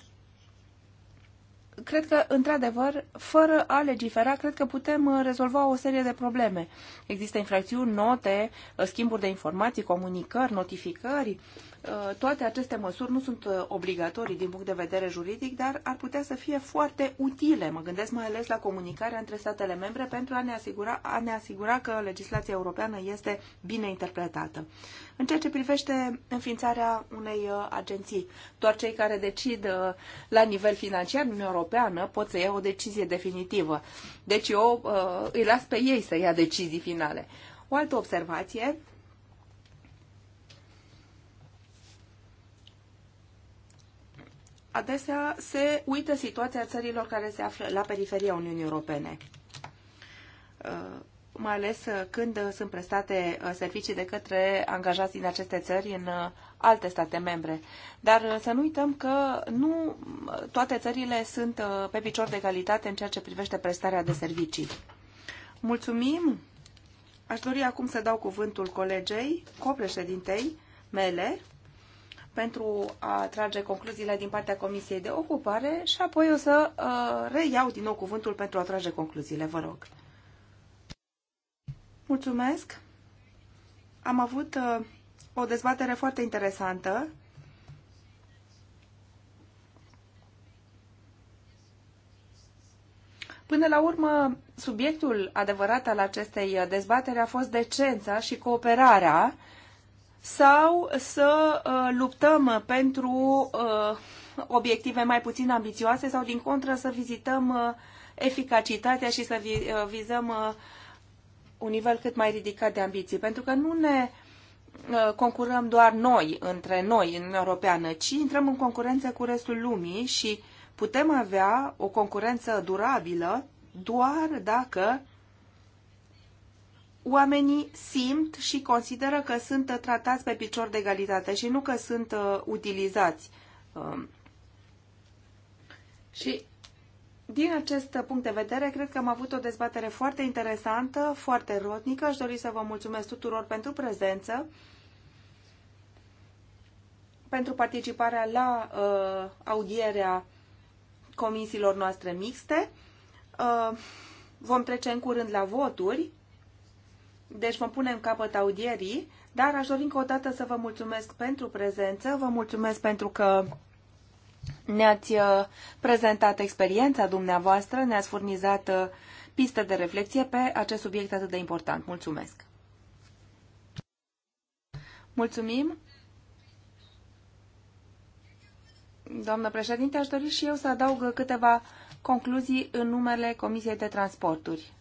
cred că, într-adevăr, fără a legifera, cred că putem uh, rezolva o serie de probleme. Există infracțiuni, note, uh, schimburi de informații, comunicări, notificări. Uh, toate aceste măsuri nu sunt obligatorii din punct de vedere juridic, dar ar putea să fie foarte utile. Mă gândesc mai ales la comunicarea între statele membre pentru a ne asigura, a ne asigura că legislația europeană este bine interpretată. În ceea ce privește înființarea unei uh, agenții, doar cei care decid uh, la nivel financiar în Europeană pot să ia o decizie definitivă. Deci eu uh, îi las pe ei să ia decizii finale. O altă observație adesea se uită situația țărilor care se află la periferia Uniunii Europene mai ales uh, când uh, sunt prestate uh, servicii de către angajați din aceste țări în alte state membre. Dar să nu uităm că nu toate țările sunt pe picior de egalitate în ceea ce privește prestarea de servicii. Mulțumim! Aș dori acum să dau cuvântul colegei, copreședintei mele, pentru a trage concluziile din partea Comisiei de Ocupare și apoi o să uh, reiau din nou cuvântul pentru a trage concluziile. Vă rog. Mulțumesc! Am avut uh, o dezbatere foarte interesantă. Până la urmă, subiectul adevărat al acestei uh, dezbatere a fost decența și cooperarea sau să uh, luptăm pentru uh, obiective mai puțin ambițioase sau, din contră, să vizităm uh, eficacitatea și să vi, uh, vizăm uh, un nivel cât mai ridicat de ambiții, pentru că nu ne uh, concurăm doar noi, între noi, în Europeană, ci intrăm în concurență cu restul lumii și putem avea o concurență durabilă doar dacă oamenii simt și consideră că sunt tratați pe picior de egalitate și nu că sunt uh, utilizați. Um, și din acest punct de vedere, cred că am avut o dezbatere foarte interesantă, foarte rotnică. Aș dori să vă mulțumesc tuturor pentru prezență, pentru participarea la uh, audierea comisiilor noastre mixte. Uh, vom trece în curând la voturi, deci vom pune în capăt audierii, dar aș dori încă o dată să vă mulțumesc pentru prezență, vă mulțumesc pentru că ne-ați uh, prezentat experiența dumneavoastră, ne-ați furnizat uh, piste de reflexie pe acest subiect atât de important. Mulțumesc! Mulțumim! Doamnă președinte, aș dori și eu să adaug câteva concluzii în numele Comisiei de Transporturi.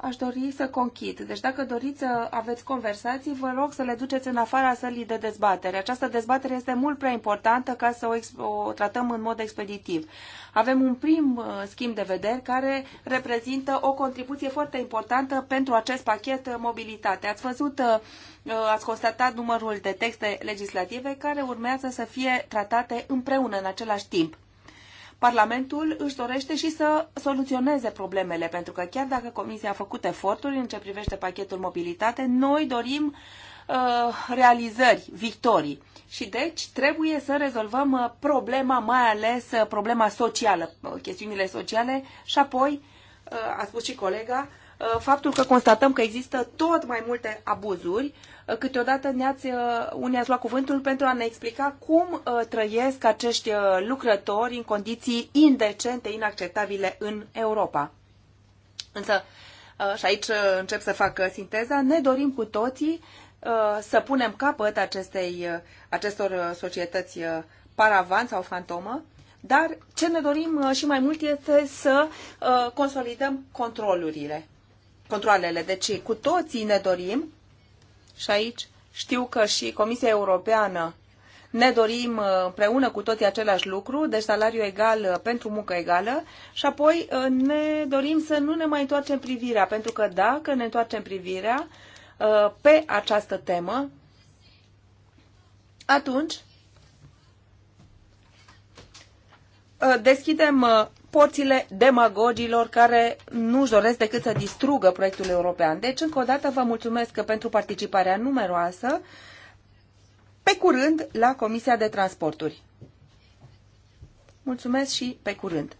aș dori să conchid. Deci dacă doriți să aveți conversații, vă rog să le duceți în afara sălii de dezbatere. Această dezbatere este mult prea importantă ca să o, o tratăm în mod expeditiv. Avem un prim uh, schimb de vederi care reprezintă o contribuție foarte importantă pentru acest pachet uh, mobilitate. Ați văzut, uh, ați constatat numărul de texte legislative care urmează să fie tratate împreună în același timp. Parlamentul își dorește și să soluționeze problemele, pentru că chiar dacă Comisia a făcut eforturi în ce privește pachetul mobilitate, noi dorim uh, realizări, victorii. Și deci trebuie să rezolvăm uh, problema, mai ales uh, problema socială, uh, chestiunile sociale și apoi, a spus și colega, Uh, faptul că constatăm că există tot mai multe abuzuri. Uh, câteodată ne-ați, uh, ne ați luat cuvântul pentru a ne explica cum trăiesc acești lucrători în condiții indecente, inacceptabile în Europa. Însă, și aici încep să fac sinteza, ne dorim cu toții să punem capăt acestei, acestor societăți paravan sau fantomă, dar ce ne dorim și mai mult este să consolidăm controlurile controlele. Deci cu toții ne dorim și aici știu că și Comisia Europeană ne dorim uh, împreună cu toții același lucru, deci salariu egal uh, pentru muncă egală și apoi uh, ne dorim să nu ne mai întoarcem privirea, pentru că dacă ne întoarcem privirea pe această temă, atunci deschidem porțile demagogilor care nu-și doresc decât să distrugă proiectul european. Deci, încă o dată, vă mulțumesc pentru participarea numeroasă. Pe curând la Comisia de Transporturi. Mulțumesc și pe curând!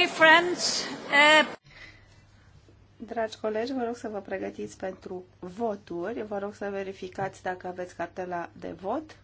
Uh, Dragi colegi, vă rog să vă pregătiți pentru voturi. Vă rog să verificați dacă aveți cartela de vot.